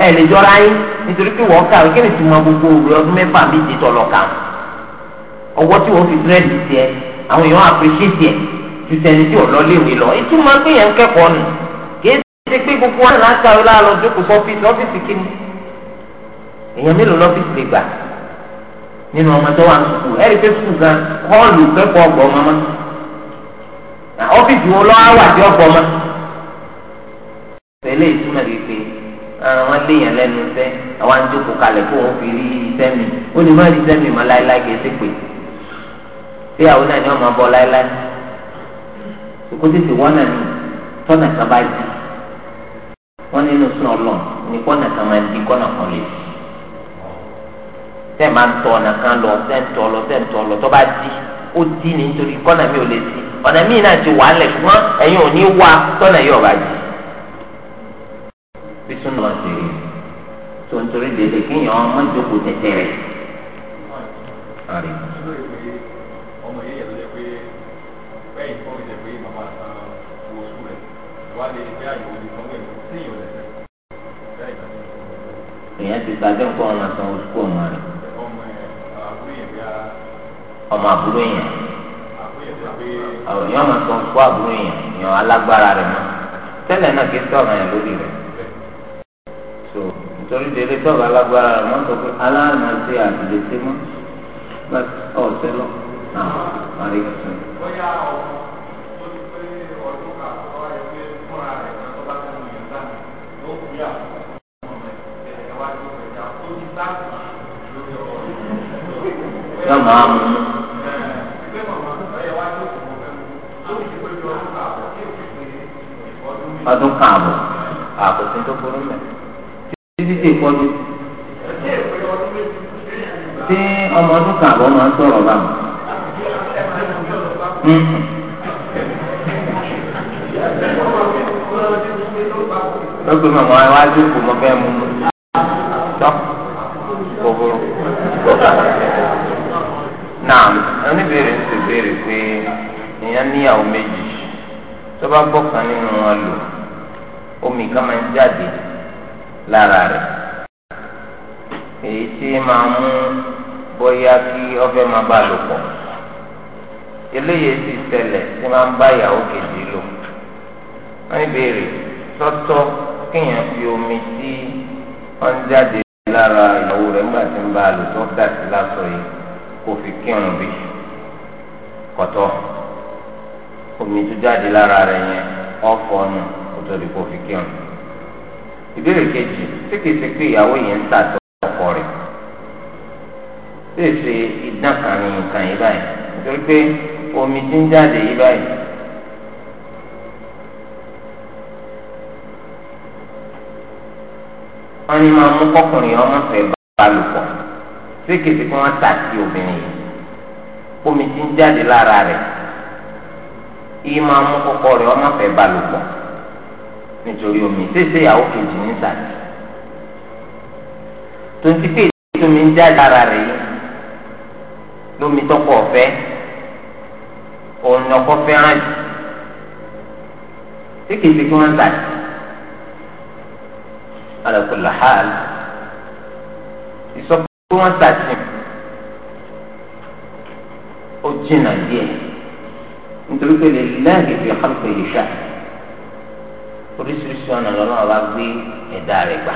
ẹ̀ lè yín nítorí pé wọ́n kàwé kí ni gbogbo òwe ọdún mẹ́fà kan tí fi àwọn èèyàn ju tẹni tí lọ lọ yẹn nínú ọmọ tó wà sùkù ẹ̀rí pé sùkù gan họ́ọ̀lù kẹ́kọ̀ọ́ ọ̀gbọ̀ ọmọ mọ́ ọ́fíìsì wo lọ́wọ́ wà sí ọ̀gbọ̀ mọ́. pẹ̀lẹ́ ìtumọ̀ rí pé àwọn léèyàn lẹ́nu iṣẹ́ àwọn àjòkò kalẹ̀ kó wọn fi rí iṣẹ́ mi ó lè má rí iṣẹ́ mi mọ́ láéláé kì í ṣe pé bí àwọn náà ni wọ́n máa bọ́ láéláé kó tètè wọ́n náà ni tọ́nà kan bá yìí wọ́n nínú sún ọlọ́ọ̀ ní kọ́nà kan máa di kọ́nà kan lè fi tẹ́ máa ń tọ ọ̀nà kan lọ tẹ́ ń tọ lọ tẹ́ ń tọ lọ tó bá di ó di ni nítorí kọ́nà mi ò lè di ọ̀nà míì náà ti wà á lẹ̀ ṣùgbọ́n ẹ̀yin ò ní wá tọ́nà yóò bá di. bí súnà lọ sí i tó ń torí dèdè kéèyàn ọmọ ìjókòó tẹ̀tẹ̀ rẹ̀. èèyàn ti gbàgbé nǹkan ọ̀nà san oṣù kò rẹ̀ ọmọ àbúrò èèyàn èèyàn máa sọ fún àbúrò èèyàn èèyàn alágbára rẹ̀ mọ́ tẹ́lẹ̀ náà kì í sọ̀rọ̀ yẹn lórí rẹ̀ so nítorí délé sọ̀rọ̀ alágbára rẹ̀ mọ́ sọ pé aláàánú ṣe àtìlẹ́ sí mọ́ but ọ̀sẹ̀ lọ ah, náà wà lè sọ. Yọ̀ọ́ máa mú ọdún kan àbọ̀ àkóso ah, tó burú mẹ́. títí tí ọdụ tí ọmọ ọdún kan àbọ̀ máa ń sọ̀rọ̀ bá mi. lókè mọ̀mọ́ ẹ wá sí ìkù mọ́ mú un. tọ́ kò burú. náà oníbèrè ń omi kan máa ń jáde lára rẹ̀ èyí tí máa mú bóyá kí ọfẹ́ máa bá lò pọ̀ eléyìí ti ṣẹlẹ̀ tí máa ń bá ìyàwó kejì lò wọ́n ń béèrè sọ́tọ́ kéèyàn fi omi tí wọ́n ń jáde lára ìyàwó rẹ̀ nígbà tí ń bá lò tó dà sí lásọ yìí kó fi kírun bí kọ̀tọ́ omi tó jáde lára rẹ̀ yẹn ọ̀fọ̀ nù tó di kó fi kírun ìbéèrè kejì tí kìí ṣe pé ìyàwó yẹn ń tàtọ́ ọkọ rẹ̀ tí ì ṣe idán kan ní nǹkan yìí báyìí nítorí pé omi ti ń jáde yìí báyìí. wọ́n ní máa mú kọkùnrin ọmọ fẹ́ bá lò pọ̀ tí kìí ṣe pé wọ́n tà sí obìnrin yìí omi ti ń jáde lára rẹ̀ ìyí máa rẹ̀ ọmọ fẹ́ bá nítorí omi ṣèṣe ìyàwó kejì ní sàdí tonti pé ìtumí ń jáde ara rẹ̀ yìí lómi tọkọ ọ̀fẹ́ òun ni ọkọ fẹ́ràn jù tí kìí ṣe kí wọ́n sàdí alakula hal ìsọpọ̀ tí wọ́n sàdí ó jìnnà díẹ̀ nítorí pé lè láàyè fi xalùkù yìí ṣáà oríṣiríṣi ọ̀nà lọ́nà ọba gbé ẹ̀dá rẹ̀ gbà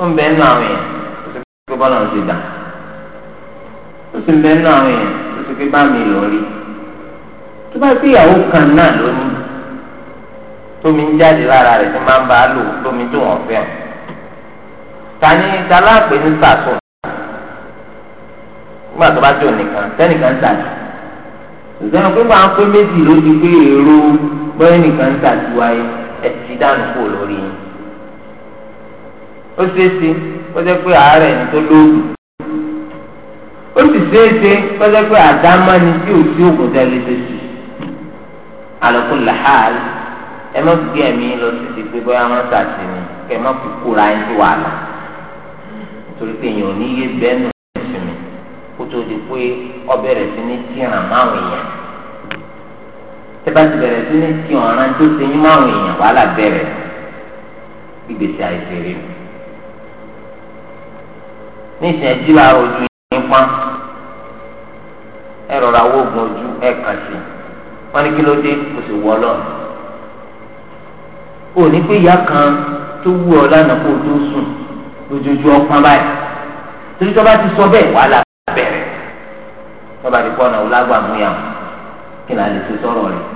ó ń bẹ nínú àwọn èèyàn tó ti pé bọ́lá ń ti dà ó sì ń bẹ nínú àwọn èèyàn tó ti pé bá mi lọ rí tó bá sí ìyàwó kan náà lónìí tómi ń jáde lára rẹ̀ tó máa ń bá a lò tómi tó wọ́n fẹ́ hàn tani taláàpẹ̀ ń sàtún nígbà tó bá jọ nìkan tẹ́nìkan ń sàtún ìṣẹ́nu pé máa ń pé méjì ló ti gbé èrò bọ́yìn nìkan ń tàdúwáyé ẹ ti dànù kó lórí yín. ó ṣeéṣe kó jẹ́ pé àárẹ̀ ni tó lóògùn. ó sì ṣeéṣe kó jẹ́ pé àdámání tí ò sí òògùn tẹ́lẹ̀ tó sì. àlọ́kùn làhálì ẹ má gbé ẹ̀mí lọ sí ti pé bóyá wọ́n ṣàtì ni kẹ́ ẹ má fi kóra ẹ̀ sí wàhálà. nítorí pé èèyàn ò ní yé bẹ́ẹ̀ nù ẹ̀sìn mi kó tó di pé ọbẹ̀ rẹ̀ sí ní tìràn máwìn yẹn ẹ bá ti bẹ̀rẹ̀ sí ní ti ọ̀ràn tó ṣe yín máwùn èèyàn wàhálà bẹ̀rẹ̀ ìgbésí àìsèré mi. ní ìsẹ̀jú la ojú yín pọ́n ẹ rọra wó oògùn ojú ẹ kàn sí wọ́n ní kí ló dé kò sì wọ́ lọ. ò ní pé ìyá kan tó wú ọ lánàá kó o tó sùn lójoojú ọpọ́n báyìí torí tó bá ti sọ bẹ́ẹ̀ wàhálà bẹ̀rẹ̀ tó bá ti pọ́n náà ó lágbàmúyàwó kí ni lè ṣe sọ̀rọ̀ rẹ̀.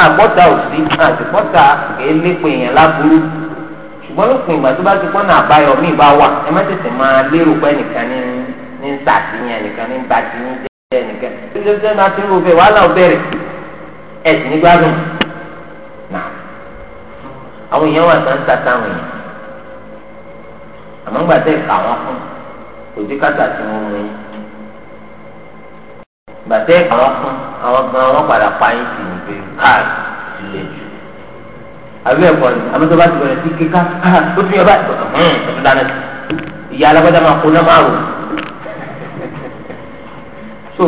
àgbọ́ta ah, òsì àtìpọ́ta ah, elépo èèyàn láburú ṣùgbọ́n lópin ìgbà tó bá ti pọ́nà àbáyọ míì bá wà ẹ má tètè máa lérò pé nìkan ní ní ń sàtìyàn nìkan ní ń bàtìyàn jẹ́ nìkan tó ṣe ṣe máa ti ń rògbè wàhálà ọ̀bẹ̀rẹ̀ ẹ̀sìn ní gbádùn náà àwọn èèyàn wà sàn sàtà àmọ́ tẹ̀ ká wọn fún òjì tí wọ́n mú yín gbàtẹ́ àwọn fún àwọn gan wọn padà pa yín sí ní pé káàdì ti lè jù àbí ẹ̀kọ́ ni àmọ́tọ́ bá ti bẹ̀rẹ̀ sí kíká ó fi ọba ẹ̀tún dáná sí ìyá alágbádá máa kó náà máa rò so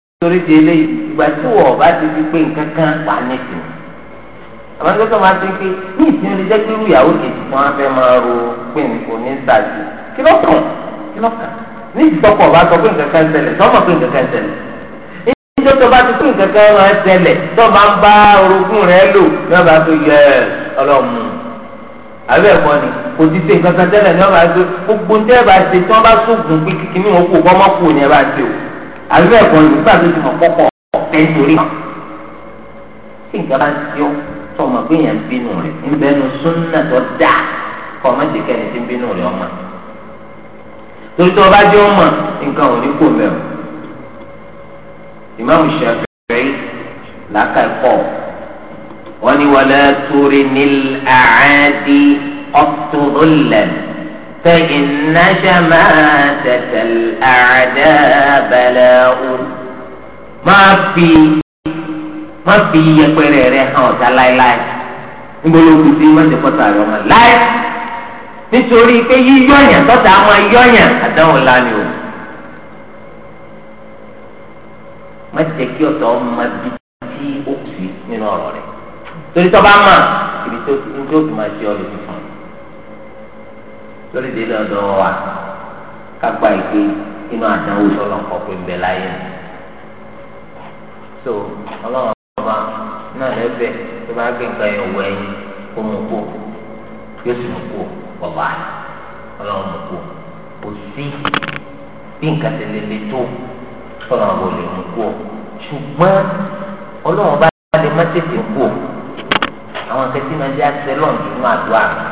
nítorí ti eléyìí ìgbà tí wọ́n ọba ti fi pé nǹkan kan pa ní ìsìn àmọ́tọ́ tó máa ti pé ní ìsìn lè jẹ́ pé irú ìyàwó kejì kan á fẹ́ máa ro pé nǹkan ní sàdí kí ló kàn kí ló kàn ní ìsìtọ́kọ̀ níjọ́ tó bá ti tún kankan máa ń ṣẹlẹ̀ tó máa ń bá orogún rẹ lò náà bá tó yẹ ọlọ́mù àbẹ̀ ẹ̀kọ́ ni kò ti ṣe nǹkan tẹ́lẹ̀ ní ọba ṣe gbogbo ń tẹ́lẹ̀ bá ṣe tí wọ́n bá sóògùn pé kíkiní wọn kò bọ́ mọ́kù ní ẹ bá ṣe o àbẹ̀ ẹ̀kọ́ ni nígbà tó ti mọ̀ pọ́pọ̀ ọ̀fẹ́ nítorí kan. tí nǹkan bá ń ṣe ọ́ tó ọmọ pé èèyàn ń bínú rẹ̀ ń bẹnu súnà tó dà kọ́ ọmọ ti kẹ́ni ti ń bínú rẹ̀ ọmọ. torí tó o bá jẹ́ ọmọ ìmáàmù Ṣafi'i làákà ẹ̀kọ́ wọ́n ní wala turini al-a'adi ọ̀túnlẹ̀ fẹ́ inna shamātata al-a'dā balā'u máa fi má fi yẹpẹrẹ rẹ hàn ọ̀tá láéláé ńgbọ́lógún sí má ti kọ́ta rẹ ọmọ láé nítorí pé yíyọ̀yàn tọ́ta àwọn yọ̀yàn àdáhùn lánìí o. má ti jẹ́ kí ọ̀tọ̀ ọmọ bíi tí ó kù sí nínú ọ̀rọ̀ rẹ̀ torí tó bá mà ibi tó ń tó fi máa ṣe ọ lè fi fún un lórí délé ọ̀dọ̀ wa kágbá ìgbé inú àdánwò sọlọ nǹkan pé ń bẹ láyé ni so ọlọ́run ọba náà lẹ́bẹ̀ tó bá gbé nǹkan yẹn wọ ẹyin kó mú kó yóò sì mú kó bàbá ọlọ́run mú kó kò sí bí nǹkan tẹ̀lé lè tó kọ́nà àwọn olè mú kú o ṣùgbọ́n ọlọ́run bá lè má tètè kú o àwọn akẹ́tì máa jẹ́ àtẹ́lọ́n tó máa dùn àná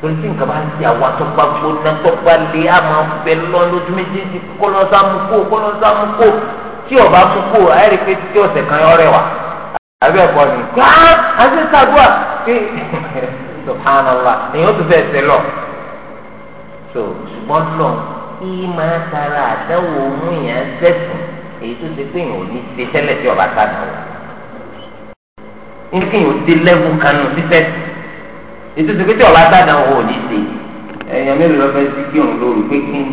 torí tí nǹkan bá ń ti àwa tó bá gbóná tó bá lé àmọ́ bẹ lọ lójú méjèèjì kọ́lọ́sá mú kú o kọ́lọ́sá mú kú o tí ọba mú kú o ayé rẹ pé tí ọ̀sẹ̀ kan yọ rẹwà àbí ẹ̀kọ́ ni ká àti sàdúà pé subhanallah èèyàn tó fẹ́ sẹ́ lọ kí máa tara àdáwò mú yẹn sẹ́sìn èyí tó ti pé yẹn ò ní ṣe tẹ́lẹ̀ tí ọba ta dùn. ní kí yẹn ò dé lẹ́wù kanu títẹ́ èyí tó ti pé tí ọba ta dùn ò ní ṣe ẹ̀yàn mélòó lọ́ fẹ́ sí kí òun lóru pé kí ni.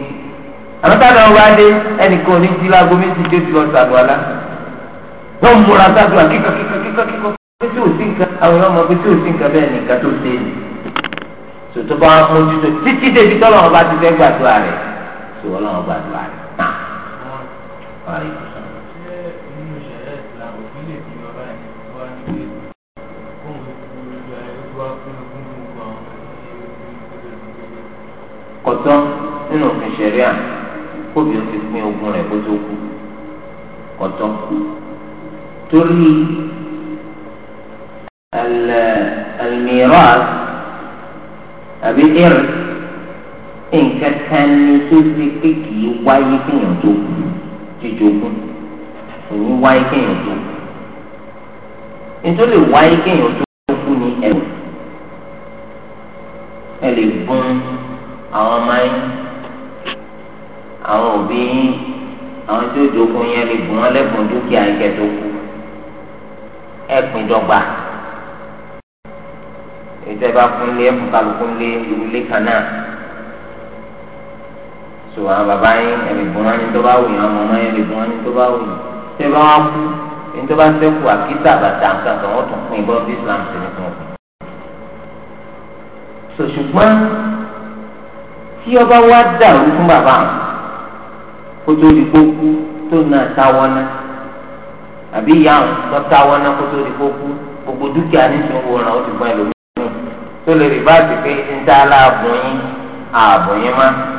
àmọ́ táwọn ọba dé ẹnìkan ò ní jí láago méjì tó ti lọ sàlùwàlá wọ́n múra sàdúrà kíkọ́ kíkọ́ kíkọ́ kíkọ́ pé tí ò sí nǹkan àwọn ọmọ pé tí ò sí nǹkan bẹ́ẹ̀ nìkan tó tí wọ́n náà gbàdúrà rẹ̀ náà. kọtọ nínú òfin ṣẹ̀ríà kóbi ó ti pín ogún rẹ̀ kó tó kú kọtọ torí alẹ alimiras àbí irin nǹkan kan ní tó ṣe pé kì í wáyé kéèyàn tó kù jíjogún òun wáyé kéèyàn tó kù nítorí wáyé kéèyàn tó kù ní ẹ̀rù ẹ lè gun àwọn ọmọ yín àwọn òbí yín àwọn tí jogún yẹn lè gun wọn lẹ́gùn dúkìá yín kẹ́tó kù ẹ pín dọ́gba ìjọba fúnlé ẹ̀fọ́ kálukú ńlé ìwúlé kan náà so àwọn bàbá yín ẹ̀rì fún wọn ní tó bá wù yín àwọn ọmọ yín ẹ̀rì fún wọn ní tó bá wù yín ṣé bá wọn kú ní tó bá sẹ́kù àkíta bàtà nǹkan kan wọ́n tún pín bọ́ọ̀bù Islam sí ni fún wọn. so ṣùgbọ́n tí ọba wá dàrú fún bàbá àwọn kó tó di gbókú tó na táwọn náà àbí ìyá àwọn tó táwọn kó tó di gbókú gbogbo dúkìá ní ìṣòwò ọ̀ràn ó ti gbọ́n ẹlòmíràn tó lè rí bá ti pé ń dá aláàbò yín ààbò yín máa.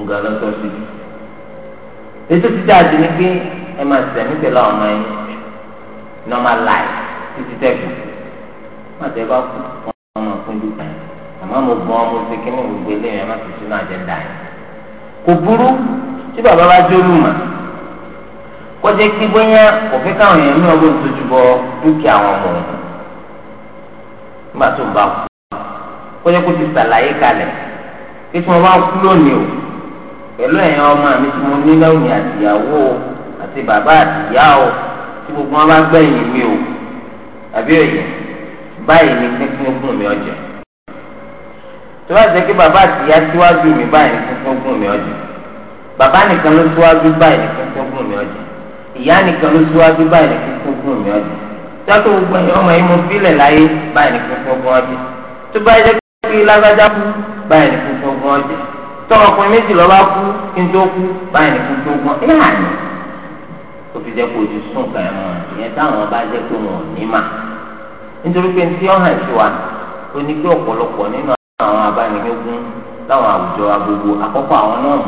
ọ̀gá lọ́tọ́ sí i. ètò títí àti ní pé ẹ máa sẹ̀mí pẹ̀lú àwọn ọmọ yẹn normal life títí tẹ̀kù pàtẹ́ bá kú ọmọ fún dúkà àmọ́ mo gbọ́n ọmọ ṣe kí ní gbogbo ilé yẹn má ti sínú àjẹ́dá yẹn. kò burú tí bàbá bá jólù mà kọjá kí bóyá òfin káwọn èèyàn ní ọgbọ́n tó ju bọ dúkìá àwọn ọmọ wọn nígbà tó ń bá kú kọjá kó ti sàlàyé kalẹ̀ pé tí wọ́n bá kú lónìí o pẹ̀lú ẹ̀yin ọmọ mi tí mo ní lọ́wọ́ àtìyàwó àti bàbá àtìyá o tí gbogbo wọn bá gbẹ̀yìn mi o àbí òye báyìí ni pínpín ogún mi ọjà tó bá jẹ́ kí bàbá àtìyá síwájú mi báyìí ni pínpín ogún mi ọjà bàbá nìkan ló síwájú báyìí ni pínpín ogún mi ọjà ìyá nìkan ló síwájú báyìí ni pínpín ogún mi ọjà tọ́tò gbogbo ẹ̀yin ọmọ yìí mo bílẹ̀ láyé báyìí ni pínpín ogún ọjà tó bá jẹ́ kí lágbájá báyìí ni pínpín ogún ọjà. tọ́wọ́ ọkùnrin méjì lọ́ba kú kí n tó kú báyìí kú tó gbọ́n ẹ̀ hàn ní. ó fi jẹ́ kó ojú sùn ẹ̀ mọ́ ìyẹn táwọn bá jẹ́ wọn ní nítorí pé tí ó hàn sí ó ní pé ọ̀pọ̀lọpọ̀ nínú àwọn abánigbégún láwọn àwùjọ àkọ́kọ́ àwọn náà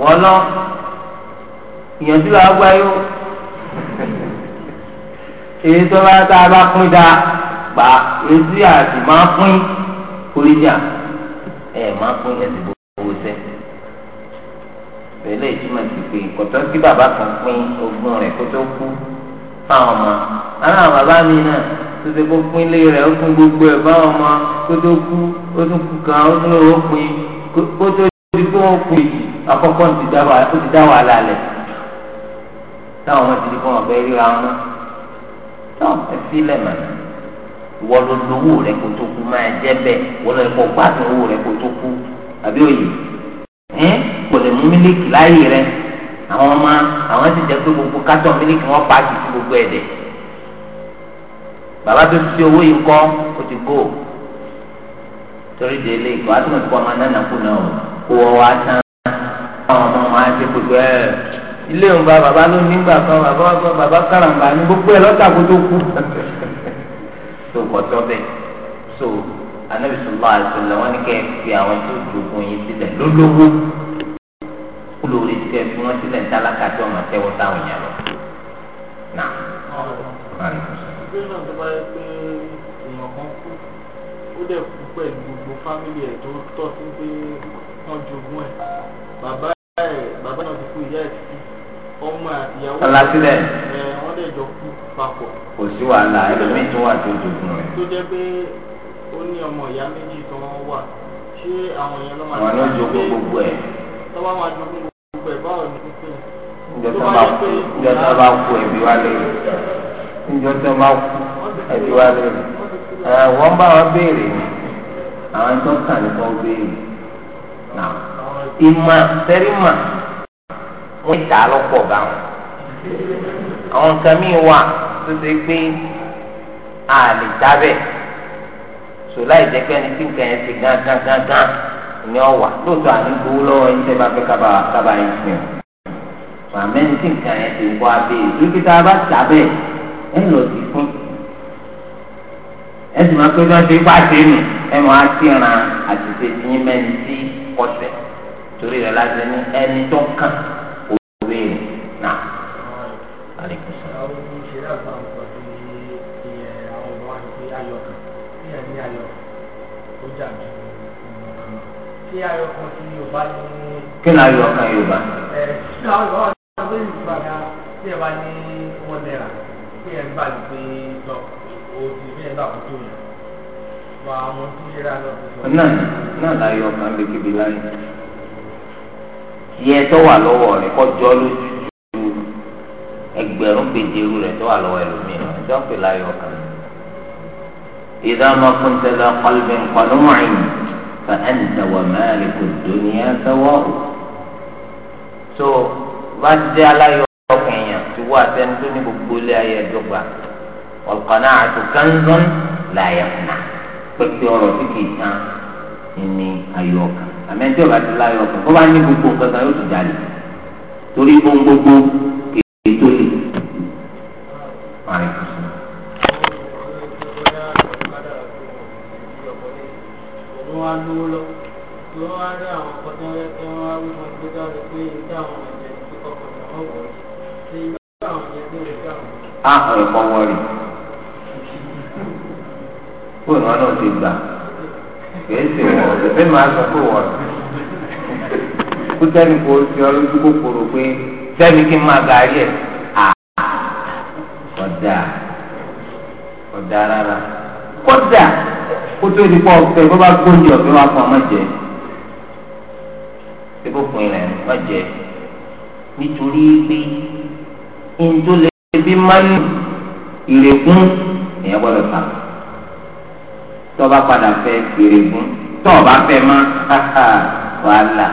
wọ́n lọ ìyànjú la gbá yó èyí tó bá tá a bá pín da pa èyí tí a sì máa pín oríjà ẹ máa pín ẹsẹ̀ gbogbo sẹ pẹ̀lú ìtumọ̀ sí pé kọ̀tọ́ kí bàbá kan pín ogún rẹ̀ kó tó kú fáwọn ọmọ ara àwọn bàbá mi náà tó ṣe kó pín ilé rẹ̀ ó pín gbogbo ẹ̀ fáwọn ọmọ kó tó kú ó tún kú kan ó tún lọ́wọ́ pín kó tó torí pé wọ́n kú èyí àkọ́kọ́ ti dá wàhálà ó ti dá wàhálà lẹ̀ táwọn ọmọ ti di fún ọ̀bẹ ríra wọn tó ẹsí lẹ́mọ̀ ìwọ ló lówó rẹ kó tó kú máa jẹ́ bẹ́ẹ̀ wọ́n lọ ẹ̀kọ́ gbádùn owó rẹ kó tó kú àbí òye ẹ̀ kò lè mú mílíkì láyè rẹ àwọn ọmọ àwọn ti jẹ́ pé gbogbo kátó mílíkì wọn pa àtìsí gbogbo ẹ̀dẹ̀ bàbá tó fi owó yìí kọ́ ó ti gò torí délé ìkọ́ àtúntò kọ́ ọmọ náà nàkú náà o wọ wá tán àwọn ọmọ wọn á ti kùtù ẹ ilé ìwọ̀n bàbá ló nígbà kan bàbá bàbá kàràǹbà ní gbogbo ẹ lọ́tà tó kú tó kọ̀tọ́ bẹ́ẹ̀ so anabi sọlá àìsàn wọn ni kẹ ẹ fi àwọn tó dùnkún yìí sílẹ̀ lólobó olórí ti kẹ fi wọn sílẹ̀ tálákà tí wọn máa tẹ́wọ́ táwọn yẹn lọ. náà wọn rí kùsùn. ìgbésẹ̀ tó bá ó dẹ̀ kú pẹ̀lú gbogbo fámìlì ẹ̀ tó tọ́ sí pé tán jogún ẹ̀ bàbá ẹ̀ bàbá náà ti kú ìyá ẹ̀ ti kú ọmọ àtìyàwó ọ̀la sílẹ̀ ẹ̀ wọ́n lè jọ kú papọ̀. kò sí wàhálà ẹlòmíì tó wà tó jogún rẹ̀. tó jẹ́ pé ó ní ọmọ ìyá méjì tó wọ́n wà ṣé àwọn yẹn lọ́wọ́ àwọn yóò jogún gbogbo ẹ̀. tọ́wọ́ máa jogún gbogbo ẹ̀ báwo ni pípẹ́ ǹjọ́ tó bá kú ǹjọ́ tó bá kú ẹ̀bí wa lè ǹjọ́ tó bá kú ẹ̀bí wa lè wọ́n bá wọn béèrè àwọn tó kàn ní kọ́ béèrè ìmọ̀ sẹ́rìmọ̀ wọ́n dà lọ́pọ̀ bá wọn. àwọn nǹkan míì wà tó ṣe pé a lè dábẹ̀ sòlá ìjẹ́pẹ́ ni tí nǹkan yẹn ti gán gán gán gán ni ọ wà lóòótọ́ àní gbowó lọ́wọ́ yín tẹ́ bá fẹ́ kábà kábà yín fi hàn. màmá ẹni tí nǹkan yẹn ti wọ abẹ́ dókítà bá sábẹ́ ẹ lọ sí fún. ẹ sì máa pé bí ti bá dé nù ẹ máa ti ràn àtìsẹ́ ti yín mẹ́ni sí kọsẹ̀ torí rẹ̀ láti ní ẹni tó kàn òwe rẹ̀ kí ni ayọ̀ kan yorùbá. ẹ ṣíṣe àwọn ọ̀rọ̀ ọ̀gbìn ìgbàgbà tí ẹ bá ní wọ́n nẹ́ra kí ẹ gbà ní lọ òòtù ìbí ẹ̀ ń bá àkókò yẹn náà náà láyé ọkàn bíbí láyé yẹ tó wà lọ́wọ́ rẹ̀ kọjọ́ lójú ẹgbẹ̀rún gbèdé irú rẹ̀ tó wà lọ́wọ́ ẹlòmíì lọ ẹjọ́ pè láyé ọkàn. ìdáàmú akúntẹ̀lá kọlbẹ̀ nkọlùmọ̀ọ́yìn fà ẹ̀ǹtẹ̀wọ̀ mẹ́rin kò dóni ẹ̀ sẹ́wọ́ o. tó bá dé aláyọ̀ ọkàn èèyàn ti wá àtẹnu ní gbogbo ilé ayé ẹ̀dọ́gba ọ̀kan náà àti kánzọ́n láyé ọ̀nà pèsè ọ̀rọ̀ tí kì í tán ní ayọ̀ ọkàn àmẹ́tí ọ̀rọ̀ àti láyọ̀ ọkàn tó bá ní gbogbo nǹkan kan yóò tún jáde torí ohun gbogbo kì tó lè. wọ́n á lówó kó ìwọ náà ti gbà kìí ṣe wọ ẹgbẹ́ máa sọ pé wọ kó sẹ́ni kò ṣe ọ lójú kòkòrò pé sẹ́ni kí n máa gàrí ẹ̀ ọ̀dà ọ̀dà rárá kódà kó tó di pọ̀ ọ̀fẹ́ bó bá gbóúnjẹ ọ̀fẹ́ wá fún ọmọ jẹ ebó kun ilẹ̀ má jẹ nítorí pé ntòlẹ́bí máa ń ìrèkún ìyẹn gbọ́dọ̀ sàkó tọ́ba padà fẹ́ gbèrè fún tọ́ọ̀bá fẹ́ mọ́ wàhálà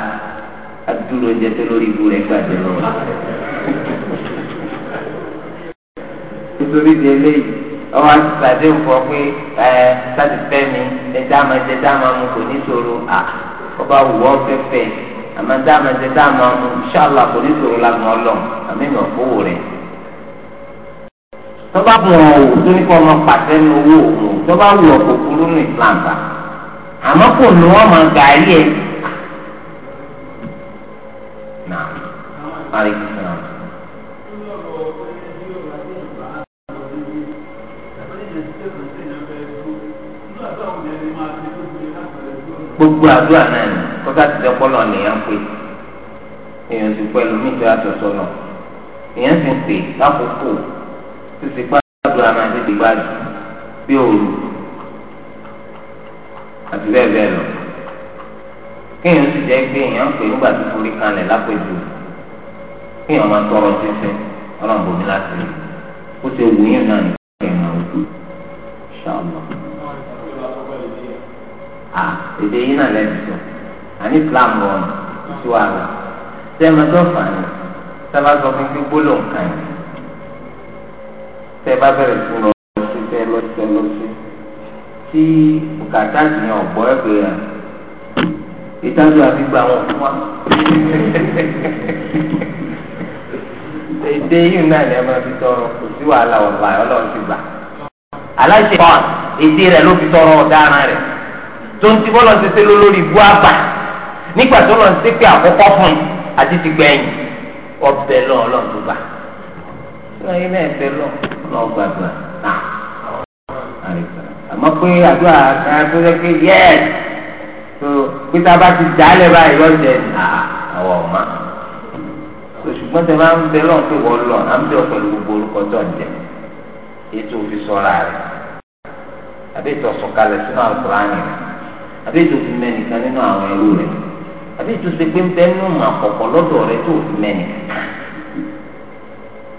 adúlọ oúnjẹ tó lórí ibu rẹ̀ gbàdé lọ́wọ́. nítorí di eléyìí ọwọ́ àtúntàdé ń fọ pé ẹ sáti fẹ́ mi ẹ dáàmà jẹ dáàmà mu kò ní ṣòro à ọba wùwọ́ fẹ́fẹ́ àmọ́ dáàmà jẹ dáàmà mu ṣáàlà kò ní ṣòro lágbọ̀n ọlọ́ àmì ìmọ̀ kówó rẹ̀ tọ́ba mọ̀ ọ́ tó ní kọ́ ọmọ pàṣẹ ní owó òun tọ́ba wù ọ̀pọ̀ kúrú ní Islam ta àmọ́ kò ní wọ́n máa gà ayé ẹ̀. gbogbo àdúrà náà ni kọ́tà ti dẹ́pọ́lọ́ nìyẹn pé èèyàn ti pẹ́ lómi ìjọ àtọ̀tọ̀ náà èèyàn ti pè lákòókò títí gbàdúrà máa títí gbàdúrà bí òru àti bẹ́ẹ̀ bẹ́ẹ̀ lọ kéèyàn sì jẹ́ pé èèyàn ń pè nígbà tó forí kalẹ̀ lápẹ̀jù kéèyàn máa tọrọ títí ọlọ́run bòmí láti rí ó ti wù yín náà nípa ìmọ̀ òkú ṣàlọ́. à èdè yín náà lẹ́nu sọ àní Islam bọ̀ ọ̀nà ìṣúwàrà sẹ́mi tó fà ní sábà sọ fún gbígbólóǹkà yìí tẹ bá bẹ̀rẹ̀ sí lọ sí tẹ lọ sí tẹ lọ sí tí bùkátà yẹn ọ̀gbọ́ ẹgbẹ́ yẹn ìtajà àfihàn àwọn fún wa èdè yìí náà ni ẹ máa fi tọrọ kò sí wàhálà ọ̀la ọlọ́run ti gbà aláṣẹ kan èdè rẹ ló fi tọrọ ọ̀daràn rẹ tó ń ti bọ́lọ̀ ṣe ṣe lólórí ibú àgbà nígbà tó lọ́n ṣe pé àkọ́kọ́ fún un àti ti gbẹ̀yìn ọbẹ̀ lọ́ọ̀lọ́ọ̀ tó gbà náà gbàdúrà náà àmọ́ pé àdúrà àtúnṣe pé yẹ́s tó pété a bá ti dálẹ̀ báyìí lọ́jẹ̀ àwọn ọ̀ma ṣùgbọ́n tẹ máa ń bẹ lọ́n pé wọ́n lọ à ń bẹ pẹ̀lú gbogbo orúkọ tó ń jẹ ètò òfin sọ́ra rẹ̀ àbí ètò ọ̀sọ̀kalẹ̀ sínú àlùkùránì rẹ̀ àbí ètò òfin mẹ́nìkan nínú àwọn ẹrú rẹ̀ àbí ètò ṣe ń bẹ́ẹ̀ nù mà kọ̀kọ̀ lọ́dọ̀ rẹ̀ tó òfin mẹ́nìkan.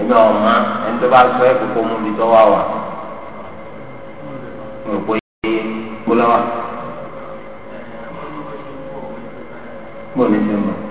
èmi ọ̀ma ẹni tó bá sọ ẹ́ kókó mú mi tọ́ wá wà mo pé kó lọ́wọ́ bó ní sẹ́mu.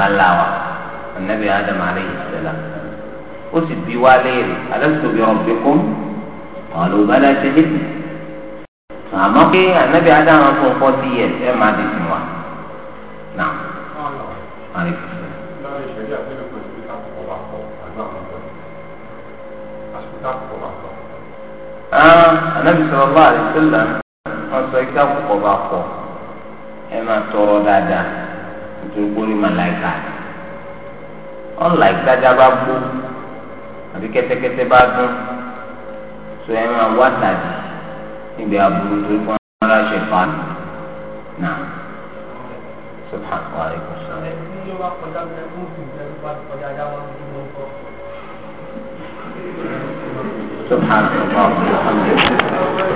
baba ńlá wa anabi adam alayhi salam ó sì bi wá léèrè alastu bi rabbikum qalu bala shahidna àmọ́ pé anabi adam fún forty years ẹ máa di fún wa náà àlè fún un. anabi sallallahu alayhi wasallam wọn sọ ike akọkọ bá kọ ẹ máa tọrọ dáadáa nítorí pé ó ní màláìka unlike tájà bá gbó àbí kẹ́tẹ́kẹ́tẹ́ bá dún so ẹ máa wá tàbí níbi aburú tó kọ́ ara ṣe fa náà subhan wa aleykum salaam. subhan wa aleykum